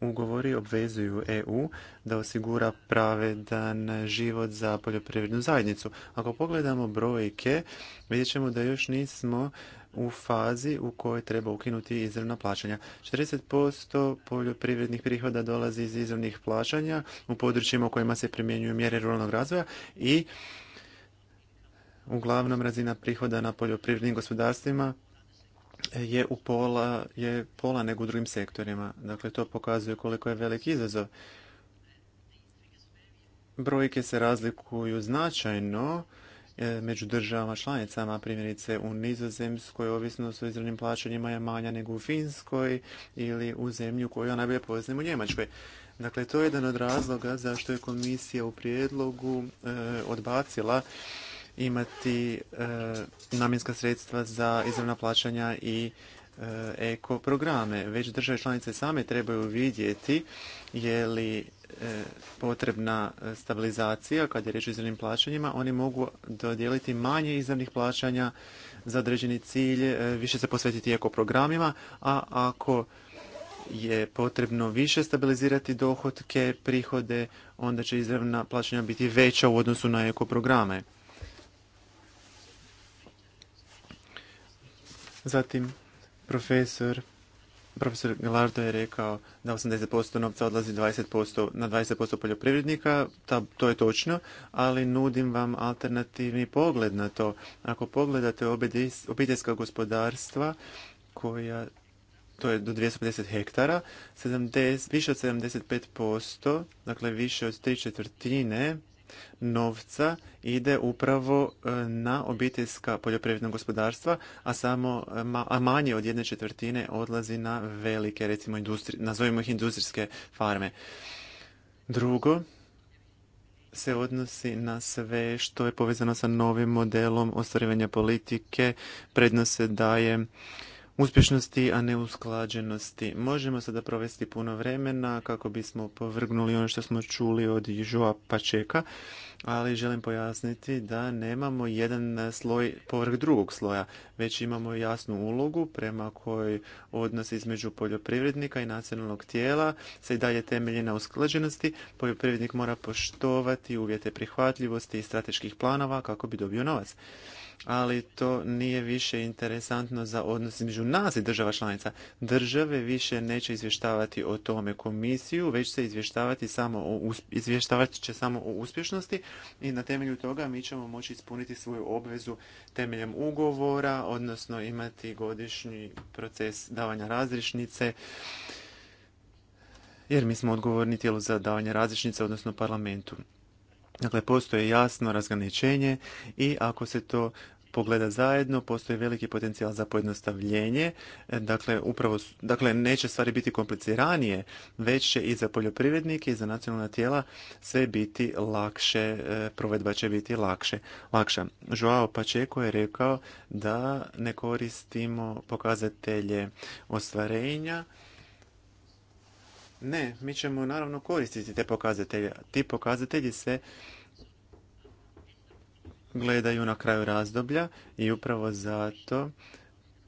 ugovori obvezuju EU da osigura pravedan život za poljoprivrednu zajednicu. Ako pogledamo brojke, vidjet ćemo da još nismo u fazi u kojoj treba ukinuti izravna plaćanja. 40% poljoprivrednih prihoda dolazi iz izravnih plaćanja u područjima u kojima se primjenjuju mjere ruralnog razvoja i uglavnom razina prihoda na poljoprivrednim gospodarstvima je u pola, je pola nego u drugim sektorima. Dakle, to pokazuje koliko je velik izazov. Brojke se razlikuju značajno e, među državama članicama, primjerice u Nizozemskoj, ovisnost o izravnim plaćanjima je manja nego u Finskoj ili u zemlju koju najbolje poznajem u Njemačkoj. Dakle, to je jedan od razloga zašto je komisija u prijedlogu e, odbacila imati e, namjenska sredstva za izravna plaćanja i e, eko programe. Već države članice same trebaju vidjeti je li e, potrebna stabilizacija kad je reč o izravnim plaćanjima. Oni mogu dodijeliti manje izravnih plaćanja za određeni cilj, više se posvetiti eko programima, a ako je potrebno više stabilizirati dohotke, prihode, onda će izravna plaćanja biti veća u odnosu na eko programe. Zatim, profesor Profesor Galardo je rekao da 80% novca odlazi 20%, na 20% poljoprivrednika, ta, to je točno, ali nudim vam alternativni pogled na to. Ako pogledate obiteljska gospodarstva, koja, to je do 250 hektara, 70, više od 75%, dakle više od tri četvrtine novca ide upravo e, na obiteljska poljoprivredna gospodarstva, a samo e, a manje od jedne četvrtine odlazi na velike, recimo, industri, nazovimo ih industrijske farme. Drugo, se odnosi na sve što je povezano sa novim modelom ostvarivanja politike, prednost se daje uspješnosti, a ne usklađenosti. Možemo sada provesti puno vremena kako bismo povrgnuli ono što smo čuli od Joa Pačeka, ali želim pojasniti da nemamo jedan sloj povrh drugog sloja, već imamo jasnu ulogu prema kojoj odnos između poljoprivrednika i nacionalnog tijela se i dalje temelji na usklađenosti. Poljoprivrednik mora poštovati uvjete prihvatljivosti i strateških planova kako bi dobio novac ali to nije više interesantno za odnos između nas i država članica. Države više neće izvještavati o tome komisiju, već se izvještavati samo o, izvještavati će samo o uspješnosti i na temelju toga mi ćemo moći ispuniti svoju obvezu temeljem ugovora, odnosno imati godišnji proces davanja razrišnice jer mi smo odgovorni tijelu za davanje različnice, odnosno parlamentu. Dakle, postoje jasno razgraničenje i ako se to pogleda zajedno, postoji veliki potencijal za pojednostavljenje. Dakle, upravo, dakle, neće stvari biti kompliciranije, već će i za poljoprivrednike i za nacionalna tijela sve biti lakše, e, provedba će biti lakše, lakša. Joao Pačeko je rekao da ne koristimo pokazatelje ostvarenja, ne, mi ćemo naravno koristiti te pokazatelje. Ti pokazatelji se gledaju na kraju razdoblja i upravo zato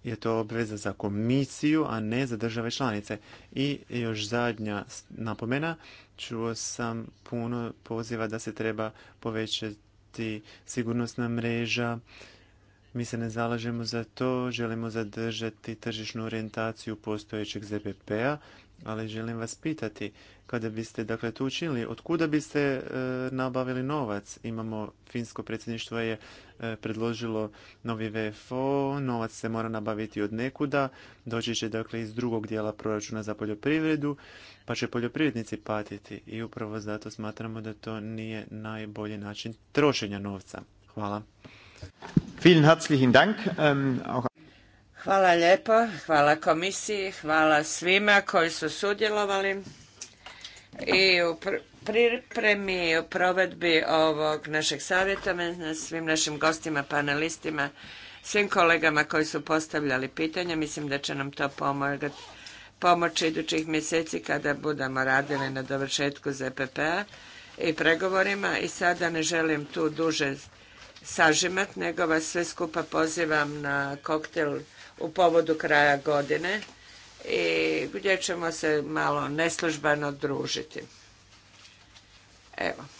je to obveza za komisiju, a ne za države članice. I još zadnja napomena, čuo sam puno poziva da se treba povećati sigurnosna mreža. Mi se ne zalažemo za to, želimo zadržati tržišnu orijentaciju postojećeg ZPP-a, ali želim vas pitati, kada biste dakle to učinili, od kuda biste e, nabavili novac? Imamo, finsko predsjedništvo je e, predložilo novi VFO, novac se mora nabaviti od nekuda, doći će dakle iz drugog dijela proračuna za poljoprivredu, pa će poljoprivrednici patiti i upravo zato smatramo da to nije najbolji način trošenja novca. Hvala. Vielen herzlichen Dank. Ähm, Hvala lijepo, hvala komisiji, hvala svima koji su sudjelovali i u pripremi i u provedbi ovog našeg savjeta svim našim gostima, panelistima, svim kolegama koji su postavljali pitanja. Mislim da će nam to pomagati pomoći idućih mjeseci kada budemo radili na dovršetku ZPP-a i pregovorima i sada ne želim tu duže sažimat, nego vas sve skupa pozivam na koktel u povodu kraja godine i gdje ćemo se malo neslužbano družiti. Evo.